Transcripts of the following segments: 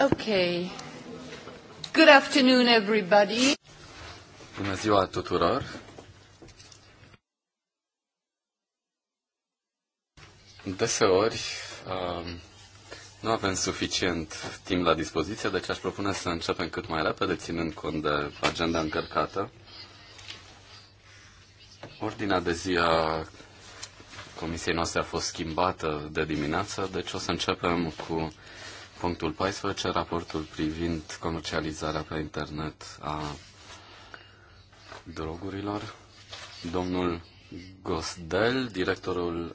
Okay. Good afternoon, everybody. Bună ziua tuturor. Deseori um, nu avem suficient timp la dispoziție, deci aș propune să începem cât mai repede, ținând cont de agenda încărcată. Ordinea de zi a comisiei noastre a fost schimbată de dimineață, deci o să începem cu Punctul 14, raportul privind comercializarea pe internet a drogurilor. Domnul Gosdel, directorul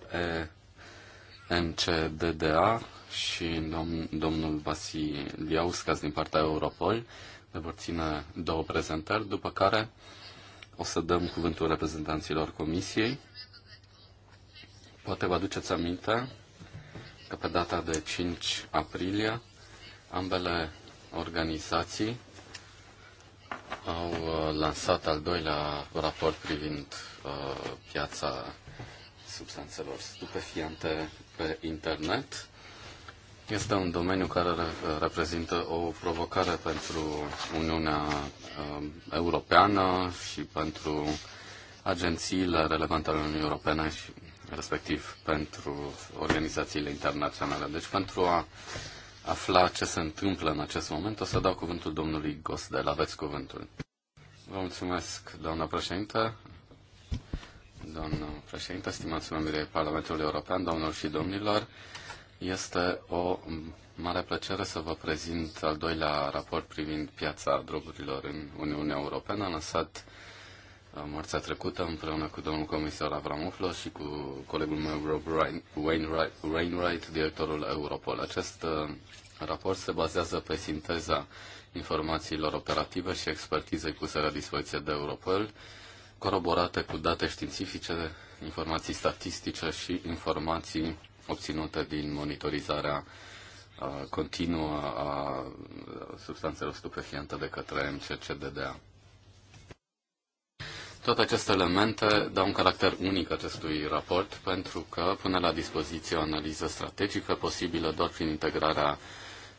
EMCDDA și dom- domnul Vasiliauskas din partea Europol ne vor ține două prezentări, după care o să dăm cuvântul reprezentanților comisiei. Poate vă aduceți aminte că pe data de 5 aprilie ambele organizații au uh, lansat al doilea raport privind uh, piața substanțelor stupefiante pe internet. Este un domeniu care reprezintă o provocare pentru Uniunea uh, Europeană și pentru agențiile relevante ale Uniunii Europene și respectiv pentru organizațiile internaționale. Deci pentru a afla ce se întâmplă în acest moment, o să dau cuvântul domnului Gosdel. Aveți cuvântul. Vă mulțumesc, doamna președinte. Doamna președinte, stimați membrii Parlamentului European, domnul și domnilor, este o mare plăcere să vă prezint al doilea raport privind piața drogurilor în Uniunea Europeană, lăsat marța trecută împreună cu domnul comisar Avramoflo și cu colegul meu Rob Rainwright, directorul Europol. Acest uh, raport se bazează pe sinteza informațiilor operative și expertizei puse la dispoziție de Europol, coroborate cu date științifice, informații statistice și informații obținute din monitorizarea uh, continuă a substanțelor stupefiante de către MCCDDA. Toate aceste elemente dau un caracter unic acestui raport pentru că pune la dispoziție o analiză strategică posibilă doar prin integrarea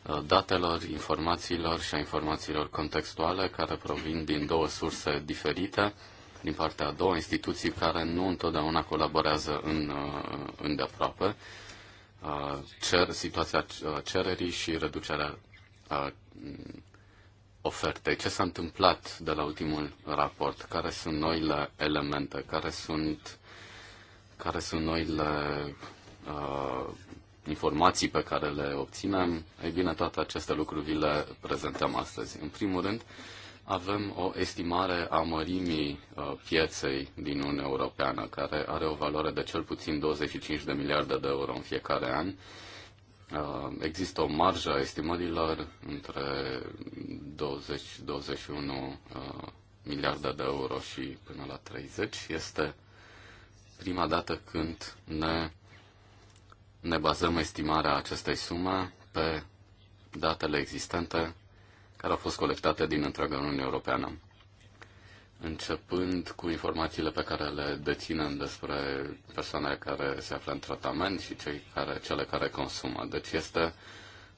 uh, datelor, informațiilor și a informațiilor contextuale care provin din două surse diferite, din partea a două instituții care nu întotdeauna colaborează în, uh, îndeaproape. Uh, cer, situația cererii și reducerea oferte, ce s-a întâmplat de la ultimul raport, care sunt noile elemente, care sunt, care sunt noile uh, informații pe care le obținem. Ei bine, toate aceste lucruri vi le prezentăm astăzi. În primul rând, avem o estimare a mărimii uh, pieței din Uniunea Europeană, care are o valoare de cel puțin 25 de miliarde de euro în fiecare an Uh, există o marjă a estimărilor între 20-21 uh, miliarde de euro și până la 30. Este prima dată când ne, ne bazăm estimarea acestei sume pe datele existente care au fost colectate din întreaga Uniune Europeană începând cu informațiile pe care le deținem despre persoanele care se află în tratament și cei care, cele care consumă. Deci este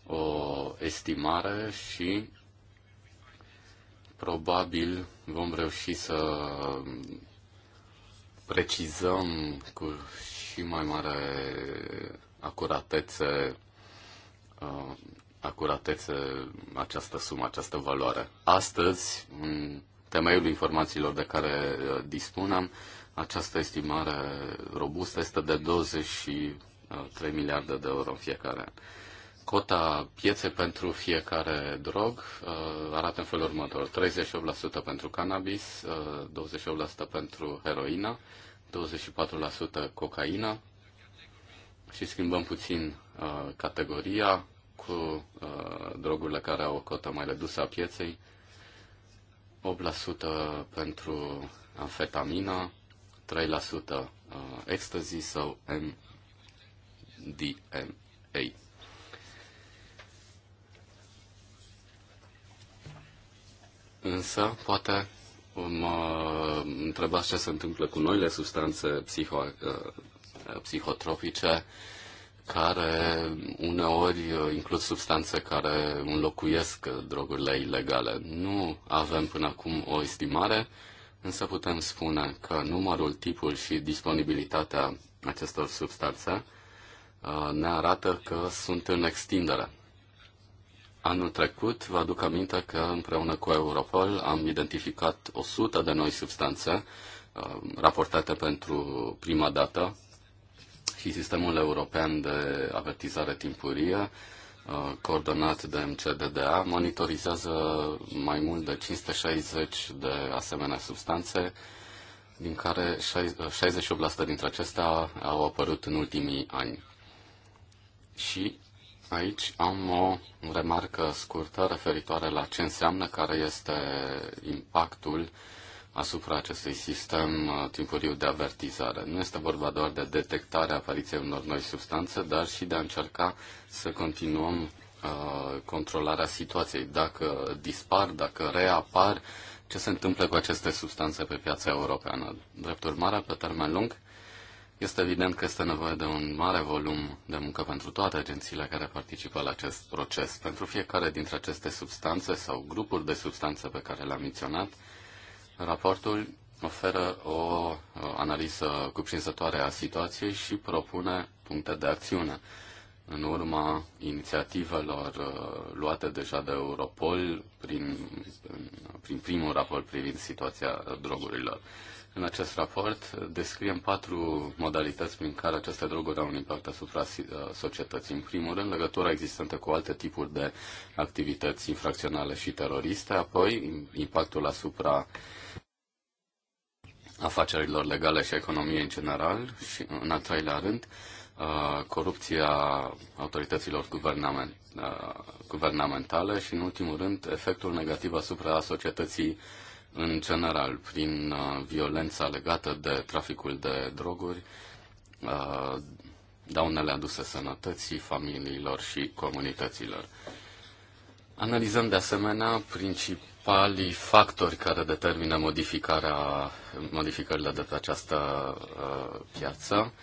o estimare și probabil vom reuși să precizăm cu și mai mare acuratețe uh, acuratețe această sumă, această valoare. Astăzi, în temeiul informațiilor de care uh, dispunem, această estimare robustă este de 23 miliarde de euro în fiecare an. Cota piețe pentru fiecare drog uh, arată în felul următor. 38% pentru cannabis, 28% uh, pentru heroină, 24% cocaină și schimbăm puțin categoria cu drogurile care au o cotă mai redusă a pieței, 8% pentru amfetamina, 3% uh, ecstasy sau MDMA. Însă, poate mă întrebați ce se întâmplă cu noile substanțe psiho, uh, psihotropice care uneori uh, includ substanțe care înlocuiesc drogurile ilegale. Nu avem până acum o estimare, însă putem spune că numărul, tipul și disponibilitatea acestor substanțe uh, ne arată că sunt în extindere. Anul trecut, vă aduc aminte că împreună cu Europol am identificat 100 de noi substanțe uh, raportate pentru prima dată și sistemul european de avertizare timpurie, uh, coordonat de MCDDA, monitorizează mai mult de 560 de asemenea substanțe, din care 68% dintre acestea au apărut în ultimii ani. Și aici am o remarcă scurtă referitoare la ce înseamnă, care este impactul uh, asupra acestui sistem uh, timpuriu de avertizare. Nu este vorba doar de detectarea apariției unor noi substanțe, dar și de a încerca să continuăm uh, controlarea situației. Dacă dispar, dacă reapar, ce se întâmplă cu aceste substanțe pe piața europeană? Drept urmare, pe termen lung, este evident că este nevoie de un mare volum de muncă pentru toate agențiile care participă la acest proces. Pentru fiecare dintre aceste substanțe sau grupuri de substanțe pe care le-am menționat, Raportul oferă o analiză cuprinzătoare a situației și propune puncte de acțiune. În urma inițiativelor uh, luate deja de Europol prin, prin primul raport privind situația drogurilor. În acest raport uh, descriem patru modalități prin care aceste droguri au un impact asupra uh, societății. În primul rând, legătura existentă cu alte tipuri de activități infracționale și teroriste, apoi impactul asupra uh, afacerilor legale și economiei în general și, în al treilea rând, uh, corupția autorităților guvernament, uh, guvernamentale și, în ultimul rând, efectul negativ asupra societății în general, prin uh, violența legată de traficul de droguri, daunele aduse sănătății, familiilor și comunităților. Analizăm de asemenea princip- principalii factori care determină modificarea, modificările de pe această uh, piață,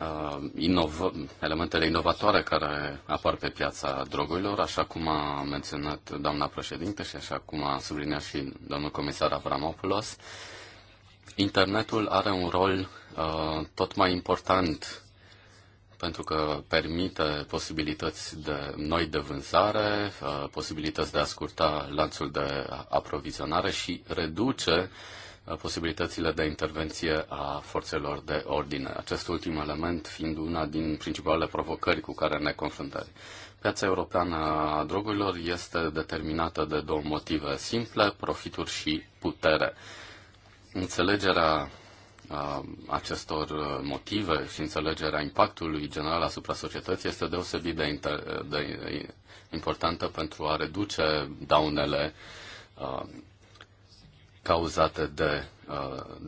uh, inov- elementele inovatoare care apar pe piața drogurilor, așa cum a menționat doamna președinte și așa cum a subliniat și domnul comisar Avramopoulos, internetul are un rol uh, tot mai important pentru că permite posibilități de noi de vânzare, uh, posibilități de a scurta lanțul de aprovizionare și reduce uh, posibilitățile de intervenție a forțelor de ordine, acest ultim element fiind una din principalele provocări cu care ne confruntăm. Piața europeană a drogurilor este determinată de două motive simple, profituri și putere. Înțelegerea acestor uh, motive și înțelegerea impactului general asupra societății este deosebit de, inter- de importantă pentru a reduce daunele cauzate de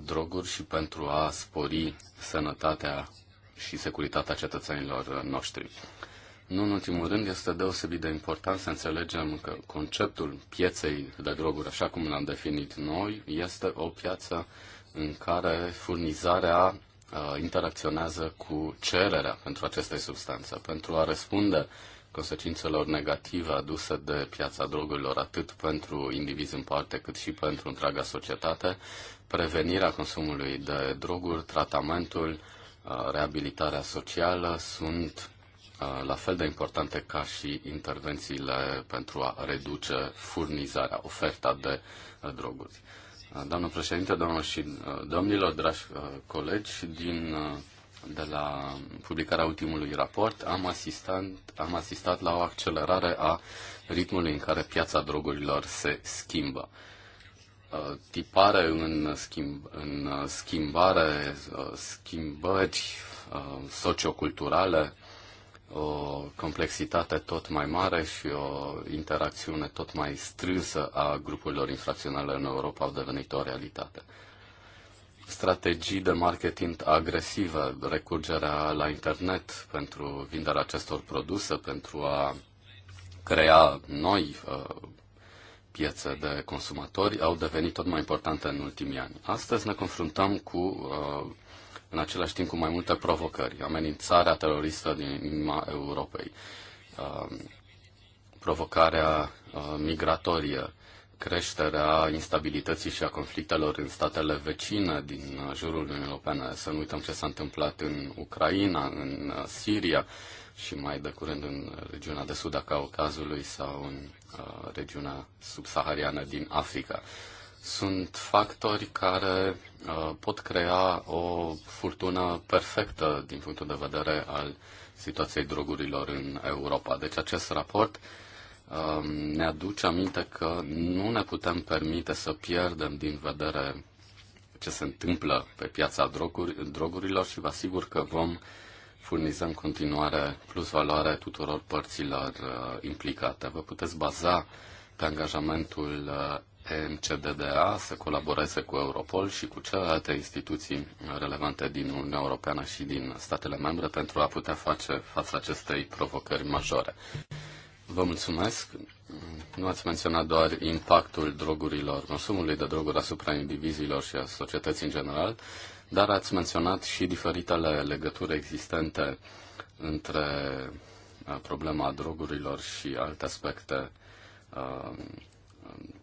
droguri și pentru a spori sănătatea și securitatea cetățenilor noștri. Nu în ultimul rând, este deosebit de important să înțelegem că conceptul pieței de droguri, așa cum l-am definit noi, este o piață uh, în care furnizarea uh, interacționează cu cererea pentru aceste substanțe, pentru a răspunde consecințelor negative aduse de piața drogurilor atât pentru indivizi în parte cât și pentru întreaga societate, prevenirea consumului de droguri, tratamentul, uh, reabilitarea socială sunt uh, la fel de importante ca și intervențiile pentru a reduce furnizarea, oferta de droguri. Doamnă președinte, doamnă și uh, domnilor, dragi uh, colegi, din, uh, de la publicarea ultimului raport am asistat, am asistat la o accelerare a ritmului în care piața drogurilor se schimbă. Tipare în, schimb, în schimbare, schimbări socioculturale, o complexitate tot mai mare și o interacțiune tot mai strânsă a grupurilor infracționale în Europa au devenit o realitate. Strategii de marketing agresive, recurgerea la internet pentru vinderea acestor produse, pentru a crea noi uh, piețe de consumatori, au devenit tot mai importante în ultimii ani. Astăzi ne confruntăm cu uh, în același timp cu mai multe provocări. Amenințarea teroristă din inima Europei, uh, provocarea uh, migratorie, creșterea instabilității și a conflictelor în statele vecine din uh, jurul Uniunii Europene. Să nu uităm ce s-a întâmplat în Ucraina, în Siria și mai de curând în regiunea de sud a Caucazului sau în regiunea subsahariană din Africa sunt factori care uh, pot crea o furtună perfectă din punctul de vedere al situației drogurilor în Europa. Deci acest raport um, ne aduce aminte că nu ne putem permite să pierdem din vedere ce se întâmplă pe piața droguri, drogurilor și vă asigur că vom furniza în continuare plus valoare tuturor părților uh, implicate. Vă puteți baza pe angajamentul uh, MCDDA să colaboreze cu Europol și cu celelalte instituții relevante din Uniunea Europeană și din statele membre pentru a putea face față acestei provocări majore. Vă mulțumesc. Nu ați menționat doar impactul drogurilor, consumului de droguri asupra indivizilor și a societății în general, dar ați menționat și diferitele legături existente între uh, problema drogurilor și alte aspecte uh,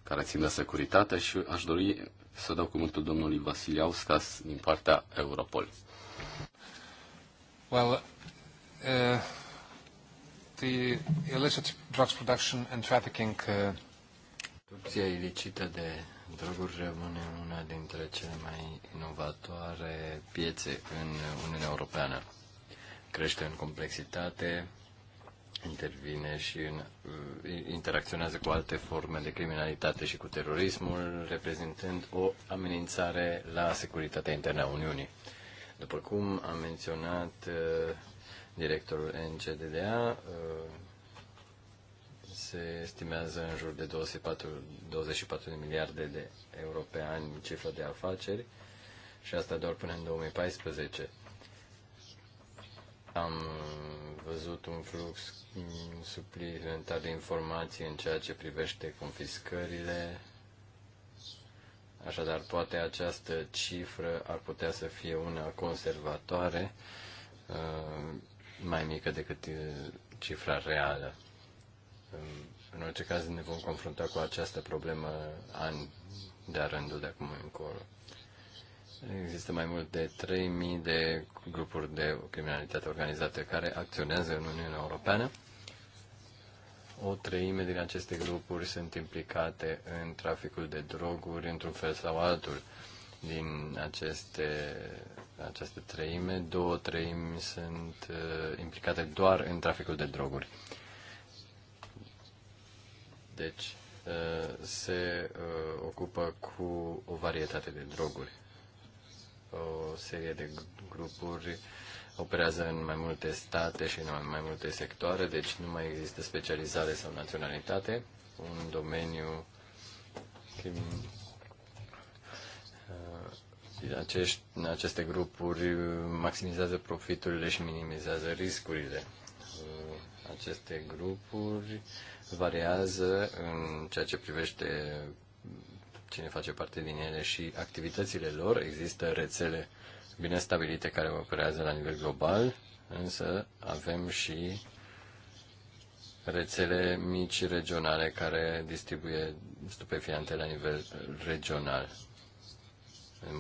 care țin de securitate și aș dori să dau cuvântul domnului Auscas din partea Europol. Well, uh, the illicit drugs production and trafficking uh... Producția ilicită de droguri rămâne una dintre cele mai inovatoare piețe în Uniunea Europeană. Crește în complexitate, intervine și în, uh, interacționează cu alte forme de criminalitate și cu terorismul, reprezentând o amenințare la securitatea internă a Uniunii. După cum a menționat uh, directorul NCDDA, uh, se estimează în jur de 24, 24 de miliarde de euro pe an cifra de afaceri și asta doar până în 2014. Am văzut un flux mm, suplimentar de informații în ceea ce privește confiscările. Așadar, poate această cifră ar putea să fie una conservatoare, uh, mai mică decât uh, cifra reală. Um, în orice caz ne vom confrunta cu această problemă ani de-a rândul de acum încolo. Există mai mult de 3.000 de grupuri de criminalitate organizată care acționează în Uniunea Europeană. O treime din aceste grupuri sunt implicate în traficul de droguri, într-un fel sau altul. Din aceste, aceste treime, două treimi sunt uh, implicate doar în traficul de droguri. Deci, uh, se uh, ocupă cu o varietate de droguri o serie de grupuri operează în mai multe state și în mai multe sectoare, deci nu mai există specializare sau naționalitate. Un domeniu uh, acești, aceste grupuri maximizează profiturile și minimizează riscurile. Uh, aceste grupuri variază în ceea ce privește cine face parte din ele și activitățile lor. Există rețele bine stabilite care operează la nivel global, însă avem și rețele mici regionale care distribuie stupefiante la nivel regional.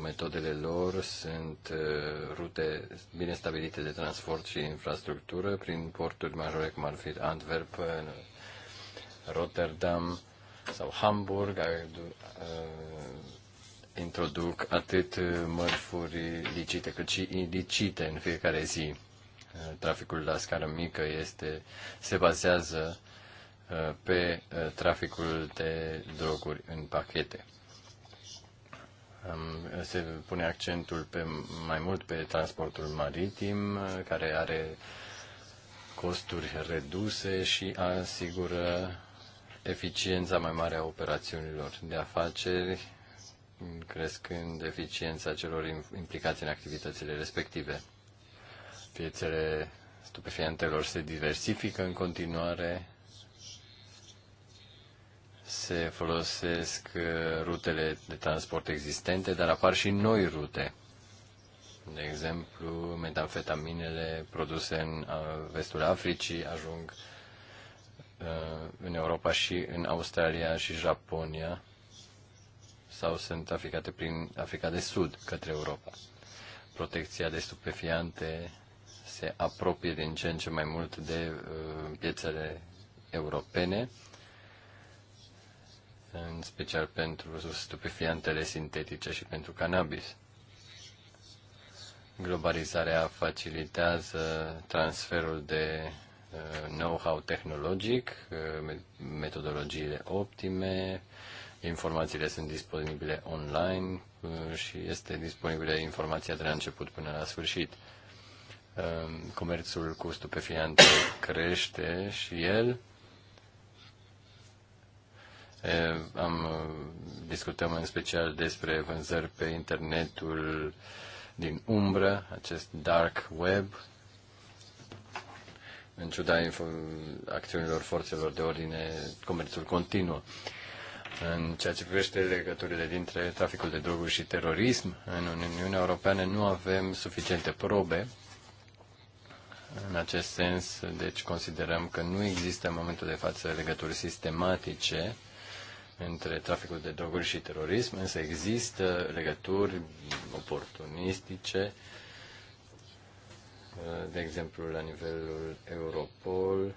Metodele lor sunt uh, rute bine stabilite de transport și infrastructură prin porturi majore cum ar fi Antwerpen, Rotterdam, sau Hamburg introduc atât mărfuri licite cât și ilicite în fiecare zi. Traficul la scară mică este, se bazează pe traficul de droguri în pachete. Se pune accentul pe, mai mult pe transportul maritim, care are costuri reduse și asigură eficiența mai mare a operațiunilor de afaceri, crescând eficiența celor implicați în activitățile respective. Piețele stupefiantelor se diversifică în continuare, se folosesc uh, rutele de transport existente, dar apar și noi rute. De exemplu, metamfetaminele produse în uh, vestul Africii ajung Uh, în Europa și în Australia și Japonia sau sunt aficate prin Africa de Sud către Europa. Protecția de stupefiante se apropie din ce în ce mai mult de uh, piețele europene, în special pentru stupefiantele sintetice și pentru cannabis. Globalizarea facilitează transferul de Uh, know-how tehnologic, uh, metodologiile optime, informațiile sunt disponibile online uh, și este disponibilă informația de la început până la sfârșit. Um, comerțul cu stupefiante crește și el. Am, discutăm în special despre vânzări pe internetul din umbră, acest dark web, în ciuda acțiunilor forțelor de ordine, comerțul continuă. În ceea ce privește legăturile dintre traficul de droguri și terorism, în Uniunea Europeană nu avem suficiente probe în acest sens, deci considerăm că nu există în momentul de față legături sistematice între traficul de droguri și terorism, însă există legături oportunistice de exemplu, la nivelul Europol.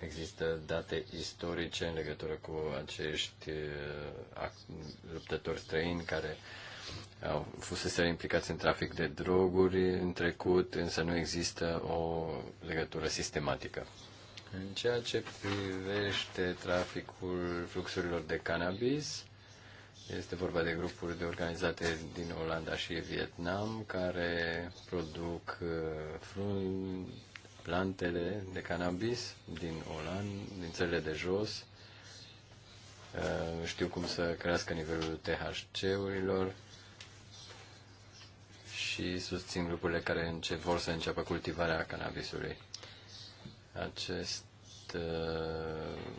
Există date istorice în legătură cu acești uh, luptători străini care au fusese implicați în trafic de droguri în trecut, însă nu există o legătură sistematică. În ceea ce privește traficul fluxurilor de cannabis, este vorba de grupuri de organizate din Olanda și Vietnam care produc uh, frun, plantele de cannabis din Olanda, din țările de jos. Uh, știu cum să crească nivelul THC-urilor și susțin grupurile care încep, vor să înceapă cultivarea cannabisului. Acest Uh,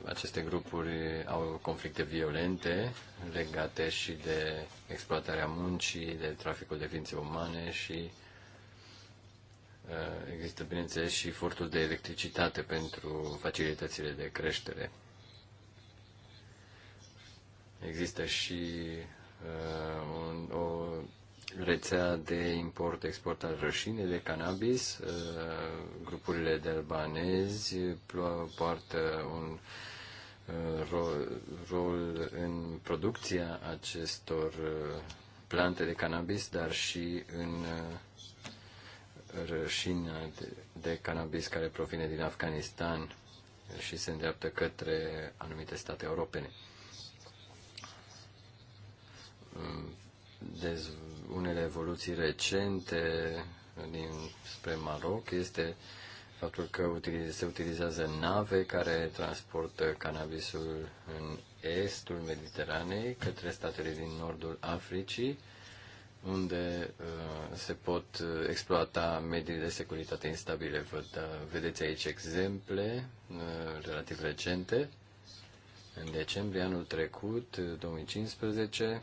aceste grupuri au conflicte violente legate și de exploatarea muncii, de traficul de ființe umane și uh, există, bineînțeles, și furtul de electricitate pentru facilitățile de creștere. Există și uh, un, o rețea de import-export al rășinii de cannabis. Uh, grupurile de albanezi poartă un uh, rol în producția acestor uh, plante de cannabis, dar și în rășina de cannabis care provine din Afganistan și se îndreaptă către anumite state europene mm, dez, unele evoluții recente din, spre Maroc este faptul că se utilizează nave care transportă cannabisul în estul Mediteranei către statele din nordul Africii, unde uh, se pot uh, exploata medii de securitate instabile. Vă, da, vedeți aici exemple uh, relativ recente. În decembrie anul trecut, 2015, uh,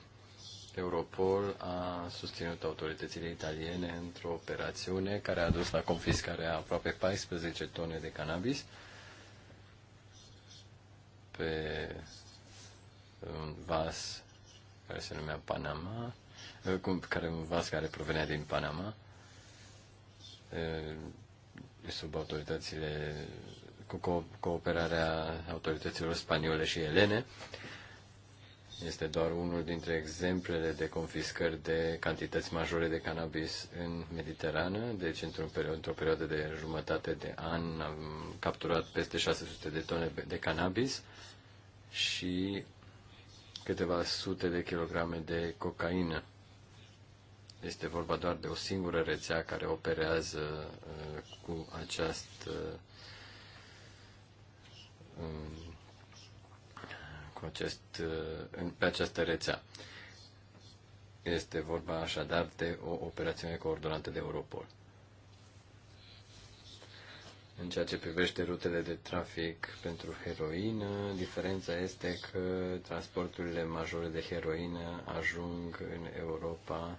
Europol a susținut autoritățile italiene într-o operațiune care a dus la confiscarea aproape 14 tone de cannabis pe un vas care se numea Panama, eh, care un vas care provenea din Panama, eh, sub autoritățile, cu cooperarea autorităților spaniole și elene. Este doar unul dintre exemplele de confiscări de cantități majore de cannabis în Mediterană. Deci, într-o perio- într perioadă de jumătate de an, am capturat peste 600 de tone de cannabis și câteva sute de kilograme de cocaină. Este vorba doar de o singură rețea care operează uh, cu această uh, cu acest, pe această rețea. Este vorba așadar de o operațiune coordonată de Europol. În ceea ce privește rutele de trafic pentru heroină, diferența este că transporturile majore de heroină ajung în Europa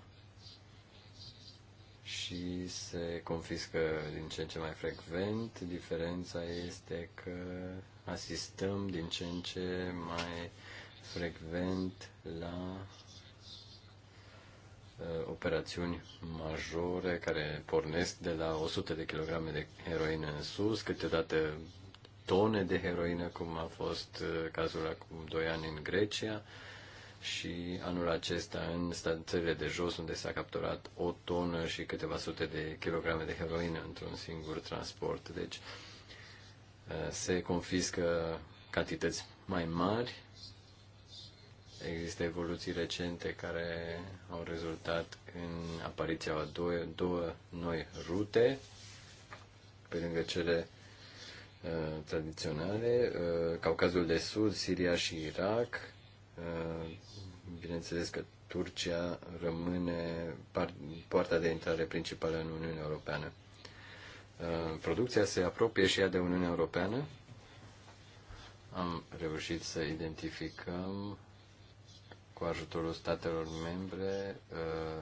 și se confiscă din ce în ce mai frecvent. Diferența este că asistăm din ce în ce mai frecvent la uh, operațiuni majore care pornesc de la 100 de kilograme de heroină în sus, câteodată tone de heroină, cum a fost uh, cazul acum 2 ani în Grecia și anul acesta în statele de jos, unde s-a capturat o tonă și câteva sute de kilograme de heroină într-un singur transport. Deci, uh, se confiscă cantități mai mari. Există evoluții recente care au rezultat în apariția a două, două noi rute, pe lângă cele uh, tradiționale, uh, Caucazul de Sud, Siria și Irak. Uh, bineînțeles că Turcia rămâne poarta de intrare principală în Uniunea Europeană. Uh, producția se apropie și ea de Uniunea Europeană. Am reușit să identificăm cu ajutorul statelor membre uh,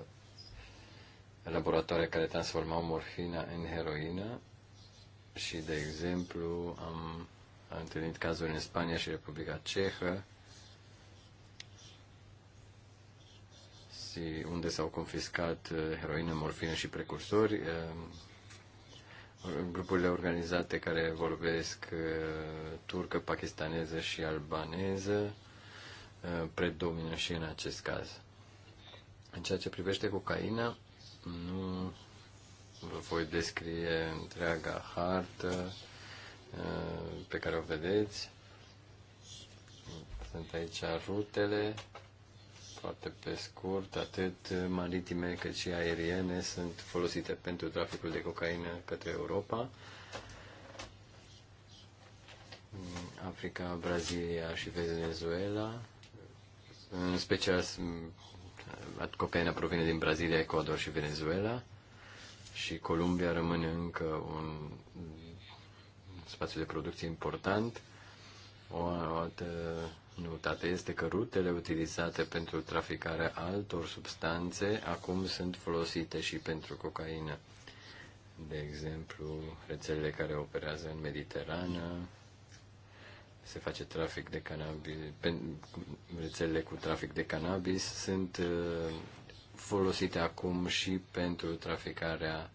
laboratoare care transformau morfina în heroină și, de exemplu, am întâlnit cazuri în Spania și Republica Cehă unde s-au confiscat uh, heroină, morfină și precursori grupurile organizate care vorbesc uh, turcă, pakistaneză și albaneză uh, predomină și în acest caz. În ceea ce privește cocaina, nu vă voi descrie întreaga hartă uh, pe care o vedeți. Sunt aici rutele foarte pe scurt, atât maritime cât și aeriene sunt folosite pentru traficul de cocaină către Europa. Africa, Brazilia și Venezuela, în special cocaina provine din Brazilia, Ecuador și Venezuela și Columbia rămâne încă un spațiu de producție important. O altă Noutate este că rutele utilizate pentru traficarea altor substanțe acum sunt folosite și pentru cocaină. De exemplu, rețelele care operează în Mediterană, se face trafic de cannabis, rețelele cu trafic de cannabis sunt uh, folosite acum și pentru traficarea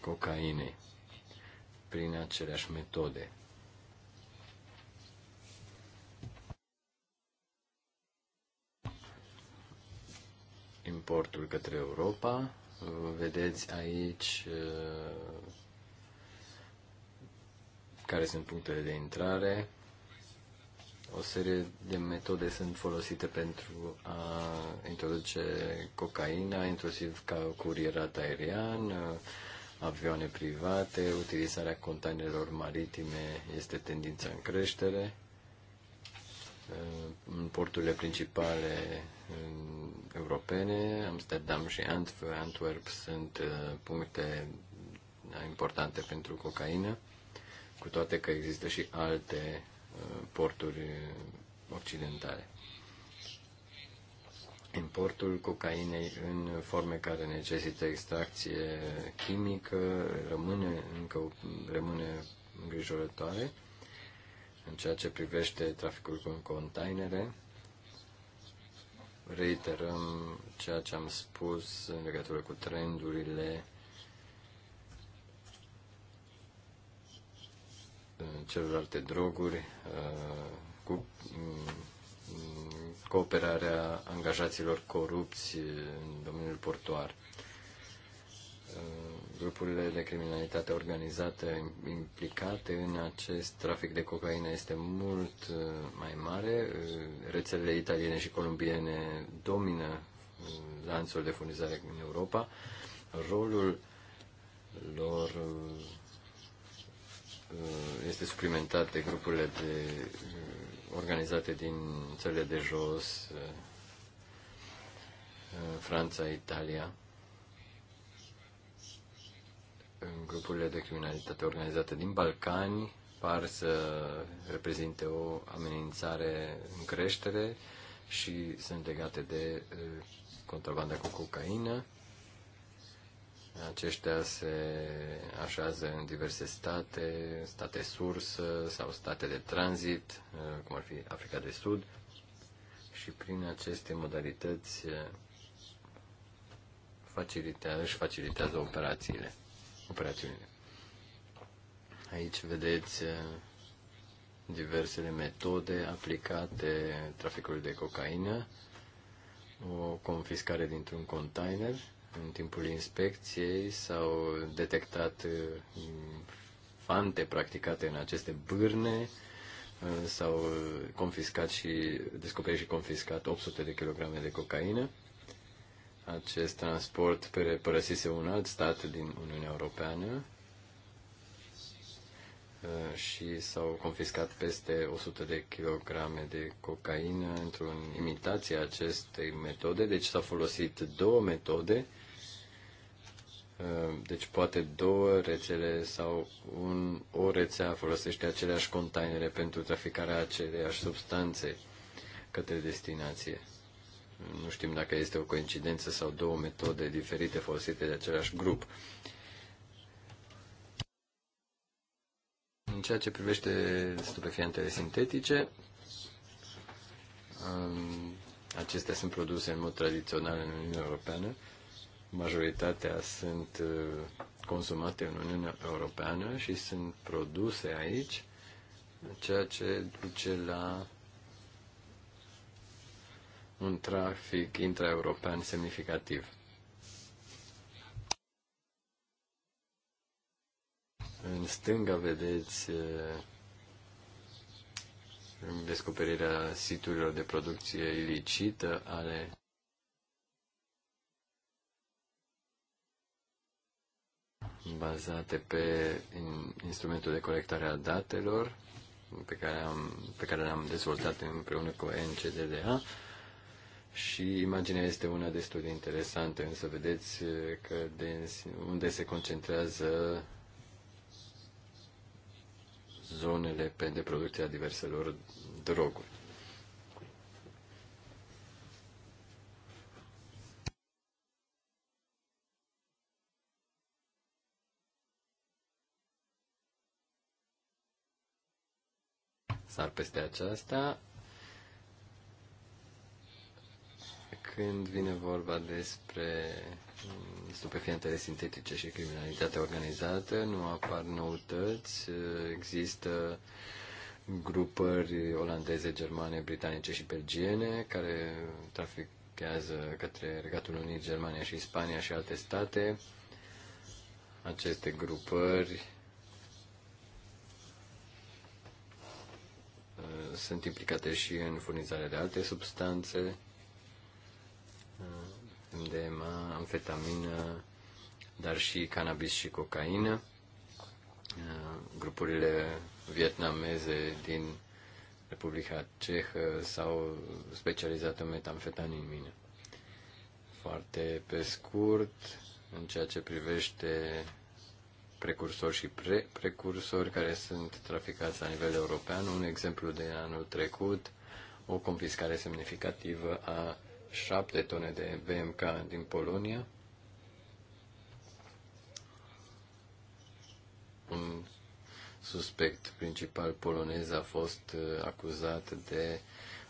cocainei prin aceleași metode. importul către Europa. Vedeți aici uh, care sunt punctele de intrare. O serie de metode sunt folosite pentru a introduce cocaina, inclusiv ca curierat aerian, uh, avioane private, utilizarea containerelor maritime este tendința în creștere. Uh, în porturile principale europene, Amsterdam și Antwerp sunt uh, puncte uh, importante pentru cocaină, cu toate că există și alte uh, porturi occidentale. Importul cocainei în forme care necesită extracție chimică rămâne încă rămâne îngrijorătoare în ceea ce privește traficul cu containere reiterăm ceea ce am spus în legătură cu trendurile celorlalte droguri, uh, cu mm, cooperarea angajaților corupți în domeniul portuar. Uh, grupurile de criminalitate organizată implicate în acest trafic de cocaină este mult uh, mai mare. Uh, rețelele italiene și columbiene domină uh, lanțul de furnizare în Europa. Rolul lor este suplimentat de grupurile de, organizate din țările de jos, Franța, Italia grupurile de criminalitate organizată din Balcani par să reprezinte o amenințare în creștere și sunt legate de eh, contrabanda cu cocaină. Aceștia se așează în diverse state, state sursă sau state de tranzit, eh, cum ar fi Africa de Sud, și prin aceste modalități eh, facilitează, își facilitează operațiile operațiunile. Aici vedeți uh, diversele metode aplicate traficului de cocaină, o confiscare dintr-un container. În timpul inspecției s-au detectat uh, fante practicate în aceste bârne, uh, s-au confiscat și descoperit și confiscat 800 de kilograme de cocaină acest transport părăsise un alt stat din Uniunea Europeană uh, și s-au confiscat peste 100 de kilograme de cocaină într-o imitație a acestei metode. Deci s-au folosit două metode, uh, deci poate două rețele sau un, o rețea folosește aceleași containere pentru traficarea aceleiași substanțe către destinație. Nu știm dacă este o coincidență sau două metode diferite folosite de același grup. În ceea ce privește stupefiantele sintetice, acestea sunt produse în mod tradițional în Uniunea Europeană. Majoritatea sunt uh, consumate în Uniunea Europeană și sunt produse aici, ceea ce duce la un trafic intraeuropean semnificativ. În stânga vedeți eh, descoperirea siturilor de producție ilicită ale bazate pe instrumentul de colectare a datelor pe care, am, pe care le-am dezvoltat împreună cu NCDDA și imaginea este una destul de interesantă, însă vedeți că de unde se concentrează zonele pentru producția diverselor droguri. Sar peste aceasta când vine vorba despre stupefiantele sintetice și criminalitatea organizată, nu apar noutăți, există grupări olandeze, germane, britanice și belgiene care traficează către Regatul Unit, Germania și Spania și alte state. Aceste grupări uh, sunt implicate și în furnizarea de alte substanțe MDMA, amfetamină, dar și cannabis și cocaină. Grupurile vietnameze din Republica Cehă s-au specializat în metamfetamină. Foarte pe scurt, în ceea ce privește precursori și pre precursori care sunt traficați la nivel european. Un exemplu de anul trecut, o confiscare semnificativă a 7 tone de BMK din Polonia, un suspect principal polonez a fost uh, acuzat de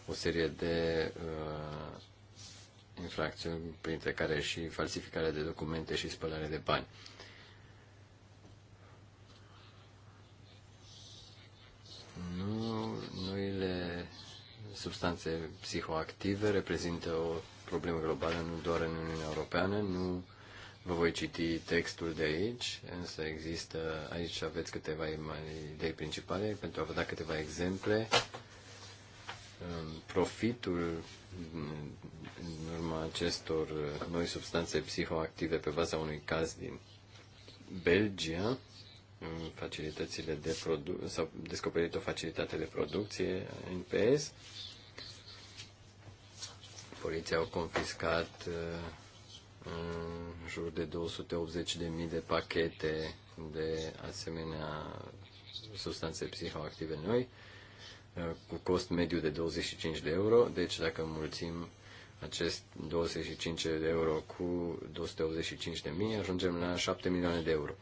o serie de uh, infracțiuni, printre care și falsificarea de documente și spălare de bani. Nu, noile substanțe psihoactive reprezintă o problemă globală, nu doar în Uniunea Europeană. Nu vă voi citi textul de aici, însă există, aici aveți câteva idei principale pentru a vă da câteva exemple. Profitul în urma acestor noi substanțe psihoactive pe baza unui caz din Belgia facilitățile de produ- s au descoperit o facilitate de producție PS. Poliția au confiscat uh, în jur de 280.000 de pachete de asemenea substanțe psihoactive noi, uh, cu cost mediu de 25 de euro. Deci dacă mulțim acest 25 de euro cu 285 de mii, ajungem la 7 milioane de euro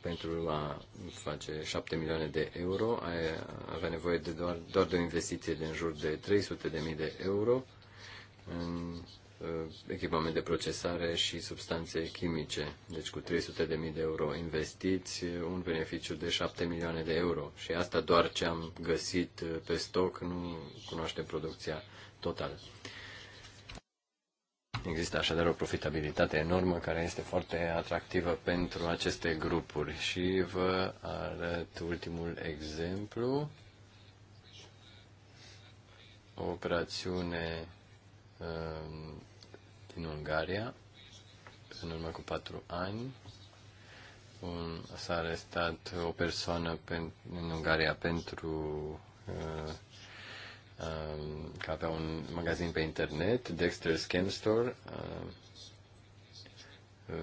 pentru a face 7 milioane de euro, ai avea nevoie de doar, doar de o investiție de în jur de 300 de mii de euro în uh, echipament de procesare și substanțe chimice. Deci cu 300 de mii de euro investiți un beneficiu de 7 milioane de euro. Și asta doar ce am găsit uh, pe stoc, nu cunoaștem producția totală. Există așadar o profitabilitate enormă care este foarte atractivă pentru aceste grupuri. Și vă arăt ultimul exemplu. O operațiune um, din Ungaria, în urmă cu patru ani, s-a arestat o persoană în Ungaria pentru uh, Um, că avea un magazin pe internet, Dexter Scan Store, um,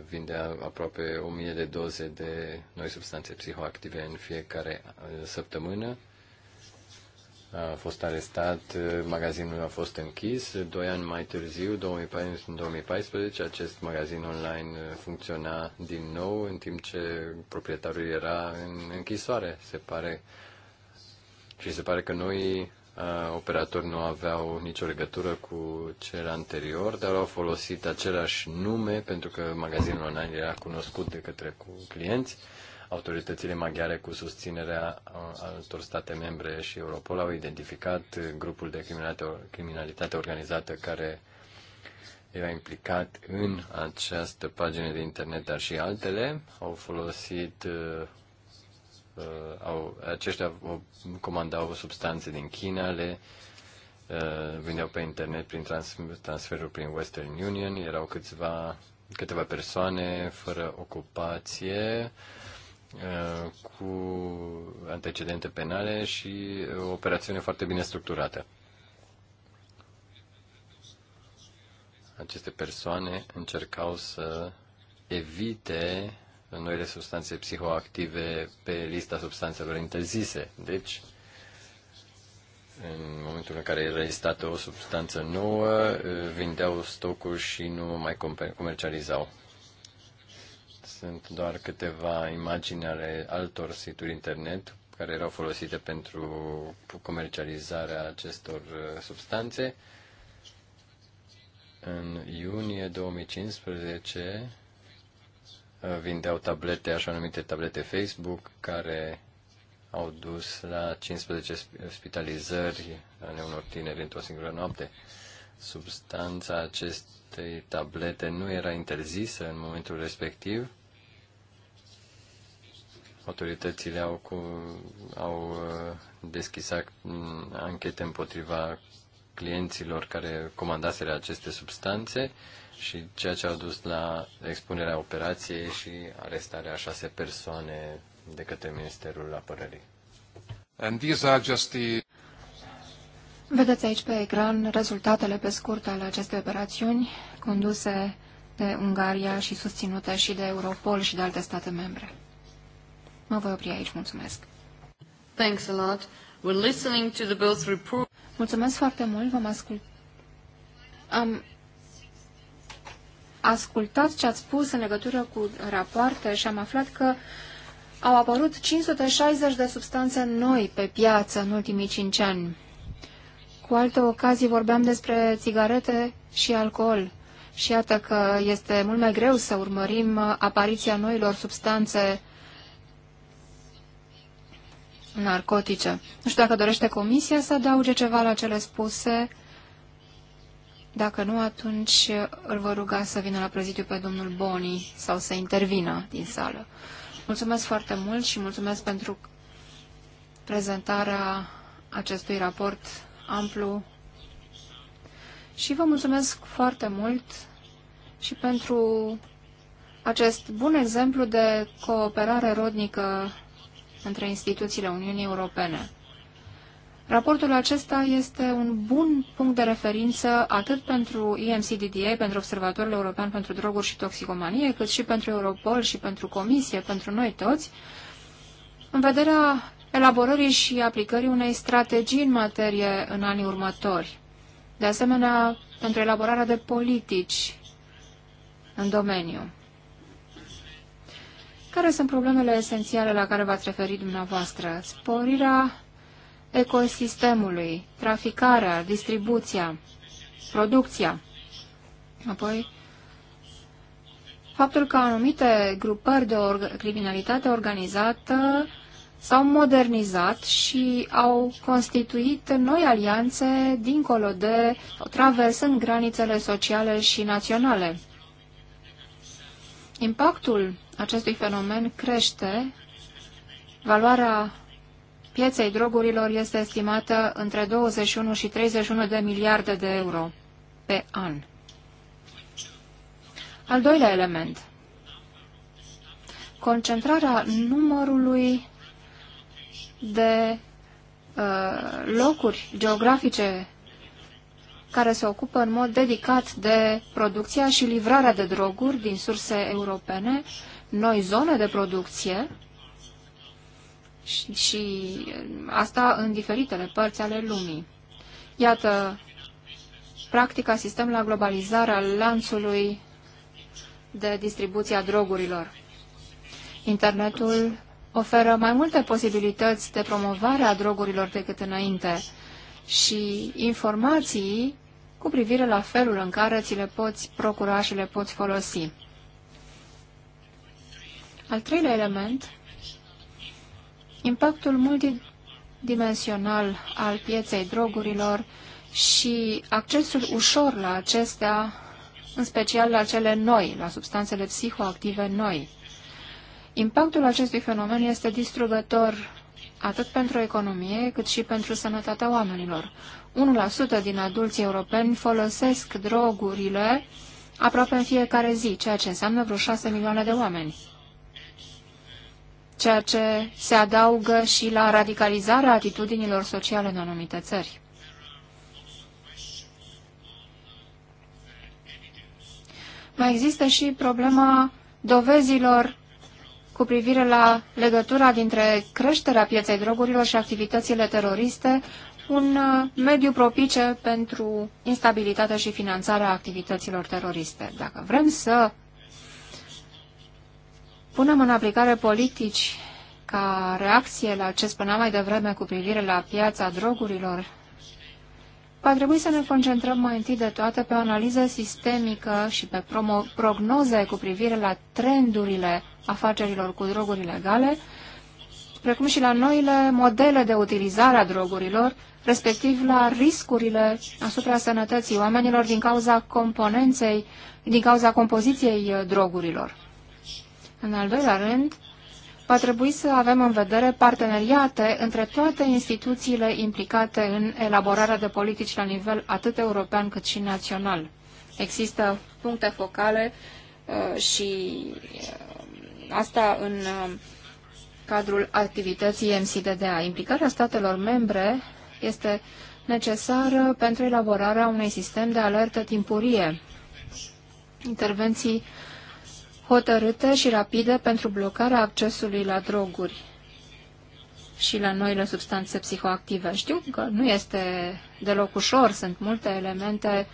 vindea aproape 1000 de doze de noi substanțe psihoactive în fiecare uh, săptămână. A fost arestat, uh, magazinul a fost închis. Uh, doi ani mai târziu, 2014, în 2014, acest magazin online funcționa din nou, în timp ce proprietarul era în închisoare, se pare. Și se pare că noi Uh, operatori nu aveau nicio legătură cu cel anterior, dar au folosit același nume pentru că magazinul online era cunoscut de către clienți. Autoritățile maghiare, cu susținerea uh, altor state membre și Europol, au identificat grupul de criminalitate organizată care era implicat în această pagină de internet, dar și altele. Au folosit uh, uh, au, aceștia comandau substanțe din China, le uh, vindeau pe internet prin trans, transferul prin Western Union, erau câțiva, câteva persoane fără ocupație, uh, cu antecedente penale și o operațiune foarte bine structurată. Aceste persoane încercau să evite noile substanțe psihoactive pe lista substanțelor interzise. Deci, în momentul în care era listată o substanță nouă, vindeau stocuri și nu mai comercializau. Sunt doar câteva imagini ale altor situri internet care erau folosite pentru comercializarea acestor substanțe. În iunie 2015, vindeau tablete, așa numite tablete Facebook, care au dus la 15 spitalizări ale unor tineri într-o singură noapte. Substanța acestei tablete nu era interzisă în momentul respectiv. Autoritățile au, cu, au uh, deschis anchete împotriva clienților care comandaseră aceste substanțe și ceea ce a dus la expunerea operației și arestarea a șase persoane de către Ministerul Apărării. And these are just the... Vedeți aici pe ecran rezultatele pe scurt ale acestei operațiuni conduse de Ungaria și susținute și de Europol și de alte state membre. Mă voi opri aici, mulțumesc. Thanks a lot. We're listening to the both report. Mulțumesc foarte mult, vom asculta. Am ascultat ce ați spus în legătură cu rapoarte și am aflat că au apărut 560 de substanțe noi pe piață în ultimii 5 ani. Cu alte ocazii vorbeam despre țigarete și alcool. Și iată că este mult mai greu să urmărim apariția noilor substanțe narcotice. Nu știu dacă dorește comisia să adauge ceva la cele spuse dacă nu, atunci îl vă ruga să vină la prezidiu pe domnul Boni sau să intervină din sală. Mulțumesc foarte mult și mulțumesc pentru prezentarea acestui raport amplu și vă mulțumesc foarte mult și pentru acest bun exemplu de cooperare rodnică între instituțiile Uniunii Europene. Raportul acesta este un bun punct de referință atât pentru EMCDDA, pentru Observatorul European pentru Droguri și Toxicomanie, cât și pentru Europol și pentru Comisie, pentru noi toți, în vederea elaborării și aplicării unei strategii în materie în anii următori. De asemenea, pentru elaborarea de politici în domeniu. Care sunt problemele esențiale la care v-ați referit dumneavoastră? Sporirea ecosistemului, traficarea, distribuția, producția. Apoi, faptul că anumite grupări de orga criminalitate organizată s-au modernizat și au constituit noi alianțe dincolo de, traversând granițele sociale și naționale. Impactul acestui fenomen crește, valoarea pieței drogurilor este estimată între 21 și 31 de miliarde de euro pe an. Al doilea element. Concentrarea numărului de uh, locuri geografice care se ocupă în mod dedicat de producția și livrarea de droguri din surse europene, noi zone de producție, și, asta în diferitele părți ale lumii. Iată, practic asistăm la globalizarea lanțului de distribuție a drogurilor. Internetul oferă mai multe posibilități de promovare a drogurilor decât înainte și informații cu privire la felul în care ți le poți procura și le poți folosi. Al treilea element Impactul multidimensional al pieței drogurilor și accesul ușor la acestea, în special la cele noi, la substanțele psihoactive noi. Impactul acestui fenomen este distrugător atât pentru economie, cât și pentru sănătatea oamenilor. 1% din adulții europeni folosesc drogurile aproape în fiecare zi, ceea ce înseamnă vreo 6 milioane de oameni ceea ce se adaugă și la radicalizarea atitudinilor sociale în anumite țări. Mai există și problema dovezilor cu privire la legătura dintre creșterea pieței drogurilor și activitățile teroriste, un uh, mediu propice pentru instabilitatea și finanțarea activităților teroriste. Dacă vrem să punem în aplicare politici ca reacție la ce spunea mai devreme cu privire la piața drogurilor, va trebui să ne concentrăm mai întâi de toate pe o analiză sistemică și pe prognoze cu privire la trendurile afacerilor cu droguri ilegale, precum și la noile modele de utilizare a drogurilor, respectiv la riscurile asupra sănătății oamenilor din cauza componenței, din cauza compoziției drogurilor. În al doilea rând, va trebui să avem în vedere parteneriate între toate instituțiile implicate în elaborarea de politici la nivel atât european cât și național. Există puncte focale uh, și uh, asta în uh, cadrul activității MCDDA. Implicarea statelor membre este necesară pentru elaborarea unui sistem de alertă timpurie, intervenții hotărâtă și rapidă pentru blocarea accesului la droguri și la noile substanțe psihoactive. Știu că nu este deloc ușor, sunt multe elemente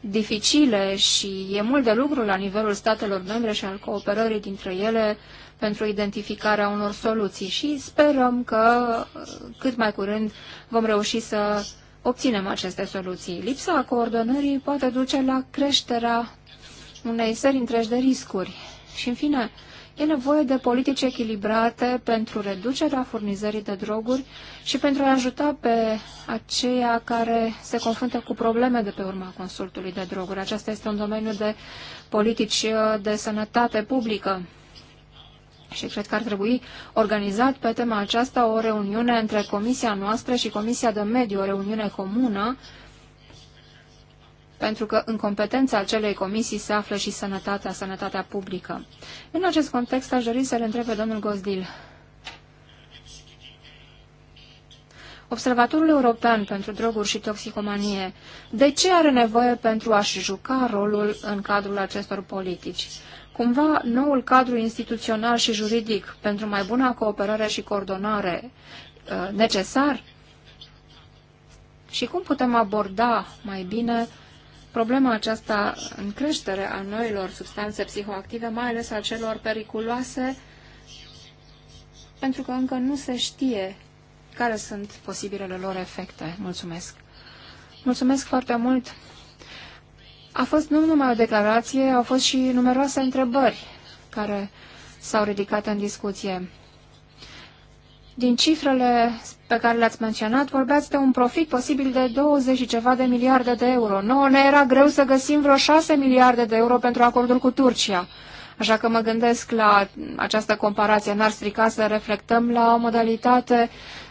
dificile și e mult de lucru la nivelul statelor membre și al cooperării dintre ele pentru identificarea unor soluții și sperăm că uh, cât mai curând vom reuși să obținem aceste soluții. Lipsa coordonării poate duce la creșterea unei serii întregi de riscuri. Și, în fine, e nevoie de politici echilibrate pentru reducerea furnizării de droguri și pentru a ajuta pe aceia care se confruntă cu probleme de pe urma consultului de droguri. Aceasta este un domeniu de politici uh, de sănătate publică. Și cred că ar trebui organizat pe tema aceasta o reuniune între comisia noastră și Comisia de Mediu, o reuniune comună, pentru că în competența acelei comisii se află și sănătatea, sănătatea publică. În acest context aș dori să-l întreb pe domnul Gozdil. Observatorul European pentru Droguri și Toxicomanie, de ce are nevoie pentru a-și juca rolul în cadrul acestor politici? Cumva, noul cadru instituțional și juridic pentru mai bună cooperare și coordonare uh, necesar? Și cum putem aborda mai bine Problema aceasta în creștere a noilor substanțe psihoactive, mai ales a celor periculoase, pentru că încă nu se știe care sunt posibilele lor efecte. Mulțumesc! Mulțumesc foarte mult! A fost nu numai o declarație, au fost și numeroase întrebări care s-au ridicat în discuție. Din cifrele pe care le-ați menționat, vorbeați de un profit posibil de 20 și ceva de miliarde de euro. Nouă ne era greu să găsim vreo 6 miliarde de euro pentru acordul cu Turcia. Așa că mă gândesc la această comparație. N-ar strica să reflectăm la o modalitate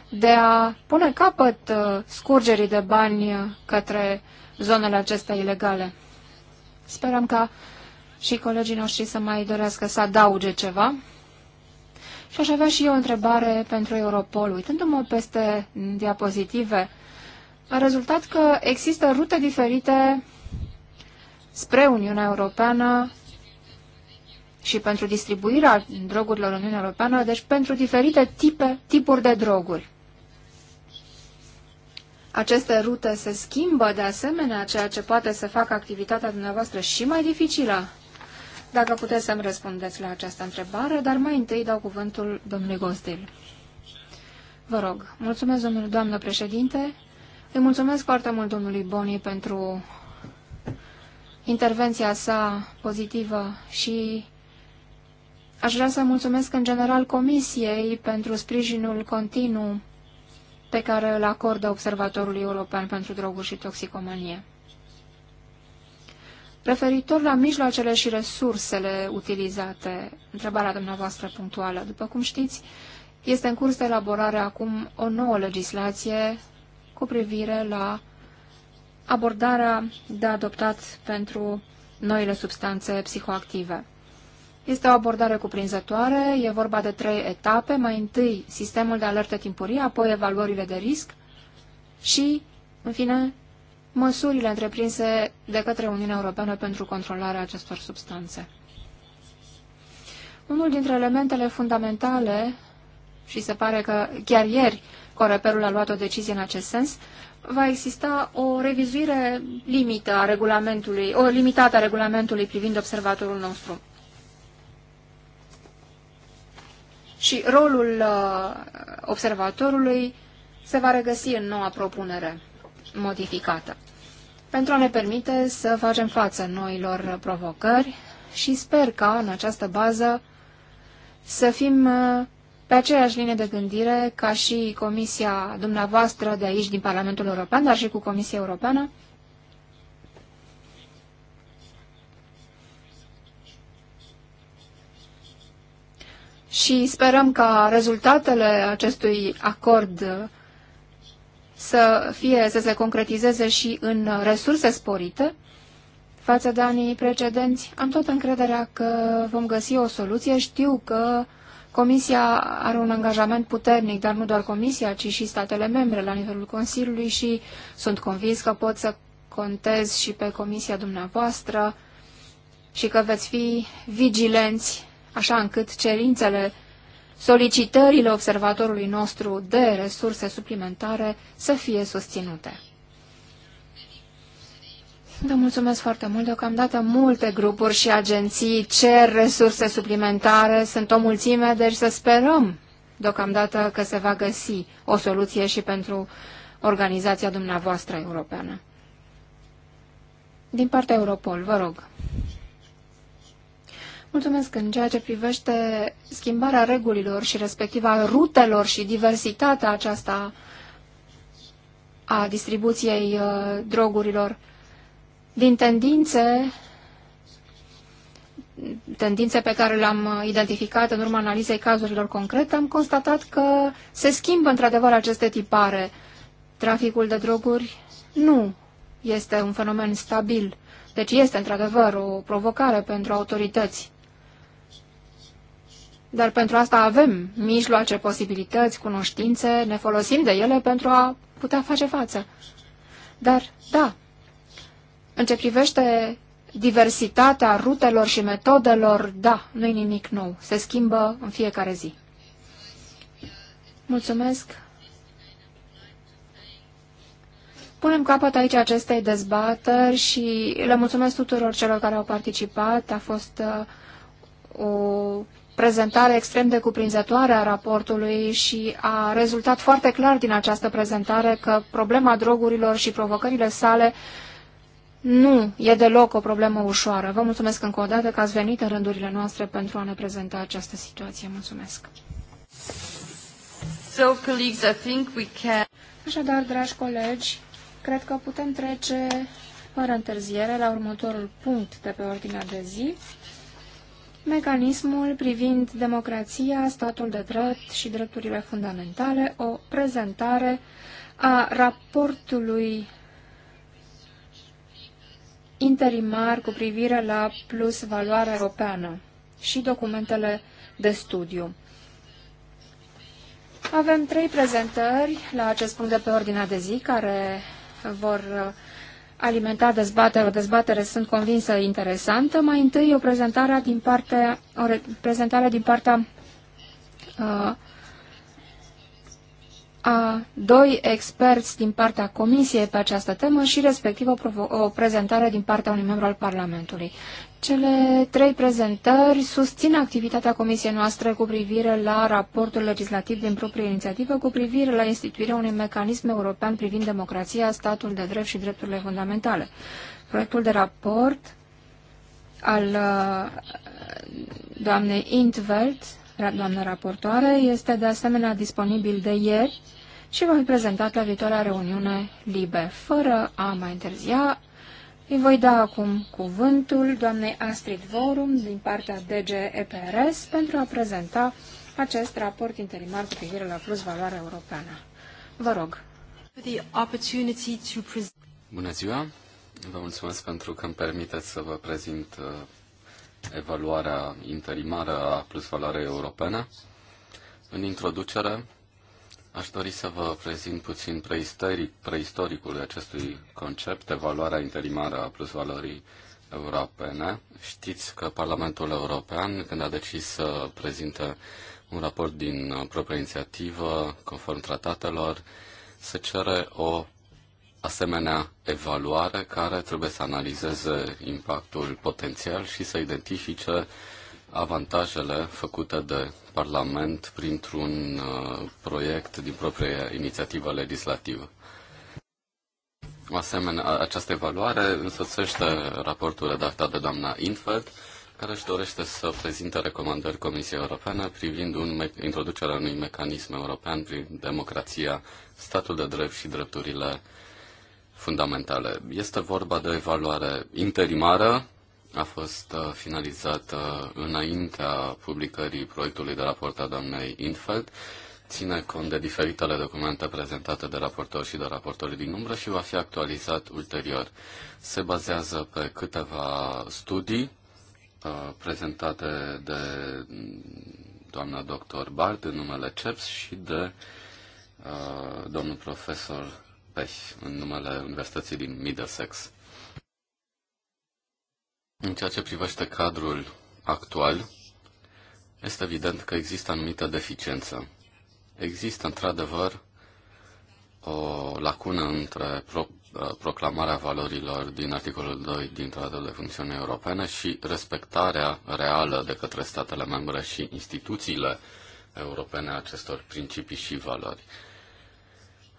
de a pune capăt uh, scurgerii de bani către zonele acestea ilegale. Sperăm ca și colegii noștri să mai dorească să adauge ceva. Și aș avea și eu o întrebare pentru Europol. Uitându-mă peste diapozitive, a rezultat că există rute diferite spre Uniunea Europeană și pentru distribuirea drogurilor în Uniunea Europeană, deci pentru diferite tipe, tipuri de droguri. Aceste rute se schimbă de asemenea, ceea ce poate să facă activitatea dumneavoastră și mai dificilă dacă puteți să-mi răspundeți la această întrebare, dar mai întâi dau cuvântul domnului Gostil. Vă rog, mulțumesc, domnul, doamnă președinte. Îi mulțumesc foarte mult domnului Boni pentru intervenția sa pozitivă și aș vrea să mulțumesc în general Comisiei pentru sprijinul continuu pe care îl acordă Observatorului European pentru Droguri și Toxicomanie. Referitor la mijloacele și resursele utilizate, întrebarea dumneavoastră punctuală, după cum știți, este în curs de elaborare acum o nouă legislație cu privire la abordarea de adoptat pentru noile substanțe psihoactive. Este o abordare cuprinzătoare, e vorba de trei etape, mai întâi sistemul de alertă timpurie, apoi evaluările de risc și, în fine, măsurile întreprinse de către Uniunea Europeană pentru controlarea acestor substanțe. Unul dintre elementele fundamentale, și se pare că chiar ieri Coreperul a luat o decizie în acest sens, va exista o revizuire limită a regulamentului, o limitată a regulamentului privind observatorul nostru. Și rolul uh, observatorului se va regăsi în noua propunere modificată, pentru a ne permite să facem față noilor provocări și sper ca în această bază să fim uh, pe aceeași linie de gândire ca și Comisia dumneavoastră de aici din Parlamentul European, dar și cu Comisia Europeană, și sperăm ca rezultatele acestui acord să, fie, să se concretizeze și în resurse sporite față de anii precedenți. Am tot încrederea că vom găsi o soluție. Știu că Comisia are un angajament puternic, dar nu doar Comisia, ci și statele membre la nivelul Consiliului și sunt convins că pot să contez și pe Comisia dumneavoastră și că veți fi vigilenți, așa încât cerințele solicitările observatorului nostru de resurse suplimentare să fie susținute. Vă mulțumesc foarte mult. Deocamdată multe grupuri și agenții cer resurse suplimentare, sunt o mulțime, deci să sperăm deocamdată că se va găsi o soluție și pentru organizația dumneavoastră europeană. Din partea Europol, vă rog. Mulțumesc. În ceea ce privește schimbarea regulilor și respectiva rutelor și diversitatea aceasta a distribuției uh, drogurilor, din tendințe, tendințe pe care le-am uh, identificat în urma analizei cazurilor concrete, am constatat că se schimbă într-adevăr aceste tipare. Traficul de droguri nu este un fenomen stabil. Deci este într-adevăr o provocare pentru autorități. Dar pentru asta avem mijloace, posibilități, cunoștințe, ne folosim de ele pentru a putea face față. Dar, da, în ce privește diversitatea rutelor și metodelor, da, nu e nimic nou. Se schimbă în fiecare zi. Mulțumesc! Punem capăt aici acestei dezbateri și le mulțumesc tuturor celor care au participat. A fost uh, o prezentare extrem de cuprinzătoare a raportului și a rezultat foarte clar din această prezentare că problema drogurilor și provocările sale nu e deloc o problemă ușoară. Vă mulțumesc încă o dată că ați venit în rândurile noastre pentru a ne prezenta această situație. Mulțumesc! So, colleagues, I think we can... Așadar, dragi colegi, cred că putem trece fără întârziere la următorul punct de pe ordinea de zi mecanismul privind democrația, statul de drept și drepturile fundamentale, o prezentare a raportului interimar cu privire la plus valoarea europeană și documentele de studiu. Avem trei prezentări la acest punct de pe ordinea de zi care vor alimenta dezbatere, o dezbatere, sunt convinsă, interesantă. Mai întâi o prezentare din partea, o prezentare din partea uh, a doi experți din partea Comisiei pe această temă și respectiv o, o prezentare din partea unui membru al Parlamentului. Cele trei prezentări susțin activitatea comisiei noastre cu privire la raportul legislativ din proprie inițiativă cu privire la instituirea unui mecanism european privind democrația, statul de drept și drepturile fundamentale. Proiectul de raport al uh, doamnei Intveld, doamnă raportoare, este de asemenea disponibil de ieri și va fi prezentat la viitoarea reuniune libe. Fără a mai întârzia, îi voi da acum cuvântul doamnei Astrid Vorum din partea DG EPRS pentru a prezenta acest raport interimar cu privire la plus valoare europeană. Vă rog. Bună ziua! Vă mulțumesc pentru că îmi permiteți să vă prezint uh, evaluarea interimară a plus valoare europeană. În introducere, Aș dori să vă prezint puțin preistoric, preistoricul acestui concept, evaluarea interimară a plusvalorii europene. Știți că Parlamentul European, când a decis să prezinte un raport din propria inițiativă, conform tratatelor, se cere o asemenea evaluare care trebuie să analizeze impactul potențial și să identifice avantajele făcute de Parlament printr-un uh, proiect din propria inițiativă legislativă. O asemenea, această evaluare însoțește raportul redactat de doamna Infeld, care își dorește să prezinte recomandări Comisiei Europene privind un introducerea unui mecanism european prin democrația, statul de drept și drepturile fundamentale. Este vorba de o evaluare interimară, a fost uh, finalizată înaintea publicării proiectului de raport a doamnei Infeld, ține cont de diferitele documente prezentate de raportori și de raportori din umbră și va fi actualizat ulterior. Se bazează pe câteva studii uh, prezentate de doamna doctor Bard în numele CEPS și de uh, domnul profesor Peș în numele Universității din Middlesex. În ceea ce privește cadrul actual, este evident că există anumită deficiență. Există, într-adevăr, o lacună între pro, uh, proclamarea valorilor din articolul 2 din Tratatul de Funcțiune Europene și respectarea reală de către statele membre și instituțiile europene a acestor principii și valori.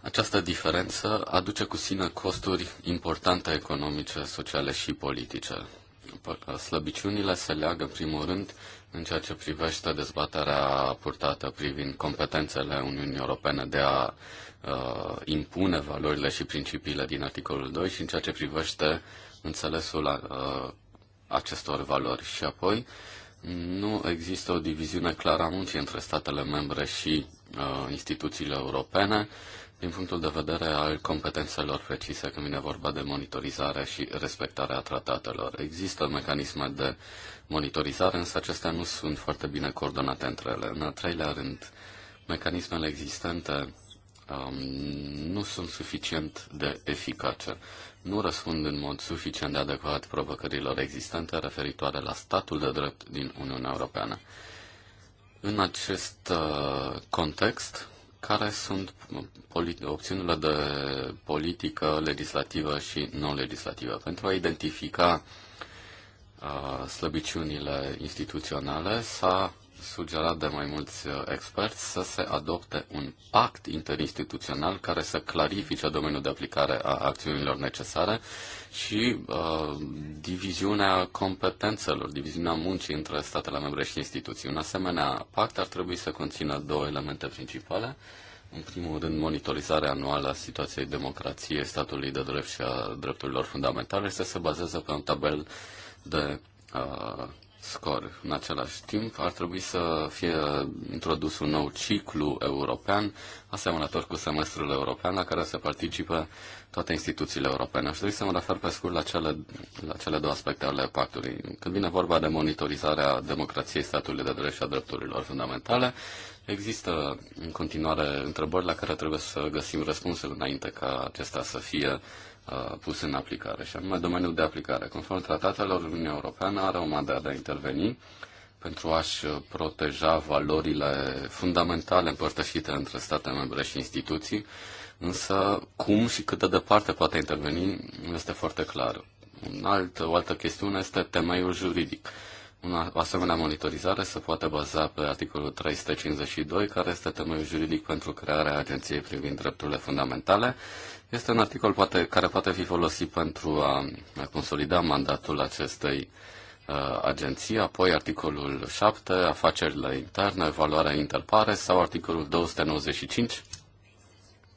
Această diferență aduce cu sine costuri importante economice, sociale și politice slăbiciunile se leagă, în primul rând, în ceea ce privește dezbaterea purtată privind competențele Uniunii Europene de a uh, impune valorile și principiile din articolul 2 și în ceea ce privește înțelesul uh, acestor valori. Și apoi, nu există o diviziune clară a muncii între statele membre și uh, instituțiile europene. Uh, din punctul de vedere al competențelor precise când vine vorba de monitorizare și respectarea tratatelor. Există mecanisme de monitorizare, însă acestea nu sunt foarte bine coordonate între ele. În al treilea rând, mecanismele existente um, nu sunt suficient de eficace. Nu răspund în mod suficient de adecvat provocărilor existente referitoare la statul de drept din Uniunea Europeană. În acest uh, context, care sunt opțiunile de politică legislativă și non-legislativă pentru a identifica uh, slăbiciunile instituționale s-a sugerat de mai mulți uh, experți să se adopte un pact interinstituțional care să clarifice domeniul de aplicare a acțiunilor necesare și uh, diviziunea competențelor, diviziunea muncii între statele membre și instituții. Un asemenea pact ar trebui să conțină două elemente principale. În primul rând, monitorizarea anuală a situației democrației, statului de drept și a drepturilor fundamentale să se bazeze pe un tabel de uh, scor. În același timp, ar trebui să fie introdus un nou ciclu european, asemănător cu semestrul european, la care să participă toate instituțiile europene. Aș dori să mă refer pe scurt la cele, la cele două aspecte ale pactului. Când vine vorba de monitorizarea democrației, statului de drept și a drepturilor fundamentale, există în continuare întrebări la care trebuie să găsim răspunsuri înainte ca acestea să fie uh, Uh, pus în aplicare, și anume domeniul de aplicare. Conform tratatelor, Uniunea Europeană are o mandat de a interveni pentru a-și uh, proteja valorile fundamentale împărtășite între state membre și instituții, însă cum și cât de departe poate interveni este foarte clar. Un alt, o altă chestiune este temeiul juridic. Una, o asemenea monitorizare se poate baza pe articolul 352, care este temeiul juridic pentru crearea Agenției privind drepturile fundamentale este un articol poate, care poate fi folosit pentru a, a consolida mandatul acestei uh, agenții, apoi articolul 7, afacerile interne, evaluarea interpare sau articolul 295,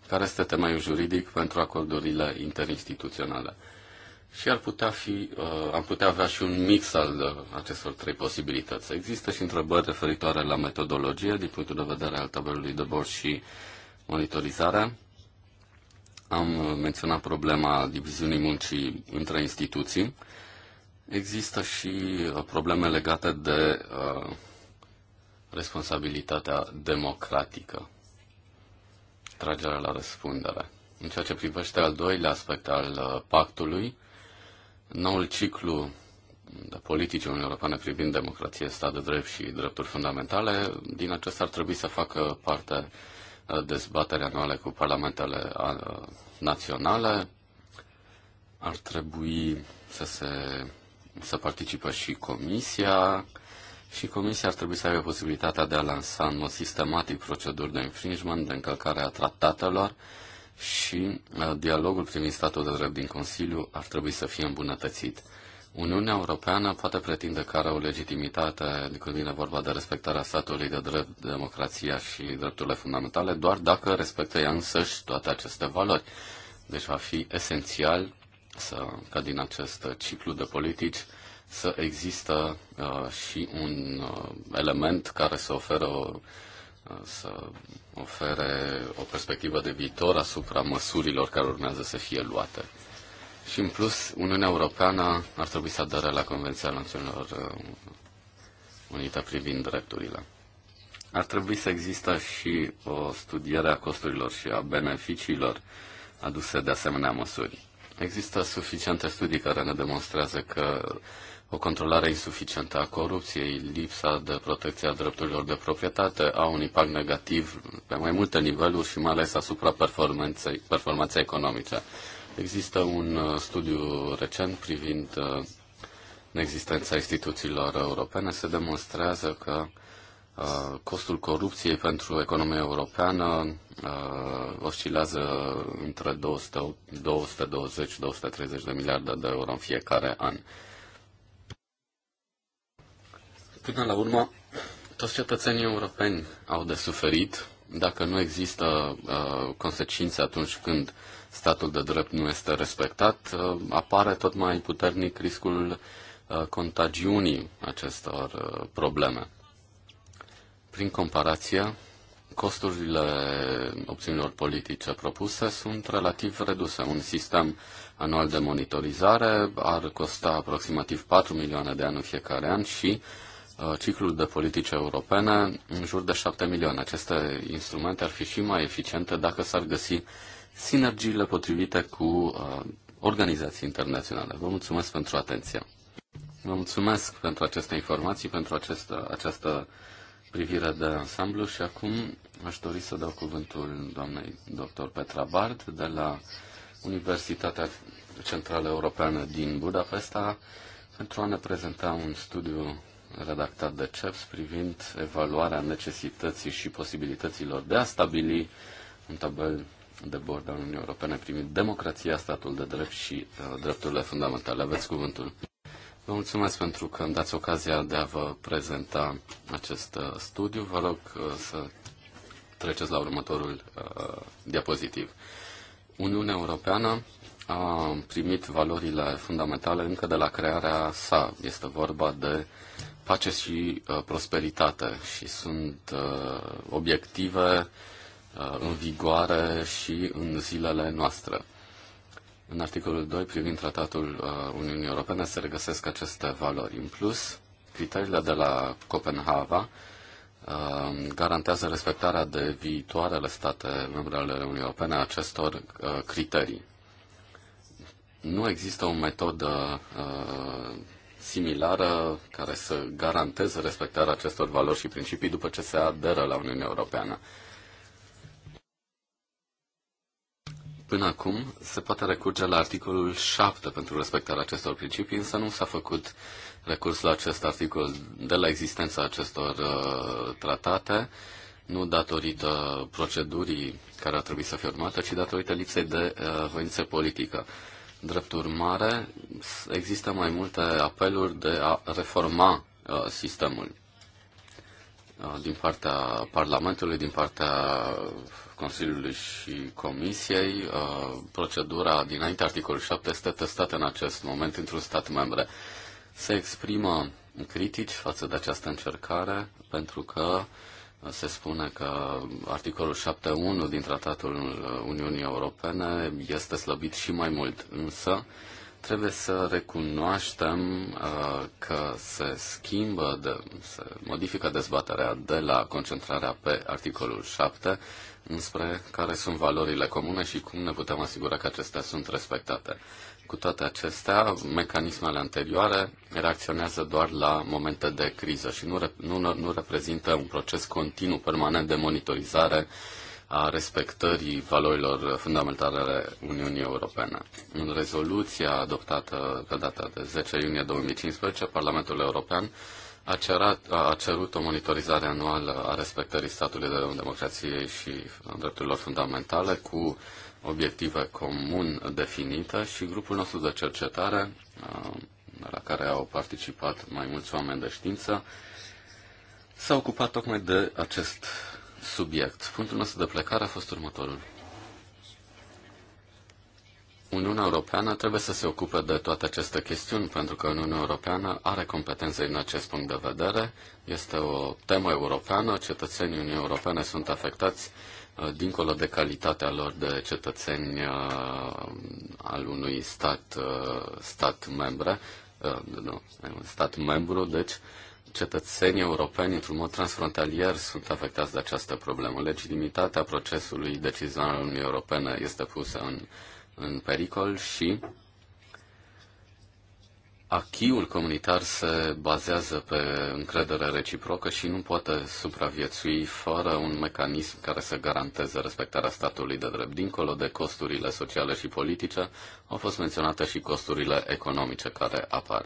care este temeiul juridic pentru acordurile interinstituționale. Și ar putea fi, uh, am putea avea și un mix al uh, acestor trei posibilități. Există și întrebări referitoare la metodologie din punctul de vedere al tabelului de bord și monitorizarea. Am uh, menționat problema diviziunii muncii între instituții. Există și uh, probleme legate de uh, responsabilitatea democratică, tragerea la răspundere. În ceea ce privește al doilea aspect al uh, pactului, noul ciclu de politici Uniunii Europene privind democrație, stat de drept și drepturi fundamentale, din acesta ar trebui să facă parte uh, Uh, dezbateri anuale cu parlamentele uh, naționale. Ar trebui să, se, să participe și comisia și comisia ar trebui să aibă posibilitatea de a lansa în mod sistematic proceduri de infringement, de încălcare a tratatelor și uh, dialogul privind statul de drept din Consiliu ar trebui să fie îmbunătățit. Uniunea Europeană poate pretinde că are o legitimitate când vine vorba de respectarea statului de drept, democrația și drepturile fundamentale, doar dacă respectă ea însăși toate aceste valori. Deci va fi esențial să, ca din acest ciclu de politici să există uh, și un uh, element care să oferă o, uh, să ofere o perspectivă de viitor asupra măsurilor care urmează să fie luate. Și în plus, Uniunea Europeană ar trebui să adere la Convenția Națiunilor uh, Unite privind drepturile. Ar trebui să există și o studiere a costurilor și a beneficiilor aduse de asemenea măsuri. Există suficiente studii care ne demonstrează că o controlare insuficientă a corupției, lipsa de protecție a drepturilor de proprietate au un impact negativ pe mai multe niveluri și mai ales asupra performanței, performanței economice. Există un uh, studiu recent privind uh, existența instituțiilor europene. Se demonstrează că uh, costul corupției pentru economia europeană oscilează între 220-230 de miliarde de euro în fiecare an. Până la urmă, toți cetățenii europeni au de suferit dacă nu există uh, consecințe atunci când uh, statul de drept nu este respectat, uh, apare tot mai puternic riscul uh, contagiunii acestor uh, probleme. Prin comparație, costurile opțiunilor politice propuse sunt relativ reduse. Un sistem anual de monitorizare ar costa aproximativ 4 milioane de ani în fiecare an și ciclul de politice europene în jur de 7 milioane. Aceste instrumente ar fi și mai eficiente dacă s-ar găsi sinergiile potrivite cu uh, organizații internaționale. Vă mulțumesc pentru atenție. Vă mulțumesc pentru aceste informații, pentru această, această privire de ansamblu și acum aș dori să dau cuvântul doamnei dr. Petra Bard de la Universitatea Centrală Europeană din Budapesta pentru a ne prezenta un studiu redactat de CEPS privind evaluarea necesității și posibilităților de a stabili un tabel de bord al Uniunii Europene primit democrația, statul de drept și uh, drepturile fundamentale. Aveți cuvântul. Vă mulțumesc pentru că îmi dați ocazia de a vă prezenta acest uh, studiu. Vă rog uh, să treceți la următorul uh, diapozitiv. Uniunea Europeană a primit valorile fundamentale încă de la crearea sa. Este vorba de pace și uh, prosperitate și sunt uh, obiective uh, Uh, în vigoare și în zilele noastre. În articolul 2 privind tratatul uh, Uniunii Europene se regăsesc aceste valori. În plus, criteriile de la Copenhaga uh, garantează respectarea de viitoarele state membre ale Uniunii Europene acestor criterii. Nu există o metodă similară care să garanteze respectarea acestor valori și principii după ce se aderă la Uniunea Europeană. Până acum se poate recurge la articolul 7 pentru respectarea acestor principii, însă nu s-a făcut recurs la acest articol de la existența acestor uh, tratate, nu datorită procedurii care ar trebui să fie urmată, ci datorită lipsei de uh, voință politică. Drept urmare, există mai multe apeluri de a reforma uh, sistemul din partea Parlamentului, din partea Consiliului și Comisiei. Uh, procedura dinainte articolul 7 este testată în acest moment într-un stat membre. Se exprimă critici față de această încercare pentru că se spune că articolul 7.1 din Tratatul Uniunii Europene este slăbit și mai mult, însă Trebuie să recunoaștem uh, că se schimbă, de, se modifică dezbaterea de la concentrarea pe articolul 7 înspre care sunt valorile comune și cum ne putem asigura că acestea sunt respectate. Cu toate acestea, mecanismele anterioare reacționează doar la momente de criză și nu, nu, nu reprezintă un proces continuu, permanent de monitorizare uh, a respectării valorilor fundamentale ale Uniunii Europene. În rezoluția adoptată pe data de 10 iunie 2015, Parlamentul European a, cerat, a cerut o monitorizare anuală a respectării statului de democrație și drepturilor fundamentale cu obiective comun definite și grupul nostru de cercetare, la care au participat mai mulți oameni de știință, s-a ocupat tocmai de acest subiect. Punctul nostru de plecare a fost următorul. Uniunea Europeană trebuie să se ocupe de toate aceste chestiuni, pentru că Uniunea Europeană are competențe în acest punct de vedere. Este o temă europeană, cetățenii Uniunii Europene sunt afectați uh, dincolo de calitatea lor de cetățeni uh, al unui stat, uh, stat membre, nu, stat membru, deci cetățenii europeni, într-un mod transfrontalier, sunt afectați de această problemă. Legitimitatea procesului decizional al Uniunii Europene este pusă în, în pericol și achiul comunitar se bazează pe încredere reciprocă și nu poate supraviețui fără un mecanism care să garanteze respectarea statului de drept. Dincolo de costurile sociale și politice, au fost menționate și costurile economice care apar.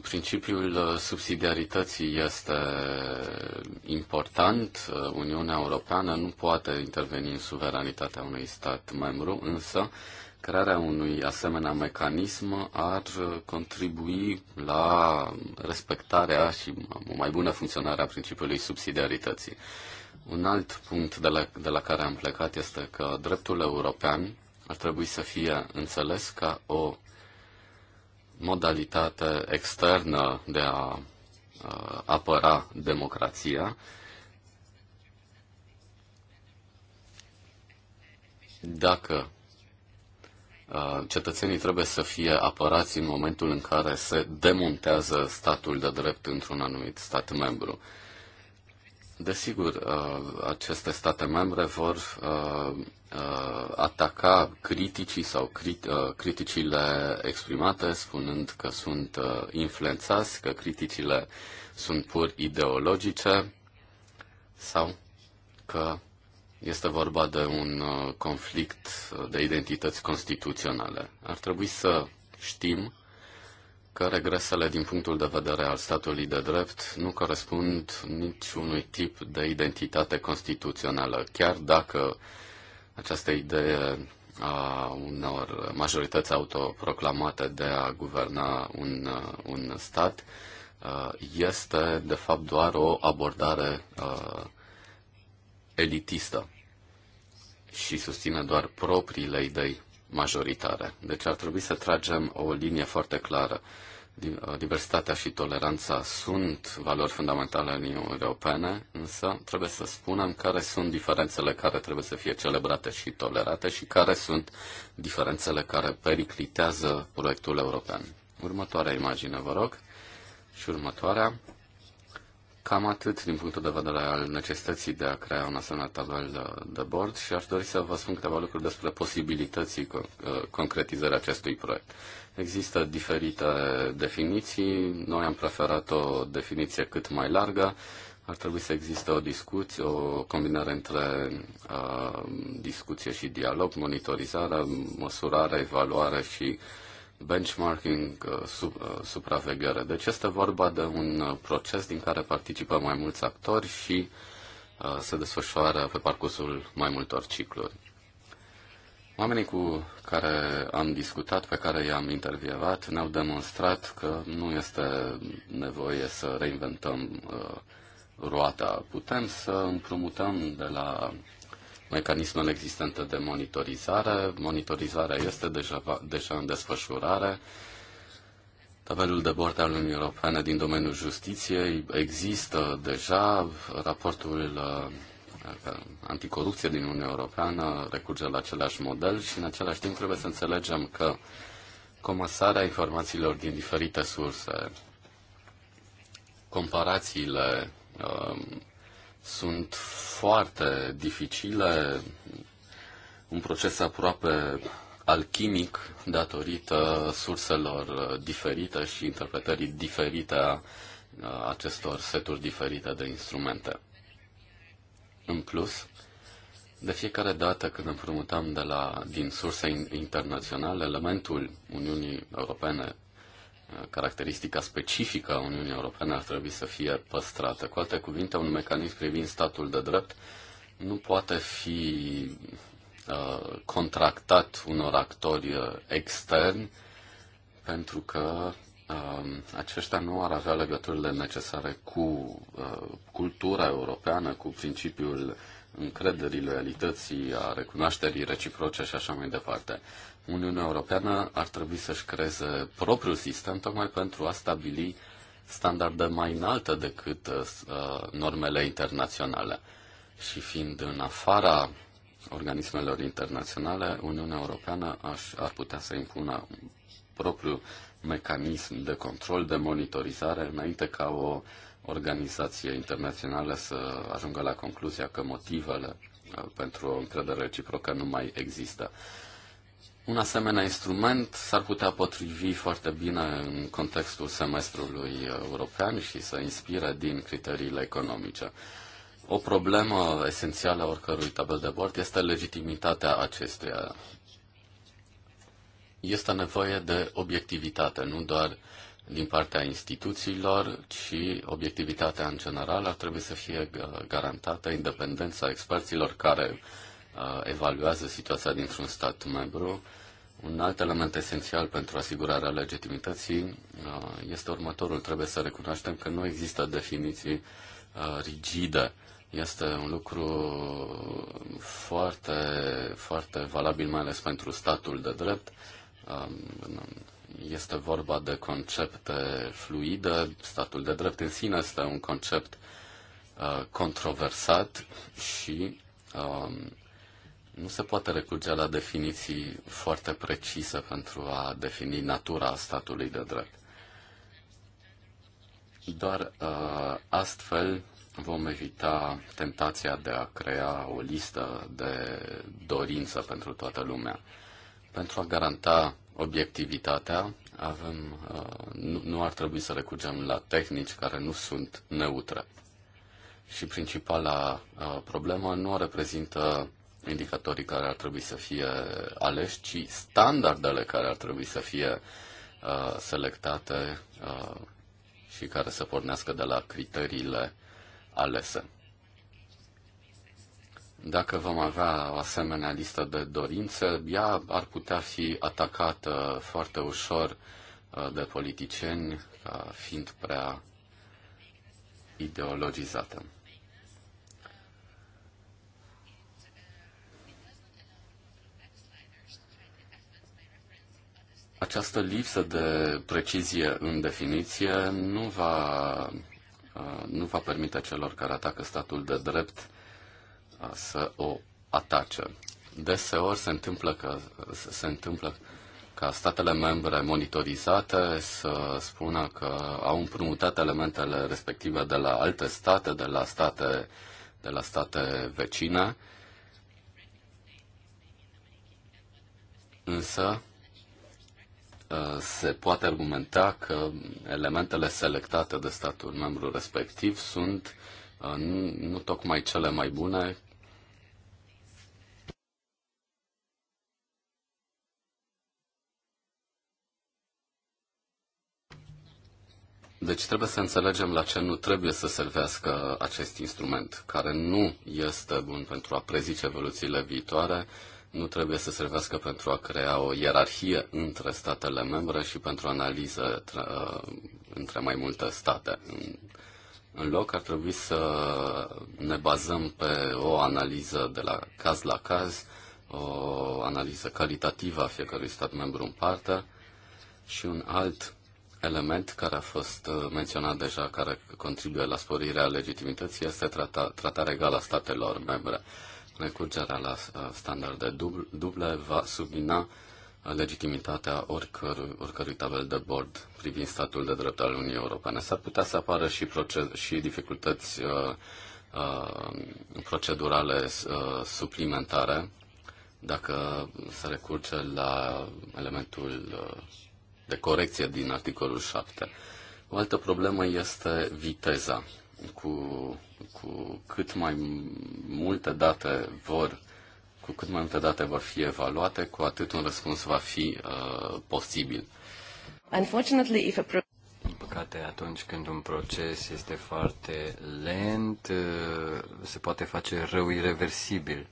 Principiul uh, subsidiarității este important. Uh, Uniunea Europeană nu poate interveni în suveranitatea unui stat membru, însă crearea unui asemenea mecanism ar contribui la respectarea și o mai bună funcționare a principiului subsidiarității. Un alt punct de la, de la care am plecat este că dreptul european ar trebui să fie înțeles ca o modalitate externă de a uh, apăra democrația. Dacă uh, cetățenii trebuie să fie apărați în momentul în care se demontează statul de drept într-un anumit stat membru. Desigur, uh, aceste state membre vor uh, ataca criticii sau crit, uh, criticile exprimate, spunând că sunt uh, influențați, că criticile sunt pur ideologice sau că este vorba de un uh, conflict de identități constituționale. Ar trebui să știm că regresele din punctul de vedere al statului de drept nu corespund niciunui tip de identitate constituțională, chiar dacă uh, această idee a unor majorități autoproclamate de a guverna un, un stat uh, este, de fapt, doar o abordare uh, elitistă și susține doar propriile idei majoritare. Deci ar trebui să tragem o linie foarte clară. Uh, Uh, diversitatea și toleranța sunt valori fundamentale ale Uniunii Europene, însă trebuie să spunem care sunt diferențele care trebuie să fie celebrate și tolerate și care sunt diferențele care periclitează proiectul european. Următoarea imagine, vă rog, și următoarea. Cam atât din punctul de vedere al necesității de a crea un asemenea tabel de bord și aș dori să vă spun câteva lucruri despre posibilității uh, concretizării acestui proiect. Există diferite definiții, noi am preferat o definiție cât mai largă, ar trebui să existe o discuție, o combinare între uh, discuție și dialog, monitorizare, măsurare, evaluare și benchmarking, uh, sub, uh, supraveghere. Deci este vorba de un uh, proces din care participă mai mulți actori și uh, se desfășoară pe parcursul mai multor cicluri. Oamenii cu care am discutat, pe care i-am intervievat, ne-au demonstrat că nu este nevoie să reinventăm uh, roata. Putem să împrumutăm de la mecanismele existente de monitorizare. Monitorizarea este deja, deja în desfășurare. Tabelul de bord al Uniunii Europene din domeniul justiției există deja. Raportul uh, anticorupție din Uniunea Europeană recurge la același model și în același timp trebuie să înțelegem că comasarea informațiilor din diferite surse, comparațiile um, sunt foarte dificile, un proces aproape alchimic datorită surselor uh, diferite și interpretării diferite a uh, acestor seturi diferite de instrumente. În plus, de fiecare dată când împrumutam de la, din surse internaționale, elementul Uniunii Europene, eh, caracteristica specifică a Uniunii Europene ar trebui să fie păstrată. Cu alte cuvinte, un mecanism privind statul de drept nu poate fi uh, contractat unor actori eh, externi pentru că Um, aceștia nu ar avea legăturile necesare cu uh, cultura europeană, cu principiul încrederii, loialității, a recunoașterii reciproce și așa mai departe. Uniunea Europeană ar trebui să-și creeze propriul sistem tocmai pentru a stabili standarde mai înalte decât uh, normele internaționale. Și fiind în afara organismelor internaționale, Uniunea Europeană aș, ar putea să impună propriul mecanism de control, de monitorizare, înainte ca o organizație internațională să ajungă la concluzia că motivele uh, pentru o încredere reciprocă nu mai există. Un asemenea instrument s-ar putea potrivi foarte bine în contextul semestrului european și să inspire din criteriile economice. O problemă esențială a oricărui tabel de bord este legitimitatea acestuia este nevoie de obiectivitate, nu doar din partea instituțiilor, ci obiectivitatea în general ar trebui să fie uh, garantată independența experților care uh, evaluează situația dintr-un stat membru. Un alt element esențial pentru asigurarea legitimității uh, este următorul. Trebuie să recunoaștem că nu există definiții rigide. Este un lucru foarte, foarte valabil, mai ales pentru statul de drept Um, este vorba de concepte fluide. Statul de drept în sine este un concept uh, controversat și um, nu se poate recurge la definiții foarte precise pentru a defini natura statului de drept. Doar uh, astfel vom evita tentația de a crea o listă de dorință pentru toată lumea. Pentru a garanta obiectivitatea, avem, uh, nu, nu ar trebui să recurgem la tehnici care nu sunt neutre. Și principala uh, problemă nu reprezintă indicatorii care ar trebui să fie aleși, ci standardele care ar trebui să fie uh, selectate uh, și care să pornească de la criteriile alese. Dacă vom avea o asemenea listă de dorințe, ea ar putea fi atacată foarte ușor uh, de politicieni ca fiind prea ideologizată. Această lipsă de precizie în definiție nu va, uh, nu va permite celor care atacă statul de drept să o atace. Deseori se întâmplă că se întâmplă ca statele membre monitorizate să spună că au împrumutat elementele respective de la alte state, de la state, de la state vecine, însă se poate argumenta că elementele selectate de statul membru respectiv sunt nu tocmai cele mai bune Deci trebuie să înțelegem la ce nu trebuie să servească acest instrument, care nu este bun pentru a prezice evoluțiile viitoare, nu trebuie să servească pentru a crea o ierarhie între statele membre și pentru analize între uh, mai multe state. În loc ar trebui să ne bazăm pe o analiză de la caz la caz, o analiză calitativă a fiecărui stat membru în parte și un alt element care a fost uh, menționat deja, care contribuie la sporirea legitimității, este trata, tratarea egală a statelor membre. Recurgerea la uh, standarde duble va submina uh, legitimitatea oricărui, oricărui tabel de bord privind statul de drept al Uniunii Europene. S-ar putea să apară și, proces, și dificultăți uh, uh, procedurale uh, suplimentare dacă se recurge la elementul uh, de corecție din articolul 7. O altă problemă este viteza. Cu, cu cât mai multe date vor cu cât mai multe date vor fi evaluate, cu atât un răspuns va fi uh, posibil. Unfortunately, if a pro- din păcate, atunci când un proces este foarte lent, uh, se poate face rău irreversibil.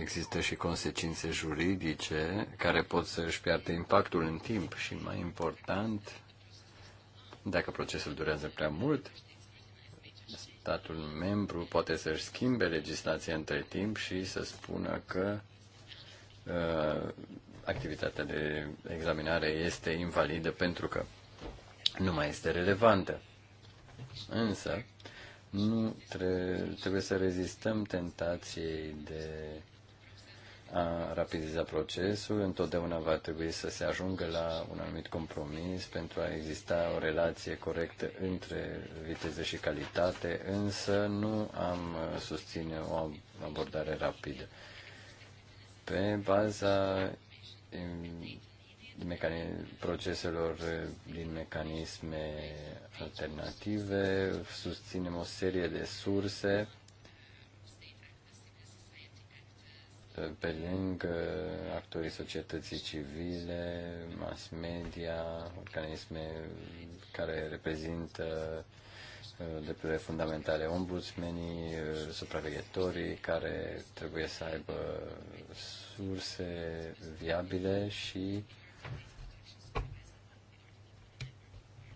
Există și consecințe juridice care pot să își piardă impactul în timp și, mai important, dacă procesul durează prea mult, statul membru poate să-și schimbe legislația între timp și să spună că uh, activitatea de examinare este invalidă pentru că nu mai este relevantă. Însă, nu tre- trebuie să rezistăm tentației de a rapidiza procesul, întotdeauna va trebui să se ajungă la un anumit compromis pentru a exista o relație corectă între viteză și calitate, însă nu am susține o abordare rapidă. Pe baza proceselor din mecanisme alternative, susținem o serie de surse pe lângă actorii societății civile, mass media, organisme care reprezintă uh, drepturile fundamentale, ombudsmenii, uh, supraveghetorii care trebuie să aibă surse viabile și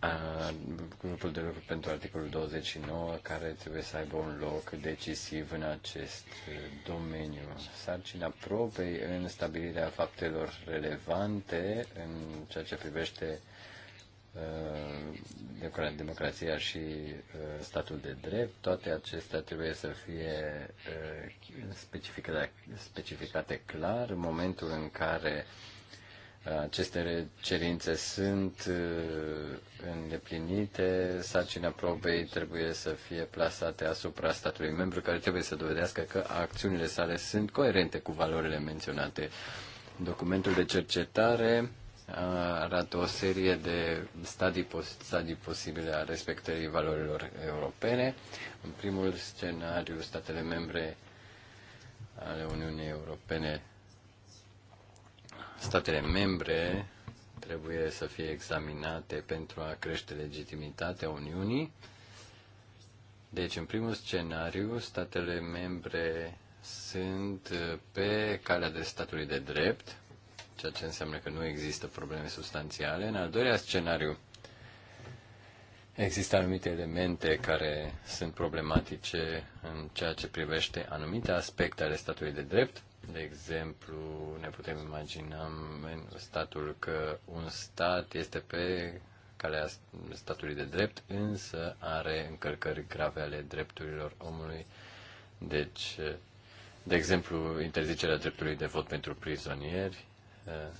a, grupul de lucru pentru articolul 29, care trebuie să aibă un loc decisiv în acest uh, domeniu. Sarcina probei în stabilirea faptelor relevante în ceea ce privește uh, democrația și uh, statul de drept, toate acestea trebuie să fie uh, specificate, specificate clar în momentul în care uh, aceste cerințe sunt uh, îndeplinite, sarcina probei trebuie să fie plasate asupra statului membru, care trebuie să dovedească că acțiunile sale sunt coerente cu valorile menționate. Documentul de cercetare arată o serie de stadii, pos- stadii posibile a respectării valorilor europene. În primul scenariu, statele membre ale Uniunii Europene statele membre trebuie să fie examinate pentru a crește legitimitatea Uniunii. Deci, în primul scenariu, statele membre sunt pe calea de statului de drept, ceea ce înseamnă că nu există probleme substanțiale. În al doilea scenariu, există anumite elemente care sunt problematice în ceea ce privește anumite aspecte ale statului de drept. De exemplu, ne putem imagina în statul că un stat este pe calea statului de drept, însă are încălcări grave ale drepturilor omului. Deci, de exemplu, interzicerea dreptului de vot pentru prizonieri eh,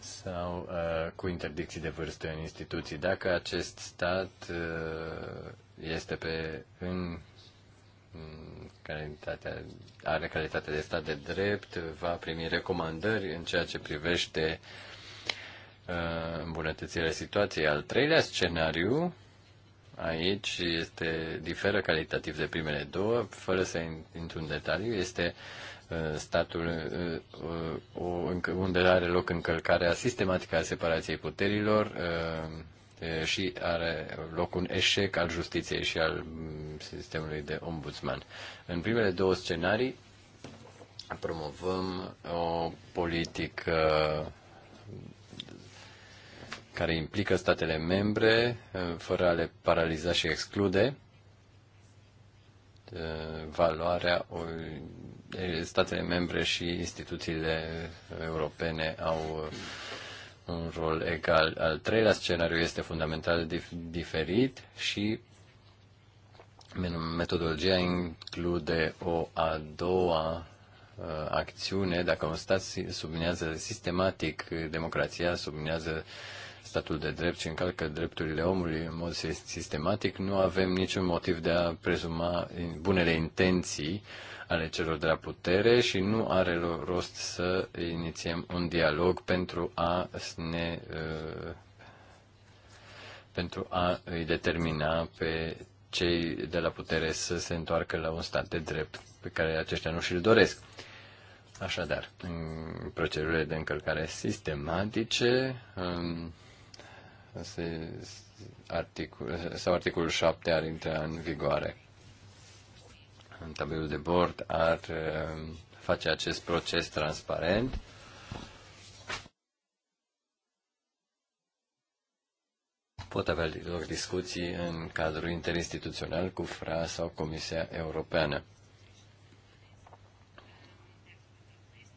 sau eh, cu interdicții de vârstă în instituții. Dacă acest stat eh, este pe, în calitatea, are calitatea de stat de drept, va primi recomandări în ceea ce privește uh, îmbunătățirea situației. Al treilea scenariu, aici este, diferă calitativ de primele două, fără să intru în detaliu, este uh, statul uh, unde are loc încălcarea sistematică a separației puterilor, și are loc un eșec al justiției și al mm, sistemului de ombudsman. În primele două scenarii promovăm o politică care implică statele membre fără a le paraliza și exclude valoarea statele membre și instituțiile europene au un rol egal. Al treilea scenariu este fundamental dif- diferit și metodologia include o a doua uh, acțiune, dacă un stat subminează sistematic democrația, subminează statul de drept și încalcă drepturile omului în mod sistematic, nu avem niciun motiv de a prezuma bunele intenții uh, ale celor de la putere și nu are rost să inițiem un dialog pentru a ne uh, pentru a îi determina pe cei de la putere să se întoarcă la un stat de drept pe care aceștia nu și-l doresc. Așadar, în procedurile de încălcare sistematice, um, articol, sau articolul 7 ar intra în vigoare tabelul de bord ar uh, face acest proces transparent. Pot avea loc discuții în cadrul interinstituțional cu FRA sau Comisia Europeană.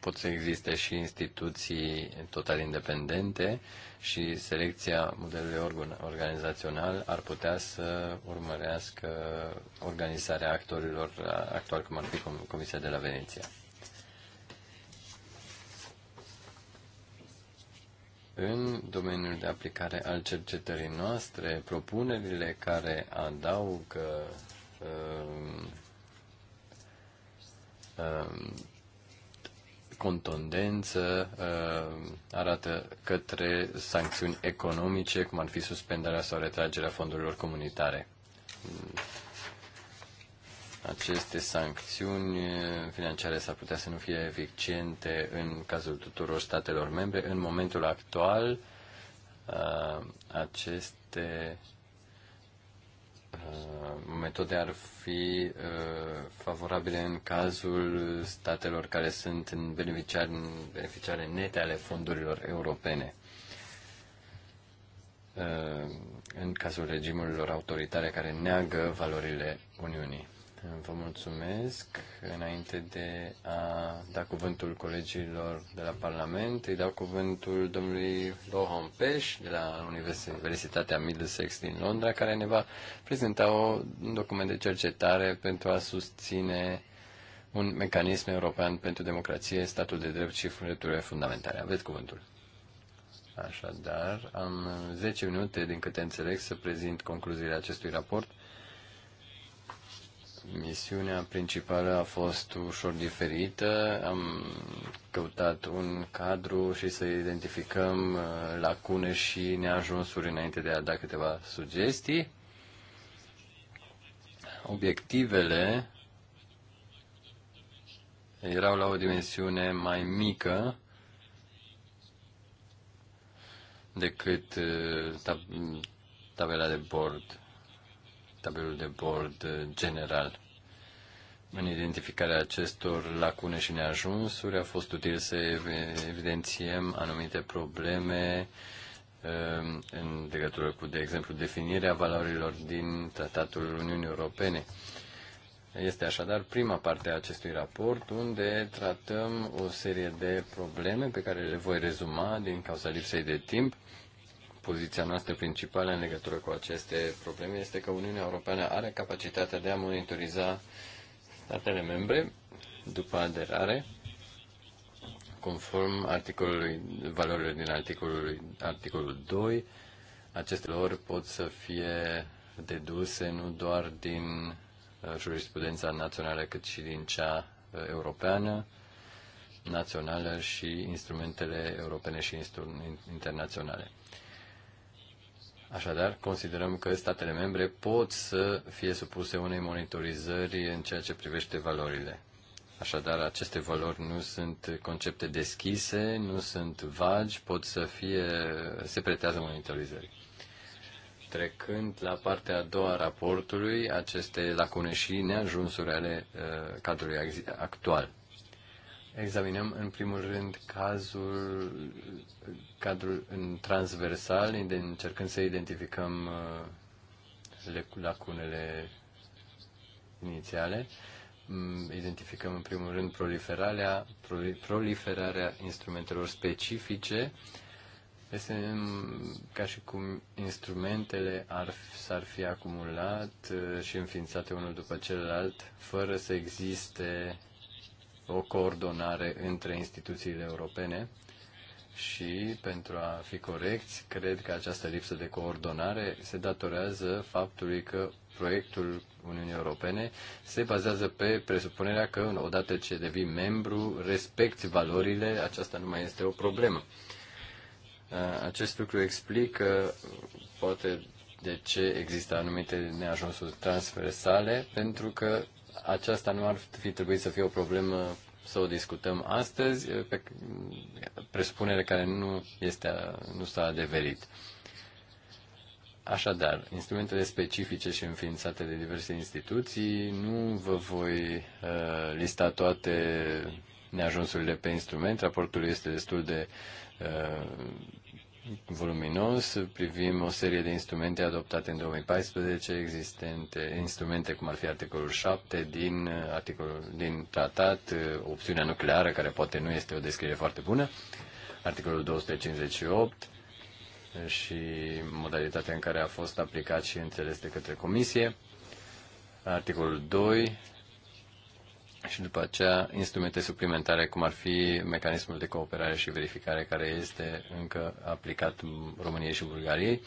pot să existe și instituții total independente și selecția modelului organizațional ar putea să urmărească organizarea actorilor actual, cum ar fi Comisia de la Veneția. În domeniul de aplicare al cercetării noastre, propunerile care adaugă um, um, contundență uh, arată către sancțiuni economice, cum ar fi suspendarea sau retragerea fondurilor comunitare. Aceste sancțiuni financiare s-ar putea să nu fie eficiente în cazul tuturor statelor membre. În momentul actual, uh, aceste Uh, metode ar fi uh, favorabile în cazul statelor care sunt în beneficiare, în beneficiare nete ale fondurilor europene. Uh, în cazul regimurilor autoritare care neagă valorile Uniunii. Vă mulțumesc. Înainte de a da cuvântul colegilor de la Parlament, îi dau cuvântul domnului Lohan Peș de la Universitatea Middlesex din Londra, care ne va prezenta o, un document de cercetare pentru a susține un mecanism european pentru democrație, statul de drept și drepturile fundamentale. Aveți cuvântul. Așadar, am 10 minute, din câte înțeleg, să prezint concluziile acestui raport misiunea principală a fost ușor diferită. Am căutat un cadru și să identificăm uh, lacune și neajunsuri înainte de a da câteva sugestii. Obiectivele erau la o dimensiune mai mică decât uh, tabela de bord tabelul de bord general. În identificarea acestor lacune și neajunsuri a fost util să evidențiem anumite probleme um, în legătură cu, de exemplu, definirea valorilor din Tratatul Uniunii Europene. Este așadar prima parte a acestui raport unde tratăm o serie de probleme pe care le voi rezuma din cauza lipsei de timp poziția noastră principală în legătură cu aceste probleme este că Uniunea Europeană are capacitatea de a monitoriza statele membre după aderare, conform articolului, valorilor din articolul, articolul 2, aceste lor pot să fie deduse nu doar din jurisprudența națională, cât și din cea uh, europeană, națională și instrumentele europene și internaționale. Așadar, considerăm că statele membre pot să fie supuse unei monitorizări în ceea ce privește valorile. Așadar, aceste valori nu sunt concepte deschise, nu sunt vagi, pot să fie, se pretează monitorizării. Trecând la partea a doua a raportului, aceste lacune și neajunsuri ale uh, cadrului actual. Examinăm în primul rând cazul, cadrul în transversal, încercând să identificăm uh, lacunele inițiale. Mm, identificăm în primul rând proliferarea, proliferarea instrumentelor specifice. Este mm, ca și cum instrumentele ar, s-ar fi acumulat uh, și înființate unul după celălalt, fără să existe o coordonare între instituțiile europene și, pentru a fi corecți, cred că această lipsă de coordonare se datorează faptului că proiectul Uniunii Europene se bazează pe presupunerea că, odată ce devii membru, respecti valorile, aceasta nu mai este o problemă. Acest lucru explică, poate, de ce există anumite neajunsuri transversale, pentru că aceasta nu ar fi trebuit să fie o problemă să o discutăm astăzi, pe presupunere care nu, este, nu s-a adeverit. Așadar, instrumentele specifice și înființate de diverse instituții, nu vă voi uh, lista toate neajunsurile pe instrument, raportul este destul de uh, voluminos, privim o serie de instrumente adoptate în 2014, existente instrumente cum ar fi articolul 7 din, uh, articolul, din tratat, uh, opțiunea nucleară, care poate nu este o descriere foarte bună, articolul 258 uh, și modalitatea în care a fost aplicat și înțeles de către Comisie, articolul 2 și după aceea instrumente suplimentare, cum ar fi mecanismul de cooperare și verificare care este încă aplicat în României și Bulgariei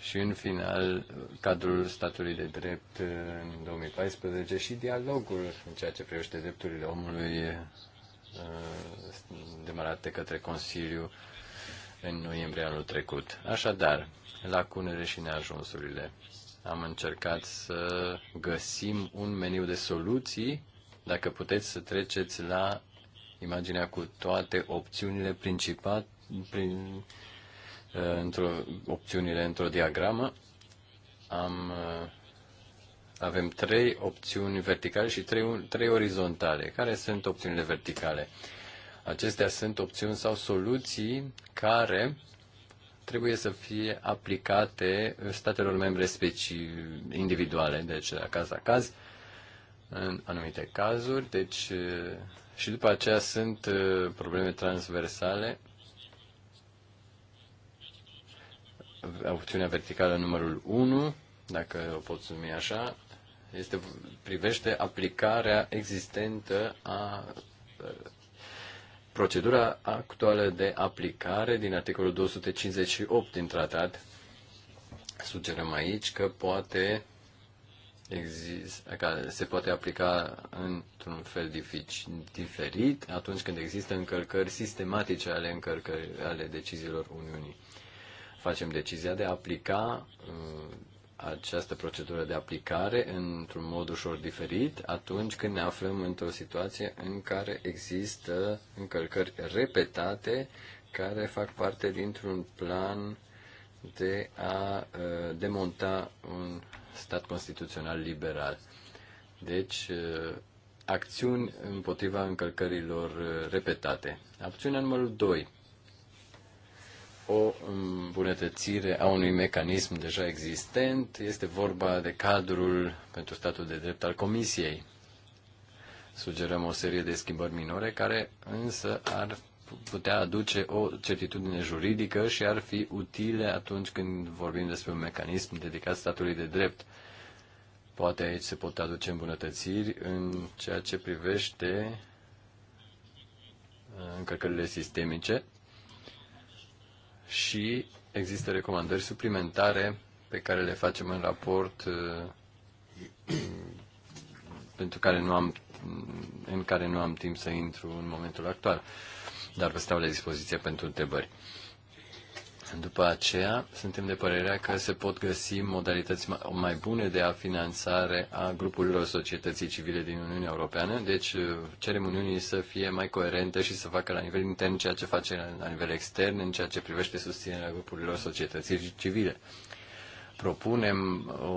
și în final cadrul statului de drept în 2014 și dialogul în ceea ce privește drepturile omului uh, demarat de către Consiliu în noiembrie anul trecut. Așadar, lacunele și neajunsurile. Am încercat să găsim un meniu de soluții dacă puteți să treceți la imaginea cu toate opțiunile principale, prin, uh, într-o, opțiunile într-o diagramă, am, uh, avem trei opțiuni verticale și trei, trei orizontale. Care sunt opțiunile verticale? Acestea sunt opțiuni sau soluții care trebuie să fie aplicate statelor membre specii individuale, deci la caz la caz, în anumite cazuri, deci și după aceea sunt probleme transversale. Opțiunea verticală numărul 1, dacă o pot numi așa, este, privește aplicarea existentă a procedura actuală de aplicare din articolul 258 din tratat. Sugerăm aici că poate există, care se poate aplica într-un fel diferit atunci când există încălcări sistematice ale, încălcări, ale deciziilor Uniunii. Facem decizia de a aplica uh, această procedură de aplicare într-un mod ușor diferit atunci când ne aflăm într-o situație în care există încălcări repetate care fac parte dintr-un plan de a uh, demonta un stat constituțional liberal. Deci, uh, acțiuni împotriva încălcărilor uh, repetate. Acțiunea numărul 2. O îmbunătățire a unui mecanism deja existent. Este vorba de cadrul pentru statul de drept al Comisiei. Sugerăm o serie de schimbări minore care însă ar putea aduce o certitudine juridică și ar fi utile atunci când vorbim despre un mecanism dedicat statului de drept. Poate aici se pot aduce îmbunătățiri în ceea ce privește uh, încărcările sistemice și există recomandări suplimentare pe care le facem în raport uh, pentru care nu am, în care nu am timp să intru în momentul actual dar vă stau la dispoziție pentru întrebări. După aceea, suntem de părerea că se pot găsi modalități mai bune de a finanțare a grupurilor societății civile din Uniunea Europeană, deci uh, cerem Uniunii să fie mai coerente și să facă la nivel intern ceea ce face la nivel extern în ceea ce privește susținerea grupurilor societății civile. Propunem o,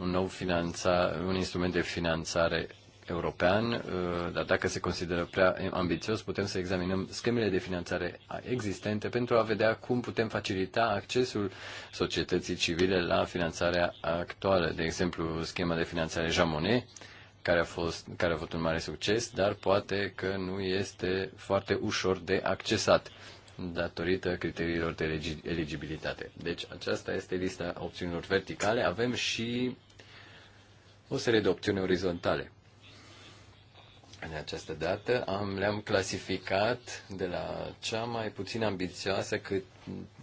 un nou finanța, un instrument de finanțare european, uh, dar dacă se consideră prea ambițios, putem să examinăm schemele de finanțare existente pentru a vedea cum putem facilita accesul societății civile la finanțarea actuală. De exemplu, schema de finanțare Jamonet, care a, fost, care a avut un mare succes, dar poate că nu este foarte ușor de accesat datorită criteriilor de eligibilitate. Deci aceasta este lista opțiunilor verticale. Avem și o serie de opțiuni orizontale. În această dată am, le-am clasificat de la cea mai puțin ambițioasă cât,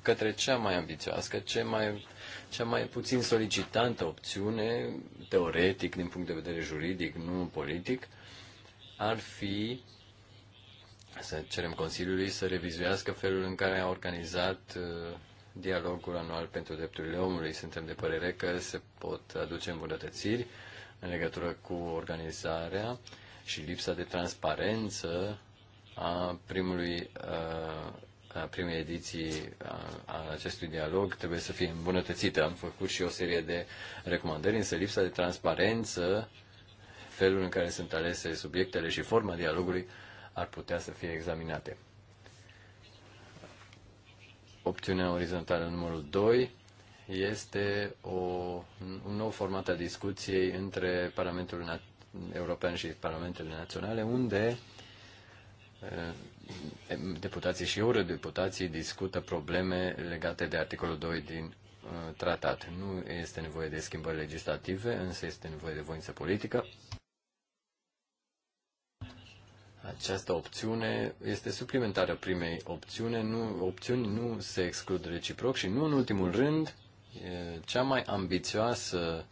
către cea mai ambițioasă, cea mai, cea mai puțin solicitantă opțiune, teoretic, din punct de vedere juridic, nu politic, ar fi să cerem Consiliului să revizuiască felul în care a organizat uh, dialogul anual pentru drepturile omului. Suntem de părere că se pot aduce îmbunătățiri în legătură cu organizarea și lipsa de transparență a primului uh, a primei ediții uh, a, acestui dialog trebuie să fie îmbunătățită. Am făcut și o serie de recomandări, însă lipsa de transparență, felul în care sunt alese subiectele și forma dialogului ar putea să fie examinate. Opțiunea orizontală numărul 2 este o, un nou format a discuției între Parlamentul European și Parlamentele Naționale, unde eh, deputații și eurodeputații discută probleme legate de articolul 2 din eh, tratat. Nu este nevoie de schimbări legislative, însă este nevoie de voință politică. Această opțiune este suplimentară primei opțiune, nu, opțiuni nu se exclud reciproc și nu în ultimul rând, eh, cea mai ambițioasă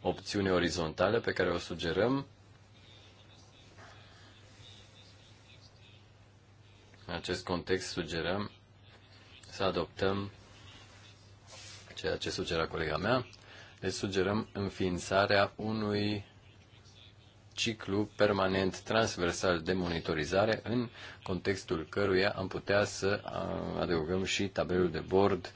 opțiune orizontală pe care o sugerăm. În acest context sugerăm să adoptăm ceea ce sugera colega mea, le sugerăm înființarea unui ciclu permanent transversal de monitorizare, în contextul căruia am putea să adăugăm și tabelul de bord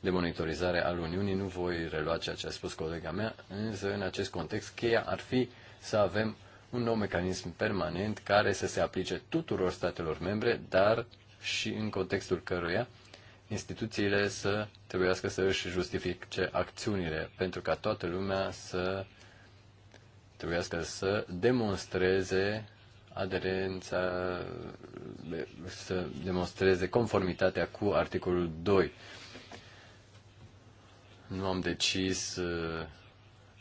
de monitorizare al Uniunii. Nu voi relua ceea ce a spus colega mea, însă în acest context cheia ar fi să avem un nou mecanism permanent care să se aplice tuturor statelor membre, dar și în contextul căruia instituțiile să trebuiască să își justifice acțiunile pentru ca toată lumea să trebuiască să demonstreze aderența, să demonstreze conformitatea cu articolul 2. Nu am decis uh,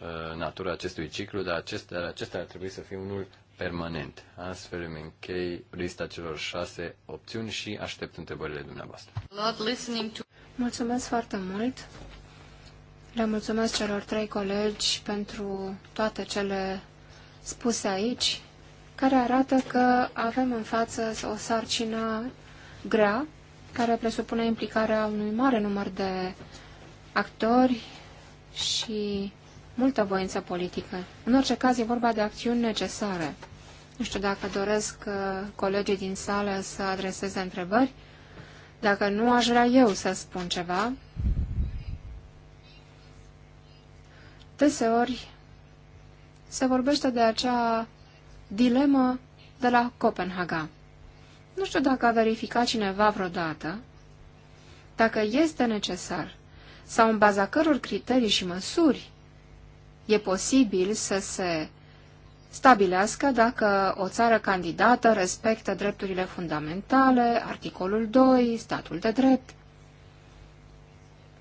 uh, natura acestui ciclu, dar acesta, acesta ar trebui să fie unul permanent. Astfel îmi închei lista celor șase opțiuni și aștept întrebările dumneavoastră. Mulțumesc foarte mult! Le mulțumesc celor trei colegi pentru toate cele spuse aici, care arată că avem în față o sarcină grea, care presupune implicarea unui mare număr de actori și multă voință politică. În orice caz, e vorba de acțiuni necesare. Nu știu dacă doresc uh, colegii din sală să adreseze întrebări. Dacă nu, aș vrea eu să spun ceva Deseori se vorbește de acea dilemă de la Copenhaga. Nu știu dacă a verificat cineva vreodată dacă este necesar sau în baza căror criterii și măsuri e posibil să se stabilească dacă o țară candidată respectă drepturile fundamentale, articolul 2, statul de drept.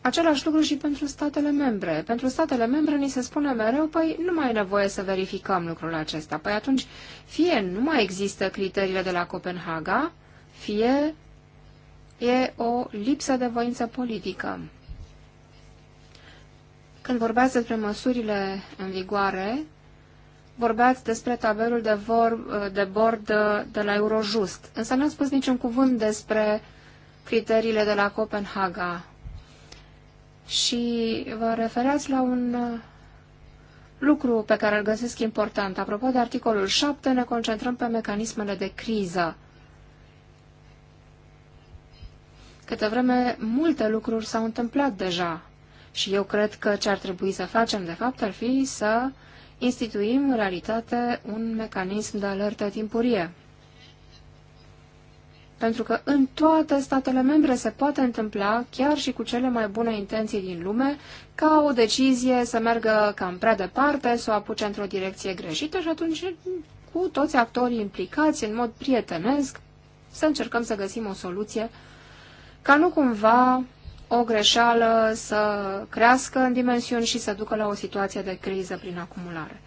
Același lucru și pentru statele membre. Pentru statele membre ni se spune mereu, păi nu mai e nevoie să verificăm lucrul acesta. Păi atunci, fie nu mai există criteriile de la Copenhaga, fie e o lipsă de voință politică. Când vorbeați despre măsurile în vigoare, vorbeați despre tabelul de, vorb, de bord de la Eurojust, însă nu ați spus niciun cuvânt despre criteriile de la Copenhaga, și vă referați la un uh, lucru pe care îl găsesc important. Apropo de articolul 7, ne concentrăm pe mecanismele de criză. Câte vreme multe lucruri s-au întâmplat deja și eu cred că ce ar trebui să facem, de fapt, ar fi să instituim în realitate un mecanism de alertă timpurie pentru că în toate statele membre se poate întâmpla, chiar și cu cele mai bune intenții din lume, ca o decizie să meargă cam prea departe, să o apuce într-o direcție greșită și atunci cu toți actorii implicați în mod prietenesc să încercăm să găsim o soluție ca nu cumva o greșeală să crească în dimensiuni și să ducă la o situație de criză prin acumulare.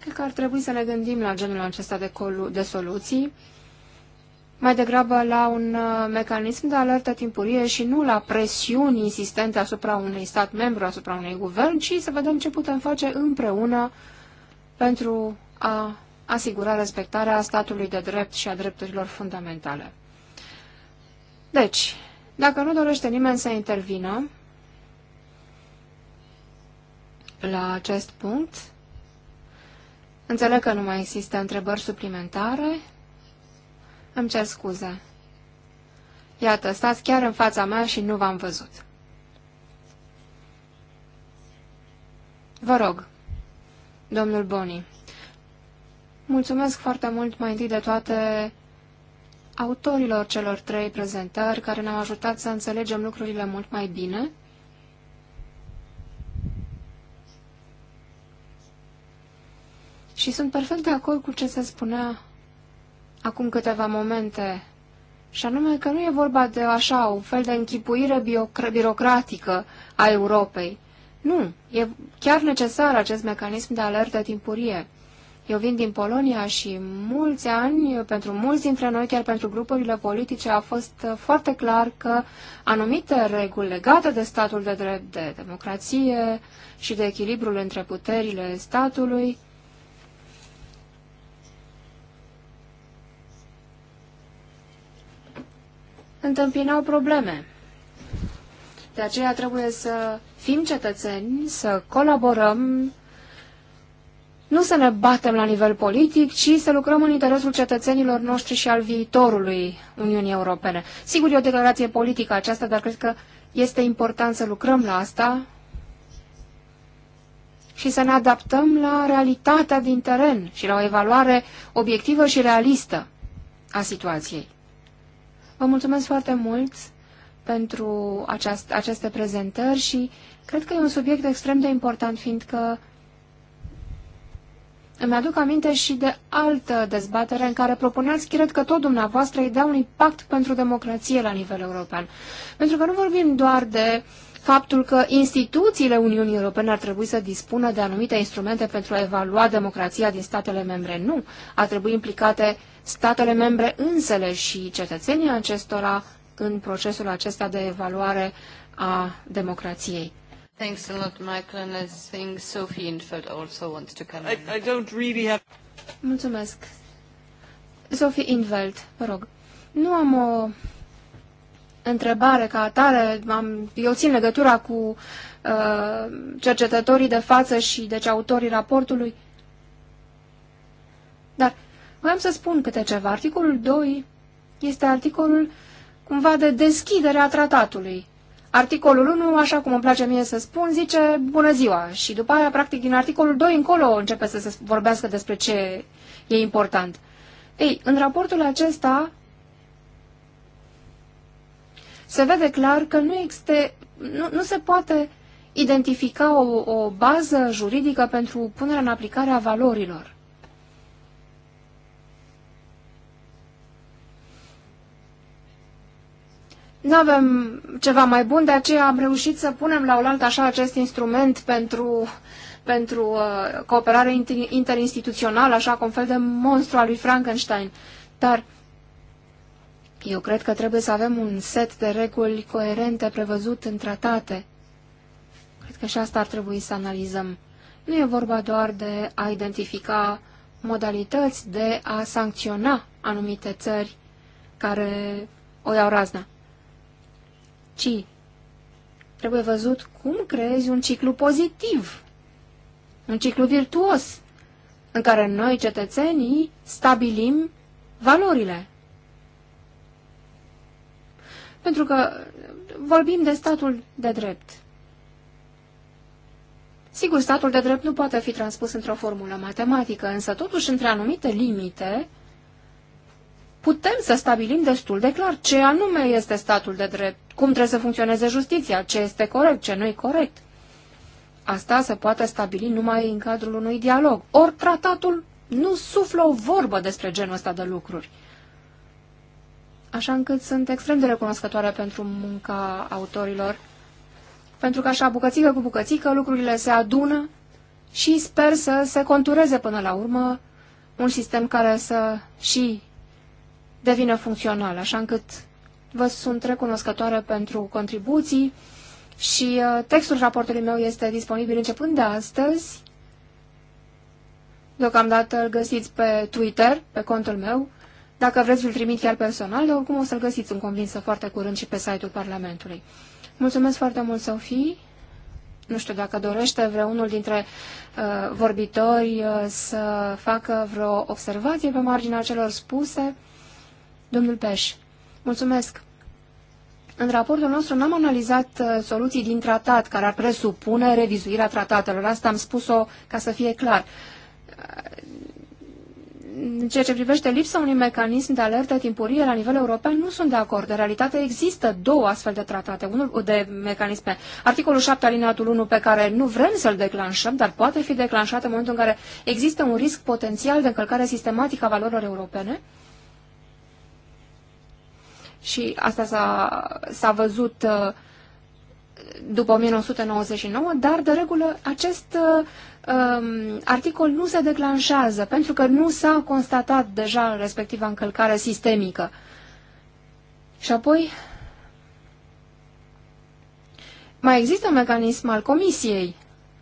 Cred că ar trebui să ne gândim la genul acesta de, de soluții mai degrabă la un uh, mecanism de alertă timpurie și nu la presiuni insistente asupra unui stat membru, asupra unui guvern, ci să vedem ce putem face împreună pentru a asigura respectarea statului de drept și a drepturilor fundamentale. Deci, dacă nu dorește nimeni să intervină la acest punct, înțeleg că nu mai există întrebări suplimentare, îmi cer scuze. Iată, stați chiar în fața mea și nu v-am văzut. Vă rog, domnul Boni, mulțumesc foarte mult mai întâi de toate autorilor celor trei prezentări care ne-au ajutat să înțelegem lucrurile mult mai bine. Și sunt perfect de acord cu ce se spunea acum câteva momente, și anume că nu e vorba de așa, un fel de închipuire birocratică a Europei. Nu, e chiar necesar acest mecanism de alertă timpurie. Eu vin din Polonia și mulți ani, pentru mulți dintre noi, chiar pentru grupurile politice, a fost uh, foarte clar că anumite reguli legate de statul de drept, de democrație și de echilibrul între puterile statului, întâmpinau probleme. De aceea trebuie să fim cetățeni, să colaborăm, nu să ne batem la nivel politic, ci să lucrăm în interesul cetățenilor noștri și al viitorului Uniunii Europene. Sigur, e o declarație politică aceasta, dar cred că este important să lucrăm la asta și să ne adaptăm la realitatea din teren și la o evaluare obiectivă și realistă a situației. Vă mulțumesc foarte mult pentru aceast, aceste prezentări și cred că e un subiect extrem de important, fiindcă îmi aduc aminte și de altă dezbatere în care propuneați, cred că tot dumneavoastră, ideea unui pact pentru democrație la nivel european. Pentru că nu vorbim doar de uh, faptul că instituțiile Uniunii Europene ar trebui să dispună de anumite instrumente pentru a evalua democrația din statele membre. Nu, ar trebui implicate statele membre însele și cetățenii acestora în procesul acesta de evaluare a democrației. Thanks a lot, Michael, and I think Sophie Infeld also wants to come in. I, I don't really have... Mulțumesc. Sophie Infeld, vă rog. Nu am o întrebare ca atare, am, eu țin legătura cu uh, cercetătorii de față și deci autorii raportului. Dar voiam să spun câte ceva. Articolul 2 este articolul cumva de deschidere a tratatului. Articolul 1, așa cum îmi place mie să spun, zice bună ziua și după aia, practic, din articolul 2 încolo începe să se vorbească despre ce e important. Ei, în raportul acesta se vede clar că nu, existe, nu, nu se poate identifica o, o bază juridică pentru punerea în aplicare a valorilor. Nu avem ceva mai bun, de aceea am reușit să punem la oaltă așa acest instrument pentru, pentru uh, cooperare interinstituțională, așa cum fel de monstru al lui Frankenstein. Dar eu cred că trebuie să avem un set de reguli coerente prevăzut în tratate. Cred că și asta ar trebui să analizăm. Nu e vorba doar de a identifica modalități de a sancționa anumite țări care o iau razna, ci trebuie văzut cum creezi un ciclu pozitiv, un ciclu virtuos, în care noi, cetățenii, stabilim valorile pentru că vorbim de statul de drept. Sigur, statul de drept nu poate fi transpus într-o formulă matematică, însă totuși, între anumite limite, putem să stabilim destul de clar ce anume este statul de drept, cum trebuie să funcționeze justiția, ce este corect, ce nu e corect. Asta se poate stabili numai în cadrul unui dialog. Ori tratatul nu suflă o vorbă despre genul ăsta de lucruri așa încât sunt extrem de recunoscătoare pentru munca autorilor, pentru că așa bucățică cu bucățică lucrurile se adună și sper să se contureze până la urmă un sistem care să și devină funcțional, așa încât vă sunt recunoscătoare pentru contribuții și uh, textul raportului meu este disponibil începând de astăzi. Deocamdată îl găsiți pe Twitter, pe contul meu, dacă vreți, îl trimit chiar personal, dar oricum o să-l găsiți, în convinsă, foarte curând și pe site-ul Parlamentului. Mulțumesc foarte mult, Sofie. Nu știu dacă dorește vreunul dintre uh, vorbitori uh, să facă vreo observație pe marginea celor spuse. Domnul Peș, mulțumesc. În raportul nostru n-am analizat uh, soluții din tratat care ar presupune revizuirea tratatelor. Asta am spus-o ca să fie clar. Uh, în ceea ce privește lipsa unui mecanism de alertă timpurie la nivel european, nu sunt de acord. În realitate există două astfel de tratate, unul de mecanisme. Articolul 7 alineatul 1 pe care nu vrem să-l declanșăm, dar poate fi declanșat în momentul în care există un risc potențial de încălcare sistematică a valorilor europene. Și asta s-a, văzut uh, după 1999, dar, de regulă, acest um, articol nu se declanșează, pentru că nu s-a constatat deja respectiva încălcare sistemică. Și apoi, mai există un mecanism al Comisiei,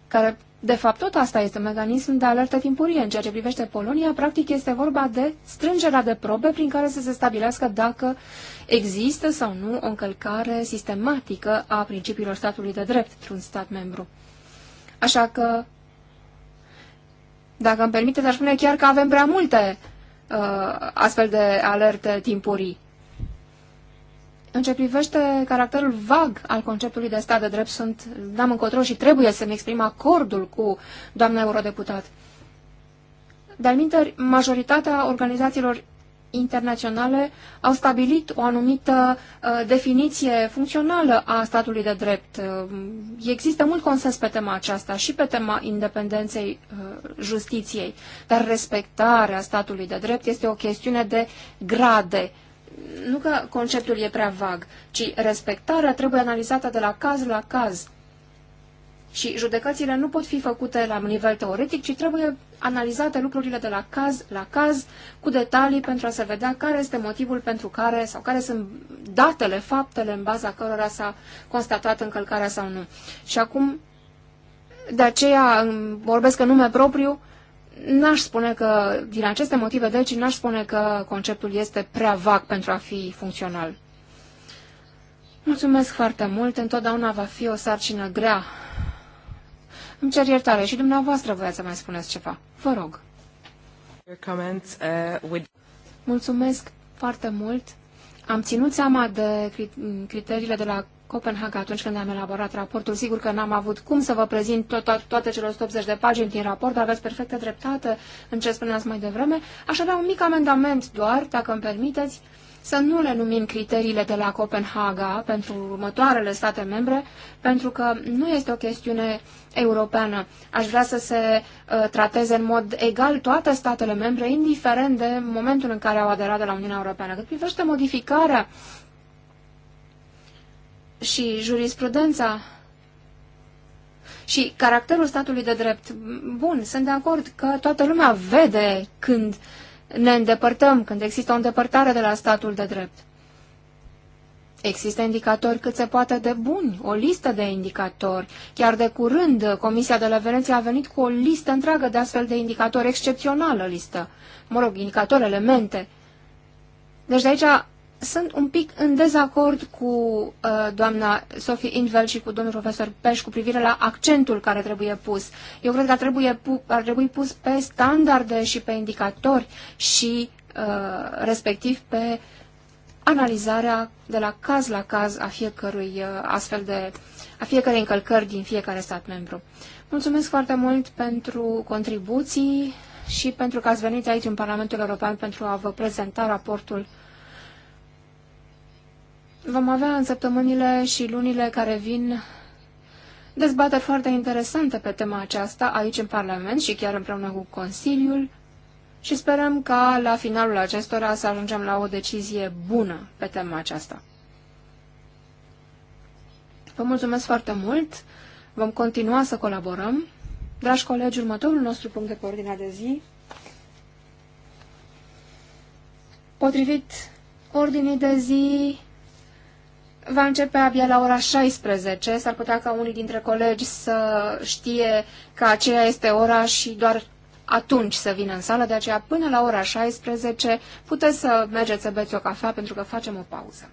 care, de fapt, tot asta este un mecanism de alertă timpurie. În ceea ce privește Polonia, practic este vorba de strângerea de probe prin care să se stabilească dacă există sau nu o încălcare sistematică a principiilor statului de drept într-un stat membru. Așa că, dacă îmi permiteți, aș spune chiar că avem prea multe uh, astfel de alerte timpurii. În ce privește caracterul vag al conceptului de stat de drept, sunt, n-am încotro și trebuie să-mi exprim acordul cu doamna eurodeputat. De-al majoritatea organizațiilor internaționale au stabilit o anumită uh, definiție funcțională a statului de drept. Uh, există mult consens pe tema aceasta și pe tema independenței uh, justiției, dar respectarea statului de drept este o chestiune de grade. Nu că conceptul e prea vag, ci respectarea trebuie analizată de la caz la caz. Și judecățile nu pot fi făcute la nivel teoretic, ci trebuie analizate lucrurile de la caz la caz, cu detalii, pentru a se vedea care este motivul pentru care, sau care sunt datele, faptele în baza cărora s-a constatat încălcarea sau nu. Și acum, de aceea vorbesc în nume propriu, n-aș spune că, din aceste motive, deci, n-aș spune că conceptul este prea vag pentru a fi funcțional. Mulțumesc foarte mult, întotdeauna va fi o sarcină grea îmi cer iertare și dumneavoastră voiați să mai spuneți ceva. Vă rog. Uh, Mulțumesc foarte mult. Am ținut seama de criteriile de la Copenhaga atunci când am elaborat raportul. Sigur că n-am avut cum să vă prezint to to toate cele 180 de pagini din raport, dar aveți perfectă dreptate în ce spuneați mai devreme. Aș avea un mic amendament doar, dacă îmi permiteți să nu le numim criteriile de la Copenhaga pentru următoarele state membre, pentru că nu este o chestiune europeană. Aș vrea să se uh, trateze în mod egal toate statele membre, indiferent de momentul în care au aderat de la Uniunea Europeană. Cât privește modificarea și jurisprudența și caracterul statului de drept, bun, sunt de acord că toată lumea vede când uh, ne îndepărtăm, când există o îndepărtare de la statul de drept. Există indicatori cât se poate de buni, o listă de indicatori. Chiar de curând, Comisia de la Veneția a venit cu o listă întreagă de astfel de indicatori, excepțională listă. Mă rog, indicatori, elemente. Deci de aici sunt un pic în dezacord cu uh, doamna Sophie Invel și cu domnul profesor Peș cu privire la accentul care trebuie pus. Eu cred că trebuie pu ar trebui pus pe standarde și pe indicatori și uh, respectiv pe analizarea de la caz la caz a fiecărui uh, astfel de a fiecare încălcări din fiecare stat membru. Mulțumesc foarte mult pentru contribuții și pentru că ați venit aici în Parlamentul European pentru a vă prezenta raportul Vom avea în săptămânile și lunile care vin dezbateri foarte interesante pe tema aceasta aici în Parlament și chiar împreună cu Consiliul și sperăm ca la finalul acestora să ajungem la o decizie bună pe tema aceasta. Vă mulțumesc foarte mult, vom continua să colaborăm. Dragi colegi, următorul nostru punct de pe de zi, potrivit ordinii de zi, va începe abia la ora 16. S-ar putea ca unii dintre colegi să știe că aceea este ora și doar atunci să vină în sală, de aceea până la ora 16 puteți să mergeți să beți o cafea pentru că facem o pauză.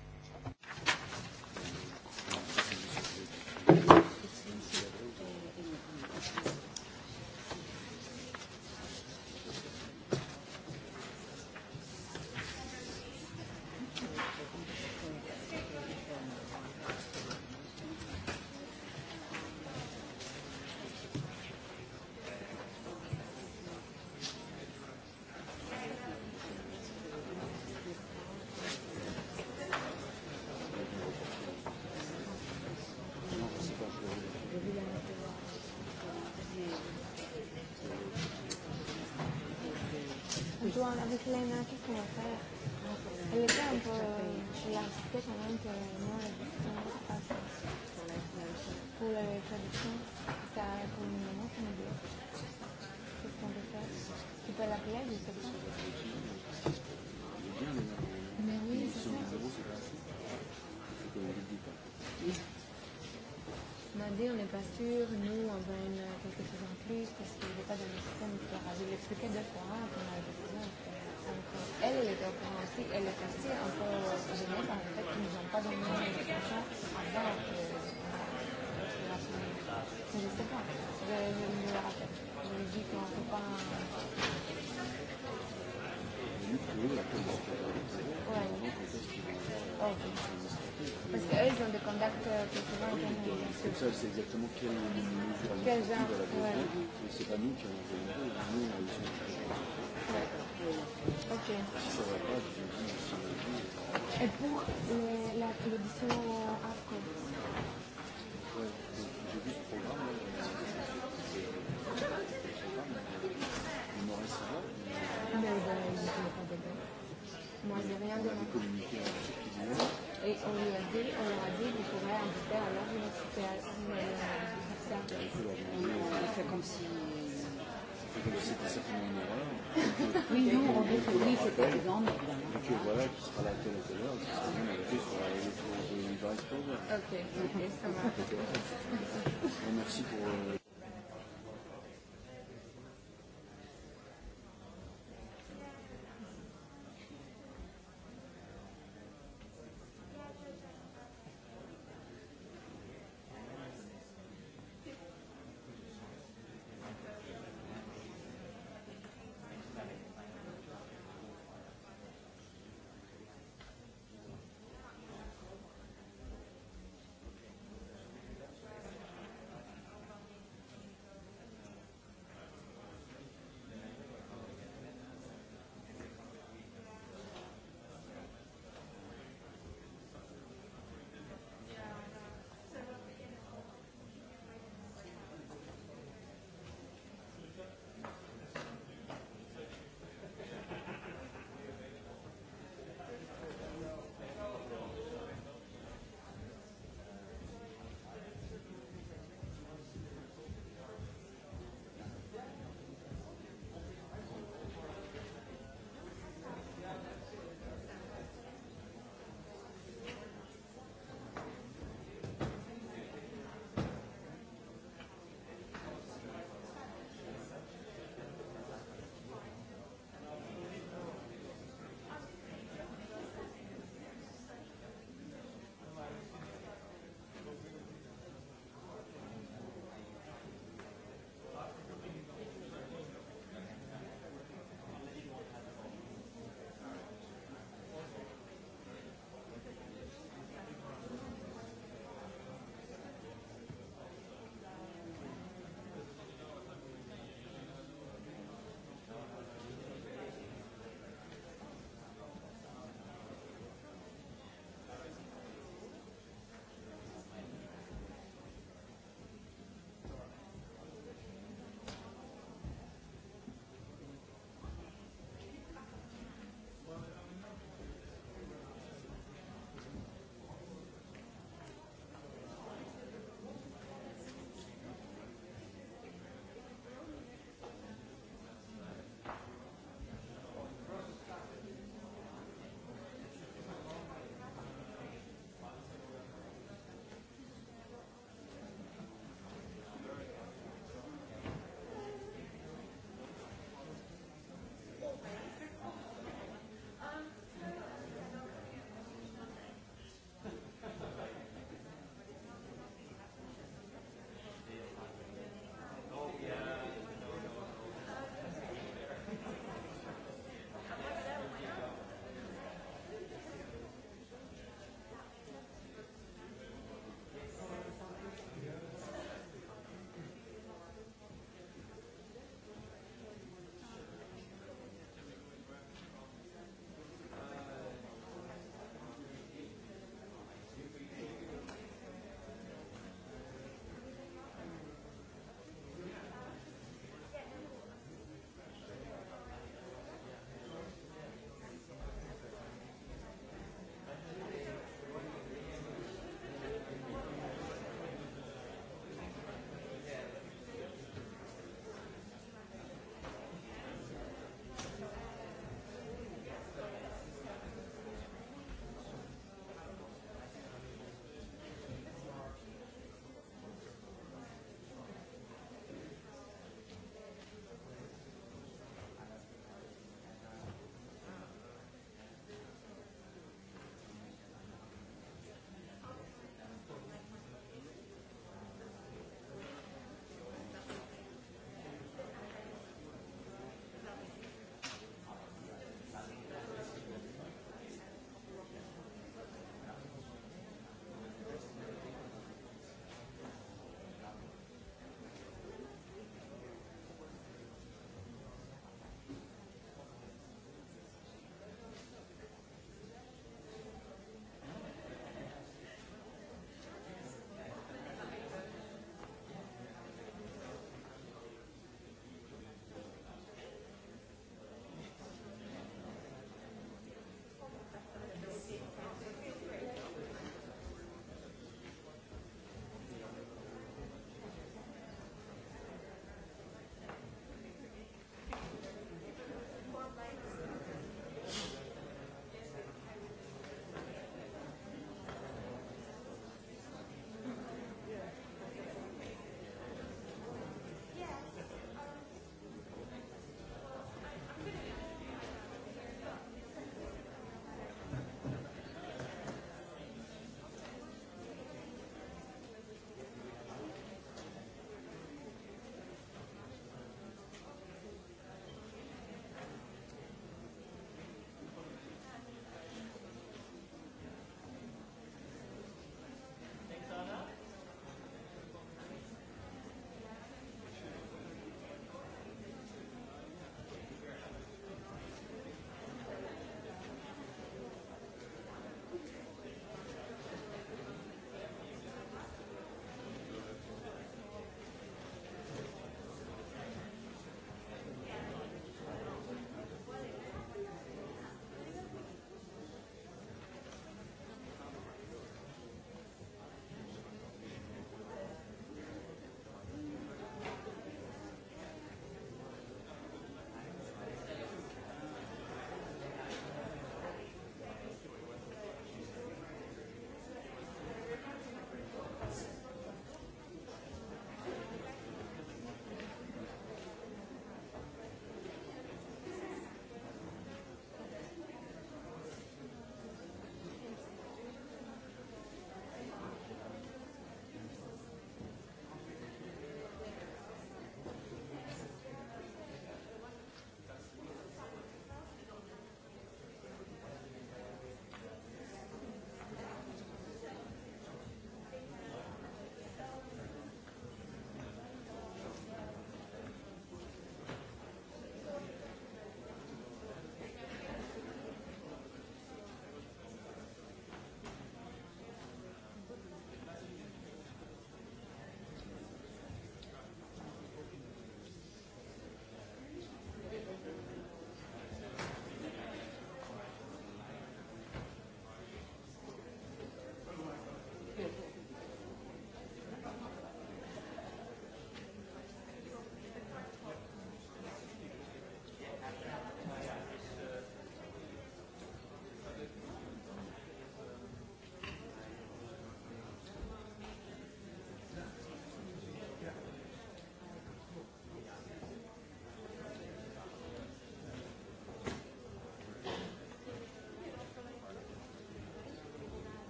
c'est exactement quel est de la directive à la maison, pas nous qui avons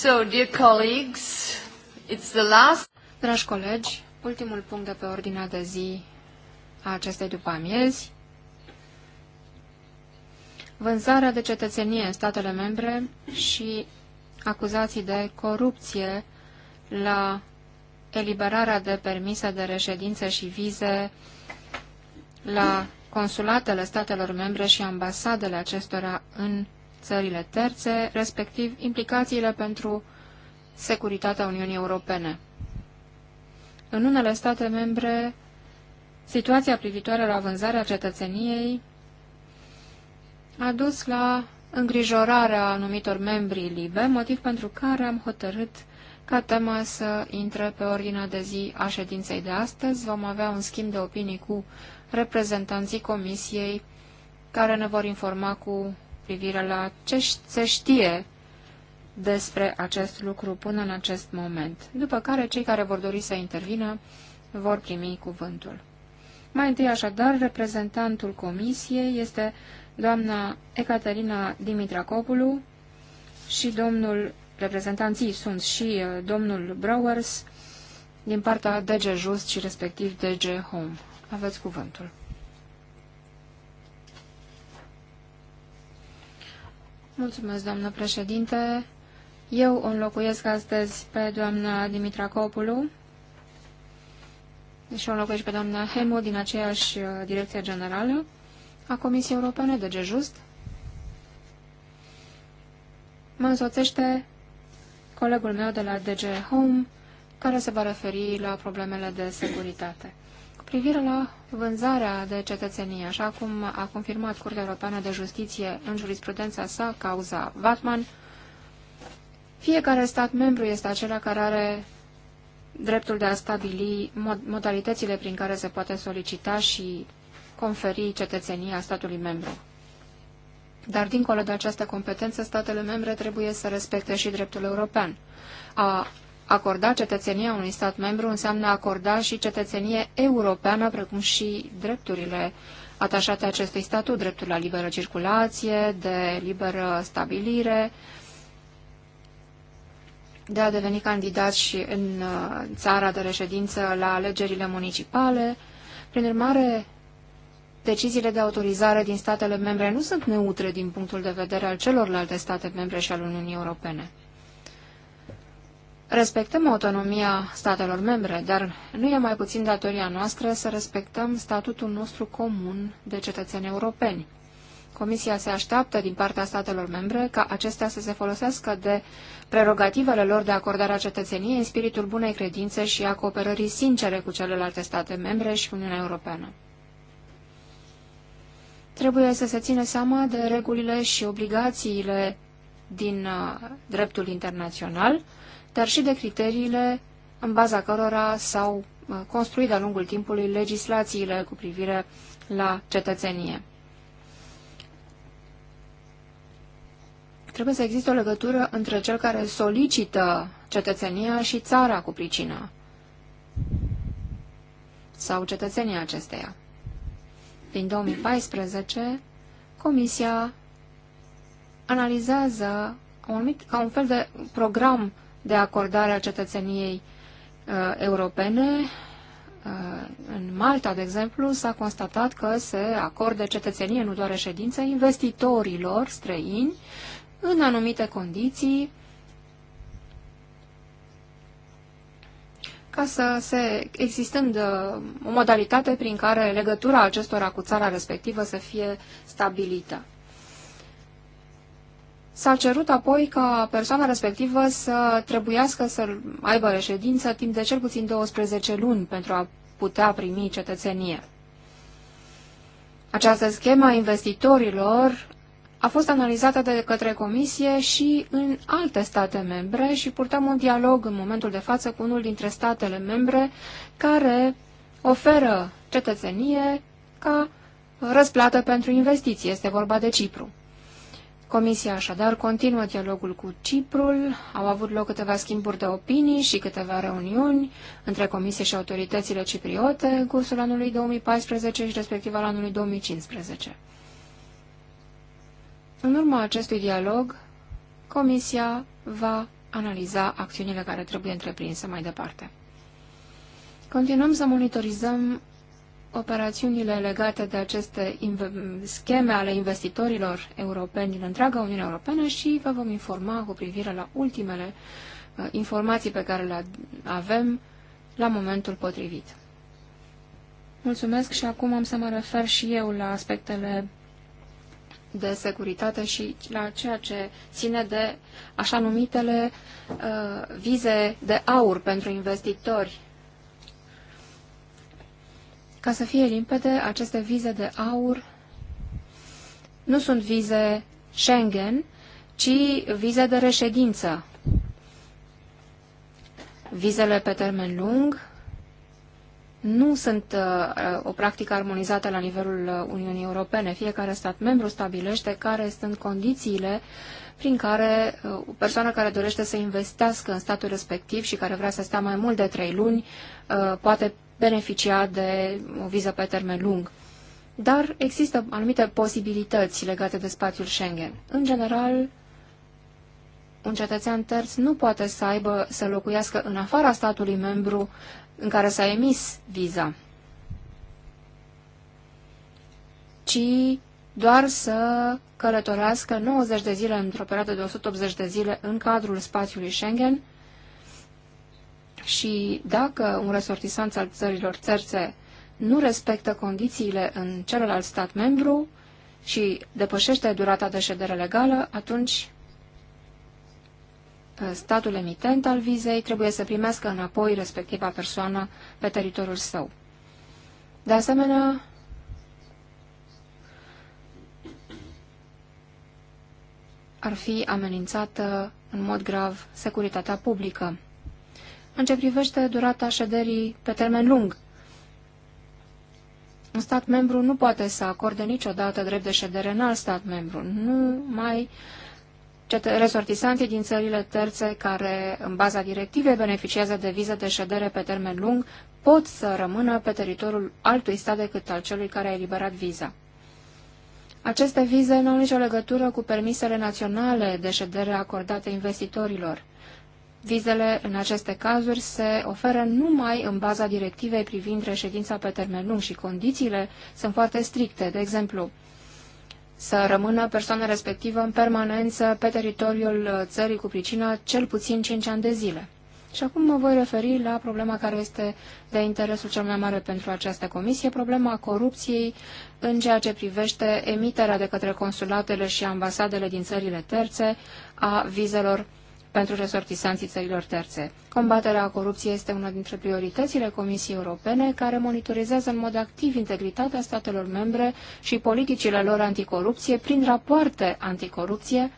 So, dear colleagues, it's the last... Dragi colegi, ultimul punct de pe ordinea de zi a acestei după amiezi. Vânzarea de cetățenie în statele membre și acuzații de corupție la eliberarea de permise de reședință și vize la consulatele statelor membre și ambasadele acestora în țările terțe, respectiv implicațiile pentru securitatea Uniunii Europene. În unele state membre, situația privitoare la vânzarea cetățeniei a dus la îngrijorarea anumitor membri libe, motiv pentru care am hotărât ca tema să intre pe ordinea de zi a ședinței de astăzi. Vom avea un schimb de opinii cu reprezentanții Comisiei care ne vor informa cu privire la ce se știe despre acest lucru până în acest moment, după care cei care vor dori să intervină vor primi cuvântul. Mai întâi așadar, reprezentantul comisiei este doamna Ecaterina Dimitracopulu și domnul, reprezentanții sunt și uh, domnul Browers din partea DG Just și respectiv DG Home. Aveți cuvântul. Mulțumesc, doamnă președinte. Eu o înlocuiesc astăzi pe doamna Dimitra Copulu și o înlocuiesc pe doamna Hemo din aceeași uh, direcție generală a Comisiei Europene de Gejust. Mă însoțește colegul meu de la DG Home, care se va referi la problemele de securitate privire la vânzarea de cetățenie, așa cum a confirmat Curtea Europeană de Justiție în jurisprudența sa, cauza Vatman, fiecare stat membru este acela care are dreptul de a stabili mod modalitățile prin care se poate solicita și conferi cetățenia statului membru. Dar, dincolo de această competență, statele membre trebuie să respecte și dreptul european. A Acorda cetățenia unui stat membru înseamnă acorda și cetățenie europeană, precum și drepturile atașate acestui statut, dreptul la liberă circulație, de liberă stabilire, de a deveni candidat și în uh, țara de reședință la alegerile municipale. Prin urmare, deciziile de autorizare din statele membre nu sunt neutre din punctul de vedere al celorlalte state membre și al Uniunii Europene. Respectăm autonomia statelor membre, dar nu e mai puțin datoria noastră să respectăm statutul nostru comun de cetățeni europeni. Comisia se așteaptă din partea statelor membre ca acestea să se folosească de prerogativele lor de acordare a cetățeniei în spiritul bunei credințe și a cooperării sincere cu celelalte state membre și Uniunea Europeană. Trebuie să se ține seama de regulile și obligațiile din uh, dreptul internațional, dar și de criteriile în baza cărora s-au uh, construit de-a lungul timpului legislațiile cu privire la cetățenie. Trebuie să existe o legătură între cel care solicită cetățenia și țara cu pricină sau cetățenia acesteia. Din 2014, Comisia analizează un anumit, ca un fel de program de acordare a cetățeniei uh, europene. Uh, în Malta, de exemplu, s-a constatat că se acordă cetățenie, nu doar reședință, investitorilor străini în anumite condiții ca să se, existând uh, o modalitate prin care legătura acestora cu țara respectivă să fie stabilită. S-a cerut apoi ca persoana respectivă să trebuiască să aibă reședință timp de cel puțin 12 luni pentru a putea primi cetățenie. Această schemă a investitorilor a fost analizată de către Comisie și în alte state membre și purtăm un dialog în momentul de față cu unul dintre statele membre care oferă cetățenie ca răsplată pentru investiții. Este vorba de Cipru. Comisia așadar continuă dialogul cu Ciprul, au avut loc câteva schimburi de opinii și câteva reuniuni între Comisie și autoritățile cipriote în cursul anului 2014 și respectiv al anului 2015. În urma acestui dialog, Comisia va analiza acțiunile care trebuie întreprinse mai departe. Continuăm să monitorizăm operațiunile legate de aceste scheme ale investitorilor europeni din întreaga Uniune Europeană și vă vom informa cu privire la ultimele uh, informații pe care le avem la momentul potrivit. Mulțumesc și acum am să mă refer și eu la aspectele de securitate și la ceea ce ține de așa numitele uh, vize de aur pentru investitori ca să fie limpede, aceste vize de aur nu sunt vize Schengen, ci vize de reședință. Vizele pe termen lung nu sunt uh, o practică armonizată la nivelul uh, Uniunii Europene. Fiecare stat membru stabilește care sunt condițiile prin care uh, o persoană care dorește să investească în statul respectiv și care vrea să stea mai mult de trei luni uh, poate beneficia de o viză pe termen lung. Dar există anumite posibilități legate de spațiul Schengen. În general, un cetățean terț nu poate să aibă să locuiască în afara statului membru în care s-a emis viza, ci doar să călătorească 90 de zile într-o perioadă de 180 de zile în cadrul spațiului Schengen și dacă un resortisanț al țărilor țărțe nu respectă condițiile în celălalt stat membru și depășește durata de ședere legală, atunci ă, statul emitent al vizei trebuie să primească înapoi respectiva persoană pe teritoriul său. De asemenea, ar fi amenințată în mod grav securitatea publică în ce privește durata șederii pe termen lung. Un stat membru nu poate să acorde niciodată drept de ședere în alt stat membru. Nu mai resortisanții din țările terțe care, în baza directivei, beneficiază de viză de ședere pe termen lung, pot să rămână pe teritoriul altui stat decât al celui care a eliberat viza. Aceste vize nu au nicio legătură cu permisele naționale de ședere acordate investitorilor. Vizele în aceste cazuri se oferă numai în baza directivei privind reședința pe termen lung și condițiile sunt foarte stricte. De exemplu, să rămână persoana respectivă în permanență pe teritoriul țării cu pricina cel puțin 5 ani de zile. Și acum mă voi referi la problema care este de interesul cel mai mare pentru această comisie, problema corupției în ceea ce privește emiterea de către consulatele și ambasadele din țările terțe a vizelor pentru resortisanții țărilor terțe. Combaterea corupției este una dintre prioritățile Comisiei Europene, care monitorizează în mod activ integritatea statelor membre și politicile lor anticorupție prin rapoarte anticorupție,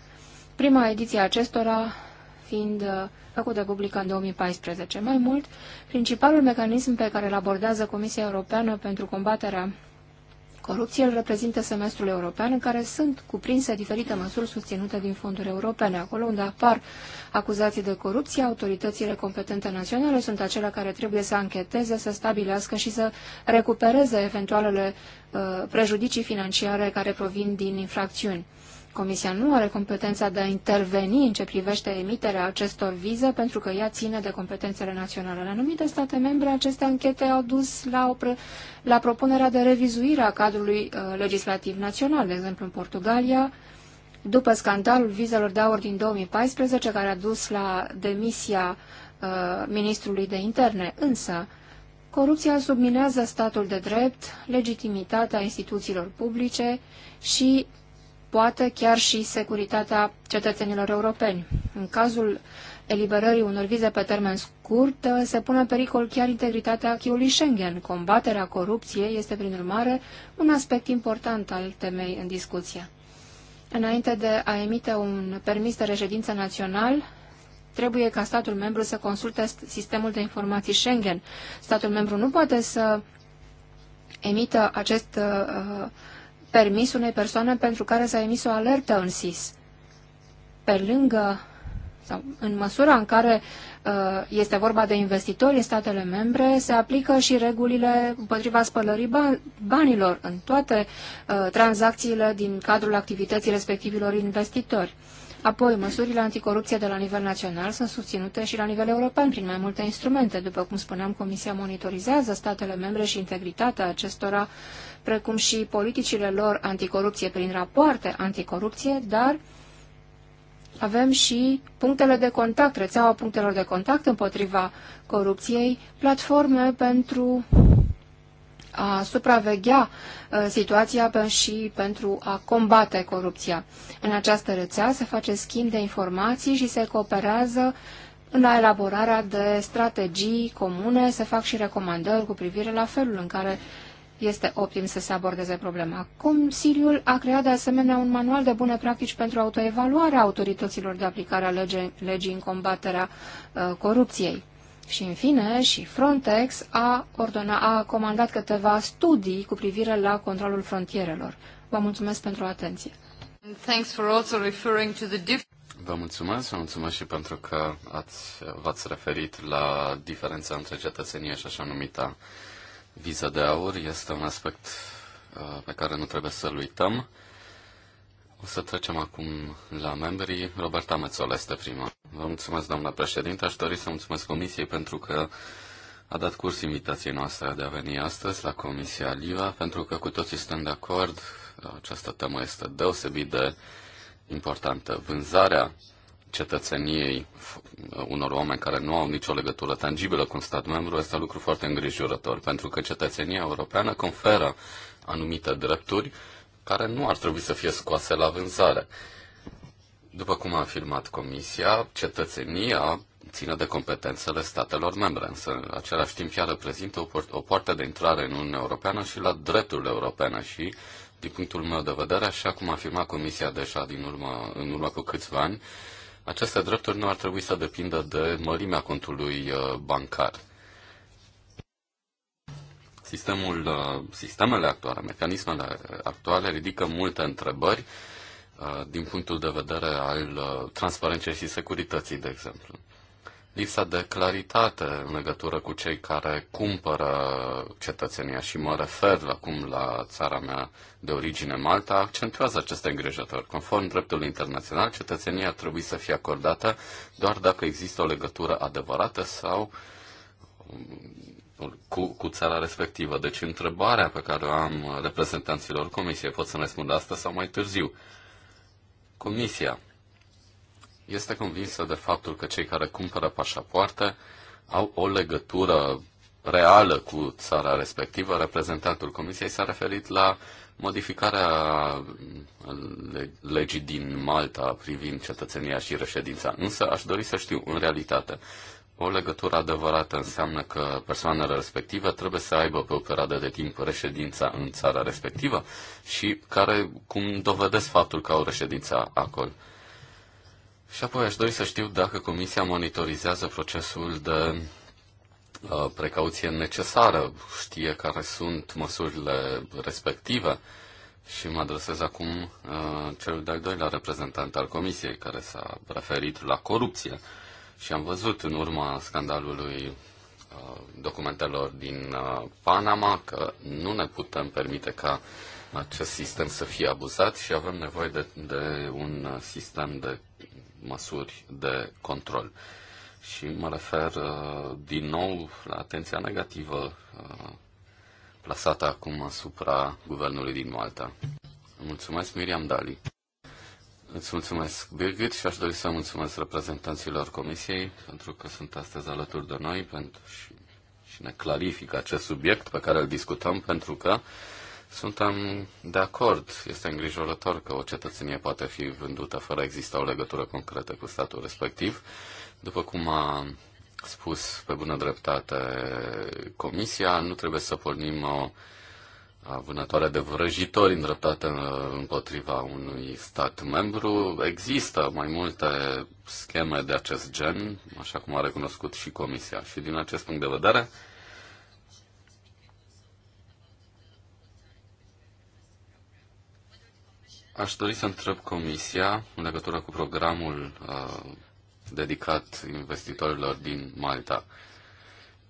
prima ediție acestora fiind uh, făcută publică în 2014. Mai mult, principalul mecanism pe care îl abordează Comisia Europeană pentru combaterea Corupție îl reprezintă semestrul european în care sunt cuprinse diferite măsuri susținute din fonduri europene. Acolo unde apar acuzații de corupție, autoritățile competente naționale sunt acelea care trebuie să ancheteze, să stabilească și să recupereze eventualele uh, prejudicii financiare care provin din infracțiuni. Comisia nu are competența de a interveni în ce privește emiterea acestor vize, pentru că ea ține de competențele naționale. La anumite state membre, aceste anchete au dus la, o pre... la propunerea de revizuire a cadrului uh, legislativ național, de exemplu în Portugalia, după scandalul vizelor de aur din 2014, care a dus la demisia uh, ministrului de interne. Însă, corupția subminează statul de drept, legitimitatea instituțiilor publice și poate chiar și securitatea cetățenilor europeni. În cazul eliberării unor vize pe termen scurt, se pune în pericol chiar integritatea acquis Schengen. Combaterea corupției este, prin urmare, un aspect important al temei în discuție. Înainte de a emite un permis de reședință național, trebuie ca statul membru să consulte sistemul de informații Schengen. Statul membru nu poate să emită acest uh, uh permis unei persoane pentru care s-a emis o alertă în SIS. Pe lângă sau în măsura în care uh, este vorba de investitori în statele membre, se aplică și regulile împotriva spălării ban banilor în toate uh, tranzacțiile din cadrul activității respectivilor investitori. Apoi, măsurile anticorupție de la nivel național sunt susținute și la nivel european prin mai multe instrumente. După cum spuneam, Comisia monitorizează statele membre și integritatea acestora uh, precum și politicile lor anticorupție prin rapoarte anticorupție, dar avem și punctele de contact, rețeaua punctelor de contact împotriva corupției, platforme pentru a supraveghea uh, situația și pentru a combate corupția. În această rețea se face schimb de informații și se cooperează în la elaborarea de strategii comune, se fac și recomandări cu privire la felul în care este optim să se abordeze problema. Consiliul a creat de asemenea un manual de bune practici pentru autoevaluarea autorităților de aplicare a lege, legii în combaterea uh, corupției. Și în fine, și Frontex a, ordona, a comandat câteva studii cu privire la controlul frontierelor. Vă mulțumesc pentru atenție. Vă mulțumesc, vă mulțumesc și pentru că ați, v-ați referit la diferența între cetățenie și așa numita Viza de aur este un aspect uh, pe care nu trebuie să-l uităm. O să trecem acum la membrii. Roberta Mețol este prima. Vă mulțumesc, doamna președinte. Aș dori să mulțumesc comisiei pentru că a dat curs invitației noastre de a veni astăzi la Comisia LIVA, pentru că cu toții suntem de acord, uh, această temă este deosebit de importantă. Vânzarea cetățeniei unor oameni care nu au nicio legătură tangibilă cu un stat membru este un lucru foarte îngrijorător, pentru că cetățenia europeană conferă anumite drepturi care nu ar trebui să fie scoase la vânzare. După cum a afirmat Comisia, cetățenia ține de competențele statelor membre, însă în același timp ea reprezintă o, o poartă de intrare în Uniunea Europeană și la drepturile europene și, din punctul meu de vedere, așa cum a afirmat Comisia deja din urmă, în urmă cu câțiva ani, aceste drepturi nu ar trebui să depindă de mărimea contului uh, bancar. Sistemul, uh, sistemele actuale, mecanismele actuale ridică multe întrebări uh, din punctul de vedere al transparenței și securității, de exemplu lipsa de claritate în legătură cu cei care cumpără cetățenia și mă refer la cum la țara mea de origine Malta, accentuează aceste îngrijători. Conform dreptului internațional, cetățenia ar trebui să fie acordată doar dacă există o legătură adevărată sau um, cu, cu țara respectivă. Deci întrebarea pe care o am reprezentanților Comisiei, pot să-mi răspund asta sau mai târziu. Comisia este convinsă de faptul că cei care cumpără pașapoarte au o legătură reală cu țara respectivă. Reprezentantul Comisiei s-a referit la modificarea legii din Malta privind cetățenia și reședința. Însă aș dori să știu, în realitate, o legătură adevărată înseamnă că persoanele respective trebuie să aibă pe o perioadă de timp reședința în țara respectivă și care, cum dovedesc faptul că au reședința acolo. Și apoi aș dori să știu dacă Comisia monitorizează procesul de uh, precauție necesară, știe care sunt măsurile respective și mă adresez acum uh, celui de-al doilea reprezentant al Comisiei care s-a referit la corupție și am văzut în urma scandalului uh, documentelor din Panama că nu ne putem permite ca acest sistem să fie abuzat și avem nevoie de, de un sistem de măsuri de control. Și mă refer uh, din nou la atenția negativă uh, plasată acum asupra guvernului din Malta. Mulțumesc, Miriam Dali. Îți mulțumesc, Birgit, și aș dori să mulțumesc reprezentanților Comisiei pentru că sunt astăzi alături de noi pentru și, și ne clarifică acest subiect pe care îl discutăm, pentru că am de acord, este îngrijorător că o cetățenie poate fi vândută fără a exista o legătură concretă cu statul respectiv. După cum a spus pe bună dreptate Comisia, nu trebuie să pornim o vânătoare de vrăjitori îndreptate împotriva unui stat membru. Există mai multe scheme de acest gen, așa cum a recunoscut și Comisia. Și din acest punct de vedere, Aș dori să întreb Comisia în legătură cu programul uh, dedicat investitorilor din Malta.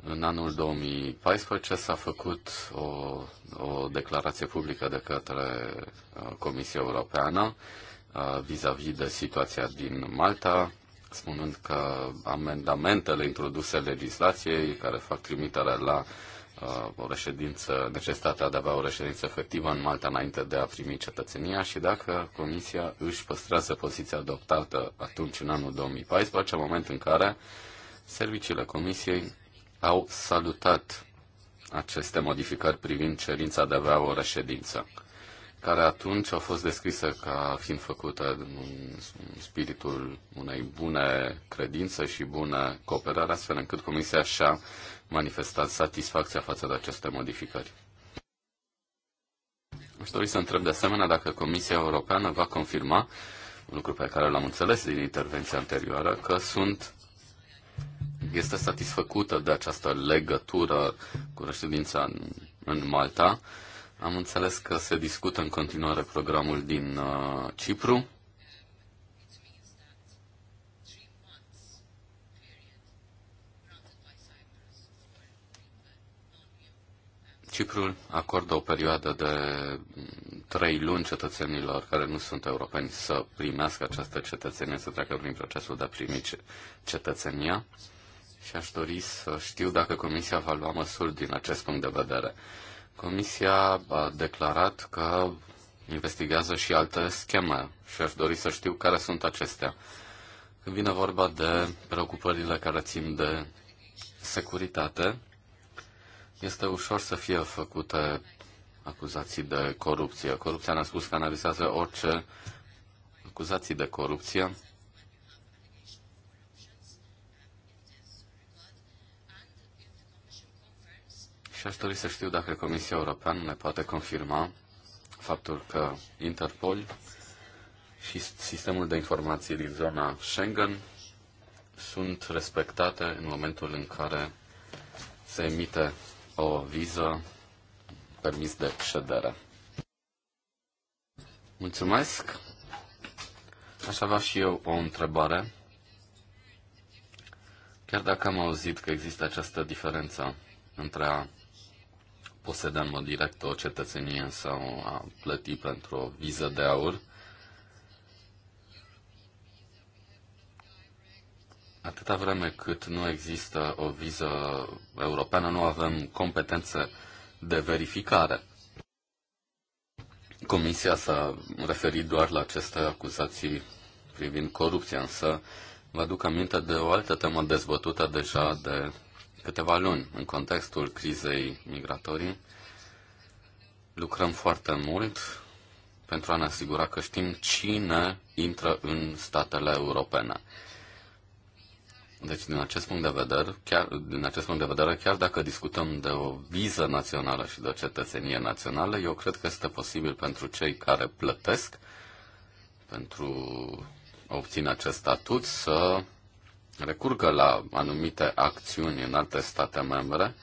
În anul 2014 s-a făcut o, o declarație publică de către uh, Comisia Europeană uh, vis-a-vis uh, -vis de situația din Malta, spunând că amendamentele introduse legislației care fac trimitere la uh, Uh, o reședință, necesitatea de a avea o reședință efectivă în Malta înainte de a primi cetățenia și dacă Comisia își păstrează poziția adoptată atunci în anul 2014, în moment în care serviciile Comisiei au salutat aceste modificări privind cerința de a avea o reședință, care atunci au fost descrise ca fiind făcută în spiritul unei bune credințe și bune cooperare, astfel încât Comisia și-a manifestat satisfacția față de aceste modificări. Aș dori să întreb de asemenea dacă Comisia Europeană va confirma un lucru pe care l-am înțeles din intervenția anterioară, că sunt este satisfăcută de această legătură cu reședința în, în Malta. Am înțeles că se discută în continuare programul din uh, Cipru Ciprul acordă o perioadă de trei luni cetățenilor care nu sunt europeni să primească această cetățenie, să treacă prin procesul de a primi cetățenia și aș dori să știu dacă Comisia va lua măsuri din acest punct de vedere. Comisia a declarat că investigează și alte scheme și aș dori să știu care sunt acestea. Când vine vorba de preocupările care țin de securitate, este ușor să fie făcute acuzații de corupție. Corupția ne-a spus că analizează orice acuzații de corupție. Și aș dori să știu dacă Comisia Europeană ne poate confirma faptul că Interpol și sistemul de informații din zona Schengen sunt respectate în momentul în care se emite o viză, permis de ședere. Mulțumesc. Aș avea și eu o întrebare. Chiar dacă am auzit că există această diferență între a poseda în mod direct o cetățenie sau a plăti pentru o viză de aur, Atâta vreme cât nu există o viză europeană, nu avem competențe de verificare. Comisia s-a referit doar la aceste acuzații privind corupția, însă vă aduc aminte de o altă temă dezbătută deja de câteva luni în contextul crizei migratorii. Lucrăm foarte mult pentru a ne asigura că știm cine intră în statele europene. Deci, din acest punct de vedere, chiar, din acest punct de vedere, chiar dacă discutăm de o viză națională și de o cetățenie națională, eu cred că este posibil pentru cei care plătesc pentru a obține acest statut să recurgă la anumite acțiuni în alte state membre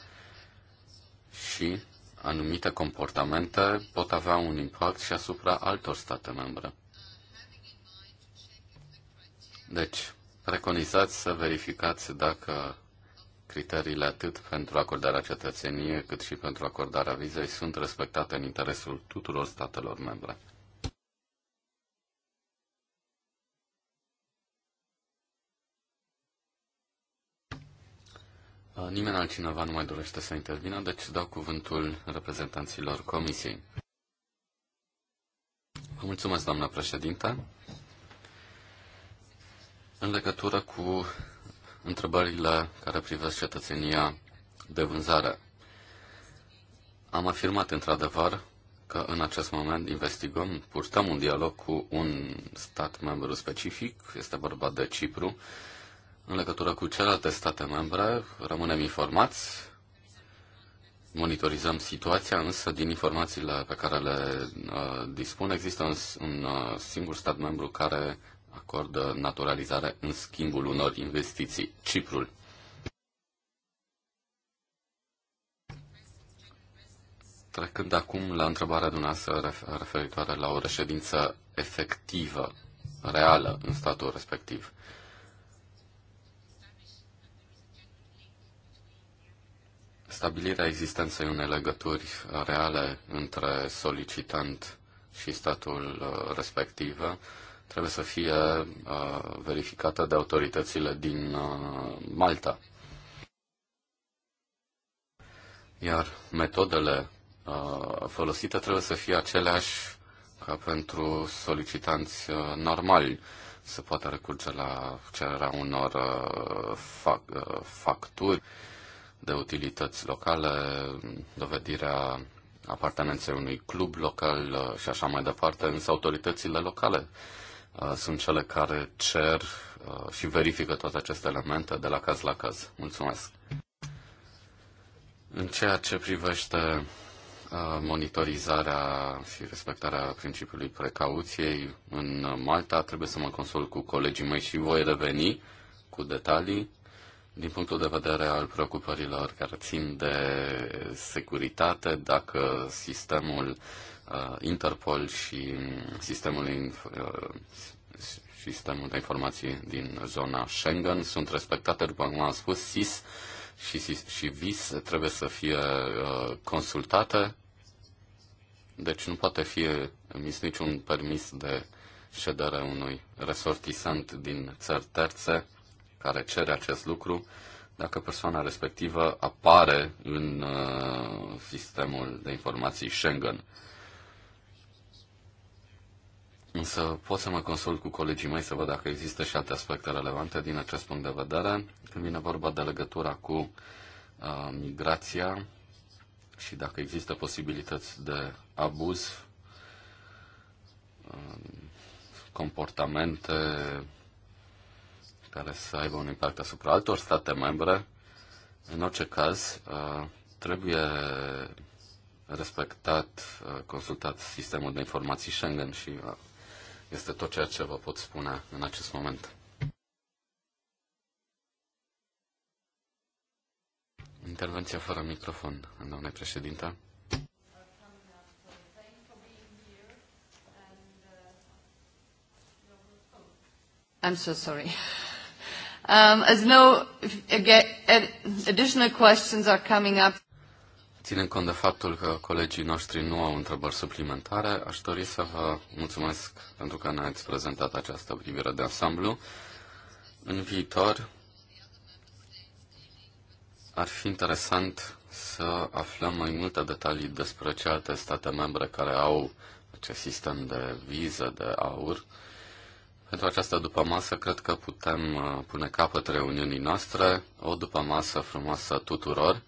și anumite comportamente pot avea un impact și asupra altor state membre. Deci, preconizați să verificați dacă criteriile atât pentru acordarea cetățeniei cât și pentru acordarea vizei sunt respectate în interesul tuturor statelor membre. Nimeni altcineva nu mai dorește să intervină, deci dau cuvântul reprezentanților Comisiei. Vă mulțumesc, doamna președintă. În legătură cu întrebările care privesc cetățenia de vânzare, am afirmat într-adevăr că în acest moment investigăm, purtăm un dialog cu un stat membru specific, este vorba de Cipru. În legătură cu celelalte state membre, rămânem informați, monitorizăm situația, însă din informațiile pe care le uh, dispun, există un, un uh, singur stat membru care acordă naturalizare în schimbul unor investiții. Ciprul. Trecând acum la întrebarea dumneavoastră referitoare la o reședință efectivă, reală, în statul respectiv. Stabilirea existenței unei legături reale între solicitant și statul uh, respectiv trebuie să fie uh, verificată de autoritățile din uh, Malta. Iar metodele uh, folosite trebuie să fie aceleași ca pentru solicitanți uh, normali. Se poate recurge la cererea unor uh, uh, facturi de utilități locale, dovedirea apartenenței unui club local uh, și așa mai departe, însă autoritățile locale Uh, sunt cele care cer uh, și verifică toate aceste elemente de la caz la caz. Mulțumesc. În ceea ce privește uh, monitorizarea și respectarea principiului precauției în Malta, trebuie să mă consult cu colegii mei și voi reveni cu detalii din punctul de vedere al preocupărilor care țin de securitate, dacă sistemul Uh, Interpol și sistemul, inf- uh, sistemul de informații din zona Schengen sunt respectate, după cum am spus, SIS și, și VIS trebuie să fie uh, consultate, deci nu poate fi emis niciun permis de ședere unui resortisant din țări terțe care cere acest lucru dacă persoana respectivă apare în uh, sistemul de informații Schengen. Însă pot să mă consult cu colegii mei să văd dacă există și alte aspecte relevante din acest punct de vedere. Când vine vorba de legătura cu uh, migrația și dacă există posibilități de abuz, uh, comportamente care să aibă un impact asupra altor state membre, în orice caz, uh, trebuie respectat, uh, consultat sistemul de informații Schengen și uh, este tot ceea ce vă pot spune în acest moment. Intervenția fără microfon, doamne președinte. I'm so sorry. Um, as no again, additional questions are coming up. Ținând cont de faptul că colegii noștri nu au întrebări suplimentare, aș dori să vă mulțumesc pentru că ne-ați prezentat această privire de ansamblu. În viitor ar fi interesant să aflăm mai multe detalii despre ce alte state membre care au acest sistem de viză, de aur. Pentru această după masă cred că putem uh, pune capăt reuniunii noastre, o după masă frumoasă tuturor.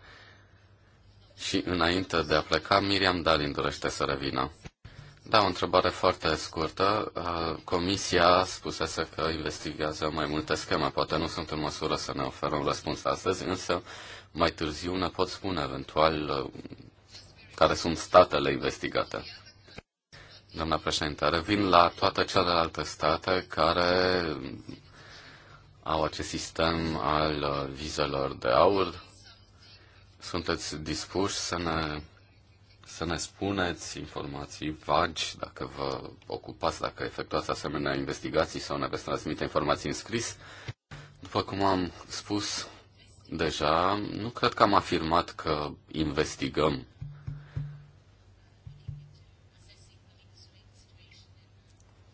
Și înainte de a pleca, Miriam Dalin dorește să revină. Da, o întrebare foarte scurtă. Uh, comisia spusese că investigează mai multe scheme. Poate nu sunt în măsură să ne oferă un răspuns astăzi, însă mai târziu ne pot spune eventual uh, care sunt statele investigate. Doamna președinte, revin la toate celelalte state care au acest sistem al uh, vizelor de aur, sunteți dispuși să ne, să ne spuneți informații vagi, dacă vă ocupați, dacă efectuați asemenea investigații sau ne veți transmite informații în scris. După cum am spus deja, nu cred că am afirmat că investigăm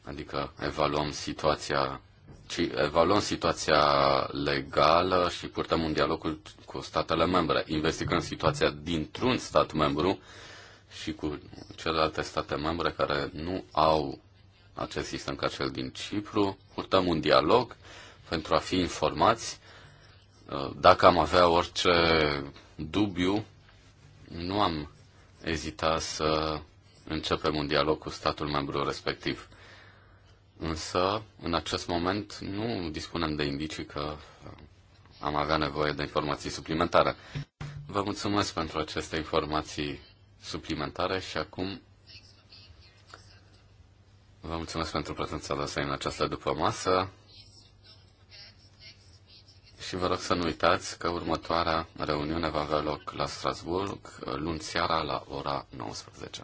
adică evaluăm situația, ci evaluăm situația legală și purtăm un dialog cu cu statele membre. Investigăm situația dintr-un stat membru și cu celelalte state membre care nu au acest sistem ca cel din Cipru. Purtăm un dialog pentru a fi informați. Uh, dacă am avea orice dubiu, nu am ezitat să începem un dialog cu statul membru respectiv. Însă, în acest moment, nu dispunem de indicii că am avea nevoie de informații suplimentare. Vă mulțumesc pentru aceste informații suplimentare și acum vă mulțumesc pentru prezența de în această după masă și vă rog să nu uitați că următoarea reuniune va avea loc la Strasburg, luni seara la ora 19.